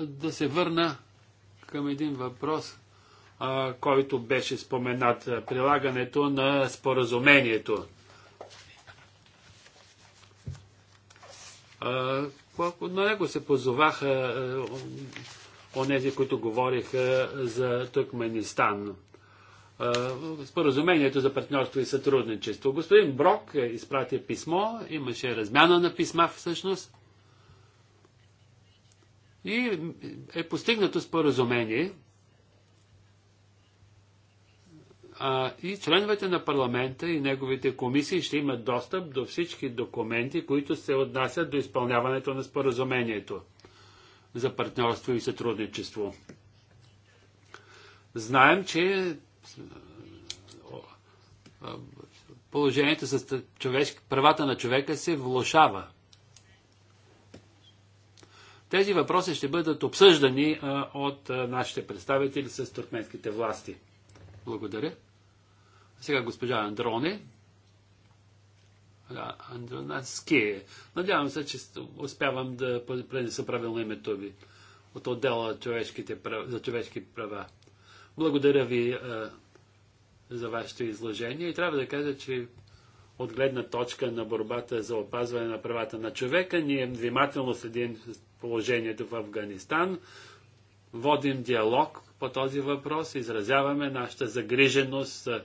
да се върна към един въпрос, който беше споменат. Прилагането на споразумението. На него се позоваха онези, които говориха за Туркменистан споразумението за партньорство и сътрудничество. Господин Брок е изпрати писмо, имаше размяна на писма всъщност и е постигнато споразумение а, и членовете на парламента и неговите комисии ще имат достъп до всички документи, които се отнасят до изпълняването на споразумението за партньорство и сътрудничество. Знаем, че положението с човешки, правата на човека се влошава. Тези въпроси ще бъдат обсъждани а, от а, нашите представители с туркменските власти. Благодаря. Сега госпожа Андроне. Да, Андронаски. Надявам се, че успявам да пренеса правилно името ви от отдела човешките, за човешки права. Благодаря ви а, е, за вашето изложение и трябва да кажа, че от гледна точка на борбата за опазване на правата на човека, ние внимателно следим положението в Афганистан, водим диалог по този въпрос, изразяваме нашата загриженост е,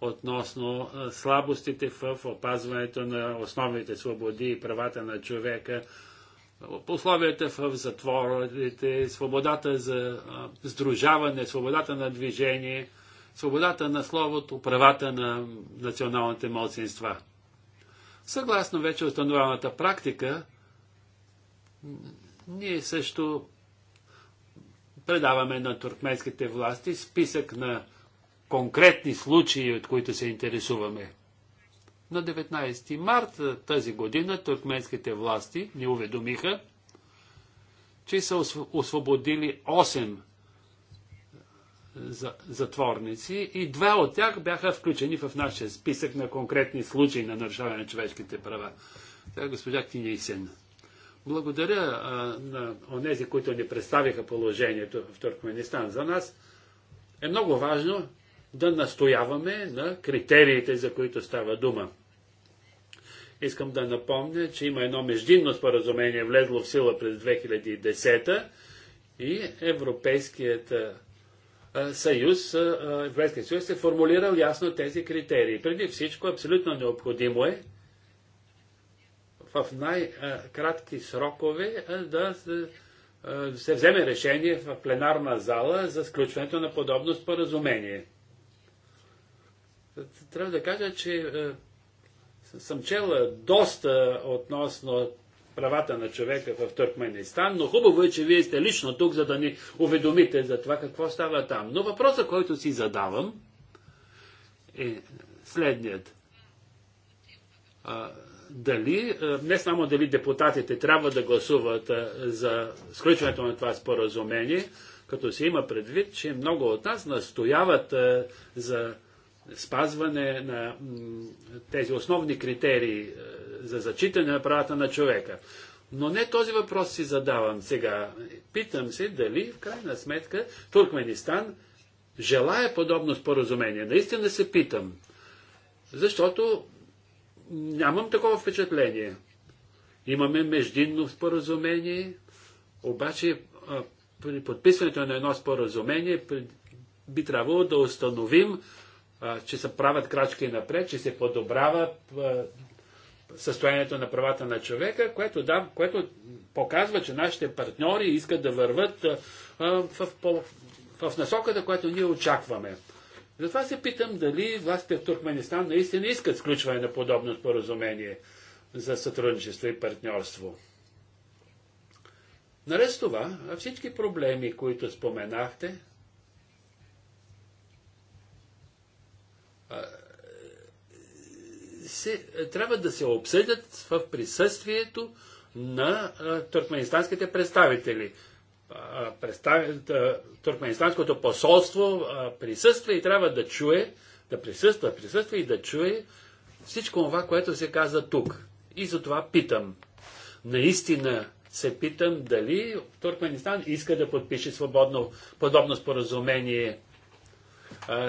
относно е, слабостите в опазването на основните свободи и правата на човека условията в затворите, свободата за сдружаване, свободата на движение, свободата на словото, правата на националните младсинства. Съгласно вече установената практика, ние също предаваме на туркменските власти списък на конкретни случаи, от които се интересуваме. На 19 март е, тази година туркменските власти ни уведомиха, че са освободили 8 е, затворници и два от тях бяха включени в нашия списък на конкретни случаи на нарушаване на човешките права. Тя е госпожа Кинейсен. Благодаря а, е, на онези, които ни представиха положението в Туркменистан. За нас е много важно да настояваме на критериите, за които става дума. Искам да напомня, че има едно междинно споразумение, влезло в сила през 2010 и Европейският съюз, Европейският съюз е формулирал ясно тези критерии. Преди всичко, абсолютно необходимо е в най-кратки срокове да се вземе решение в пленарна зала за сключването на подобно споразумение. Трябва да кажа, че е, съм чела доста относно правата на човека в Туркменистан, но хубаво е, че вие сте лично тук, за да ни уведомите за това какво става там. Но въпросът, който си задавам, е следният. А, дали, е, не само дали депутатите трябва да гласуват е, за сключването на това споразумение, като се има предвид, че много от нас настояват за спазване на тези основни критерии е, за зачитане на правата на човека. Но не този въпрос си задавам сега. Питам се дали в крайна сметка Туркменистан желая подобно споразумение. Наистина се питам. Защото нямам такова впечатление. Имаме междинно споразумение, обаче при подписването на едно споразумение би трябвало да установим че се правят крачки напред, че се подобрава състоянието на правата на човека, което, да, което показва, че нашите партньори искат да върват в, в насоката, която ние очакваме. Затова се питам дали властите в Туркменистан наистина искат сключване на подобно споразумение за сътрудничество и партньорство. Наред с това, всички проблеми, които споменахте, се, е, трябва да се обсъдят в присъствието на а, е, туркменистанските представители. А, представ... а, е, туркменистанското посолство присъства и трябва да чуе, да присъства, присъства и да чуе всичко това, което се каза тук. И за това питам. Наистина се питам дали Туркменистан иска да подпише свободно подобно споразумение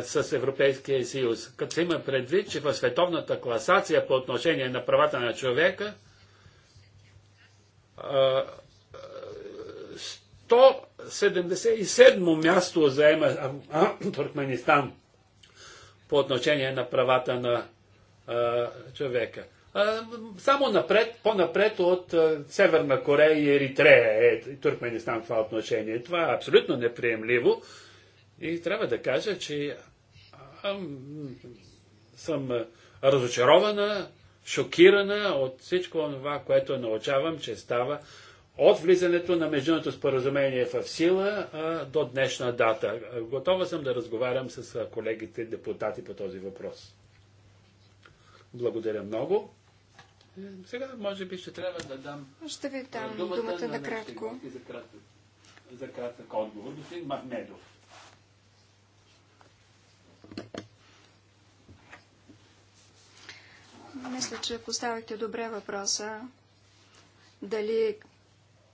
с Европейския съюз. Като се има предвид, че в световната класация по отношение на правата на човека, 177 мо място заема Туркменистан по отношение на правата на а, човека. А, само напред, по-напред от а, Северна Корея и Еритрея е Туркменистан в това отношение. Това е абсолютно неприемливо. И трябва да кажа, че съм разочарована, шокирана от всичко това, което научавам, че става от влизането на международното споразумение в сила а, до днешна дата. Готова съм да разговарям с колегите депутати по този въпрос. Благодаря много. Е, сега, може би, ще трябва да дам. Ще ви дам думата, думата на, на кратко. За кратък, за кратък отговор, господин Махмедов. Мисля, че поставихте добре въпроса дали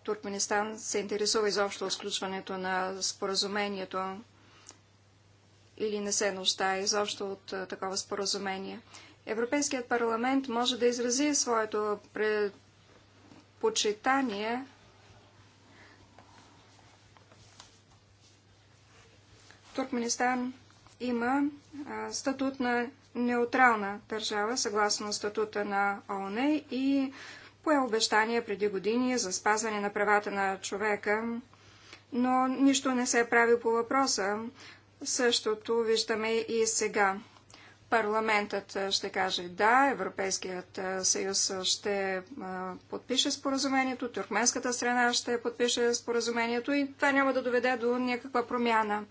Туркменистан се интересува изобщо от сключването на споразумението или не се нуждае изобщо от такова споразумение. Европейският парламент може да изрази своето предпочитание Туркменистан има статут на неутрална държава, съгласно статута на ООН и пое обещания преди години за спазване на правата на човека, но нищо не се прави по въпроса. Същото виждаме и сега. Парламентът ще каже да, Европейският съюз ще подпише споразумението, туркменската страна ще подпише споразумението и това няма да доведе до някаква промяна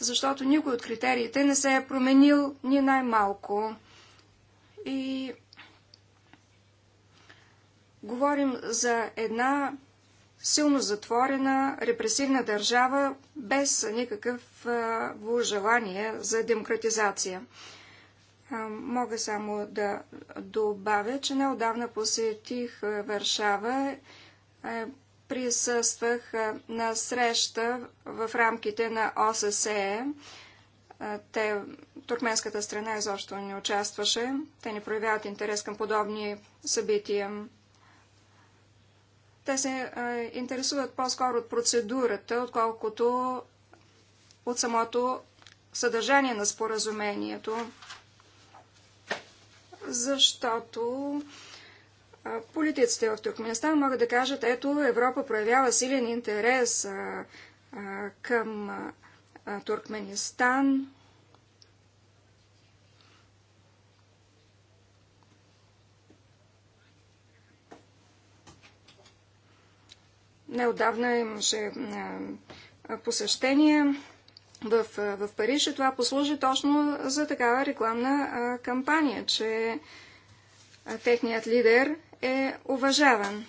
защото никой от критериите не се е променил ни най-малко. И говорим за една силно затворена, репресивна държава, без никакъв желание за демократизация. мога само да добавя, че неодавна посетих Варшава. Е, присъствах на среща в рамките на ОССЕ. Те, туркменската страна изобщо не участваше. Те не проявяват интерес към подобни събития. Те се интересуват по-скоро от процедурата, отколкото от самото съдържание на споразумението, защото политиците в Туркменистан могат да кажат, ето Европа проявява силен интерес а, а, към а, Туркменистан. Неодавна имаше посещение в, в Париж и това послужи точно за такава рекламна кампания, че техният лидер е уважаван.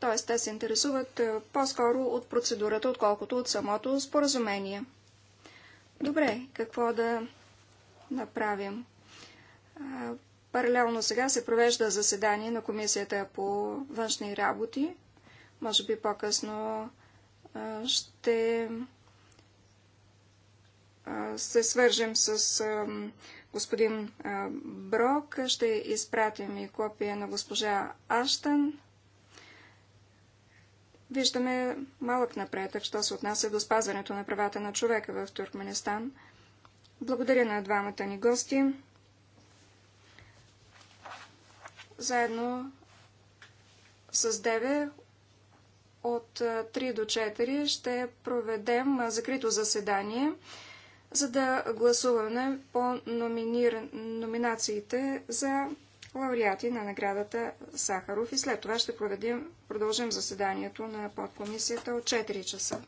Т.е. те се интересуват е, по-скоро от процедурата, отколкото от самото споразумение. Добре, какво да направим? Паралелно сега се провежда заседание на Комисията по външни работи. Може би по-късно ще се свържем с господин Брок. Ще изпратим и копия на госпожа Аштън. Виждаме малък напредък, що се отнася до спазването на правата на човека в Туркменистан. Благодаря на двамата ни гости. Заедно с Деве от 3 до 4 ще проведем закрито заседание за да гласуваме по номинир... номинациите за лауреати на наградата Сахаров и след това ще проведем, продължим заседанието на подкомисията от 4 часа.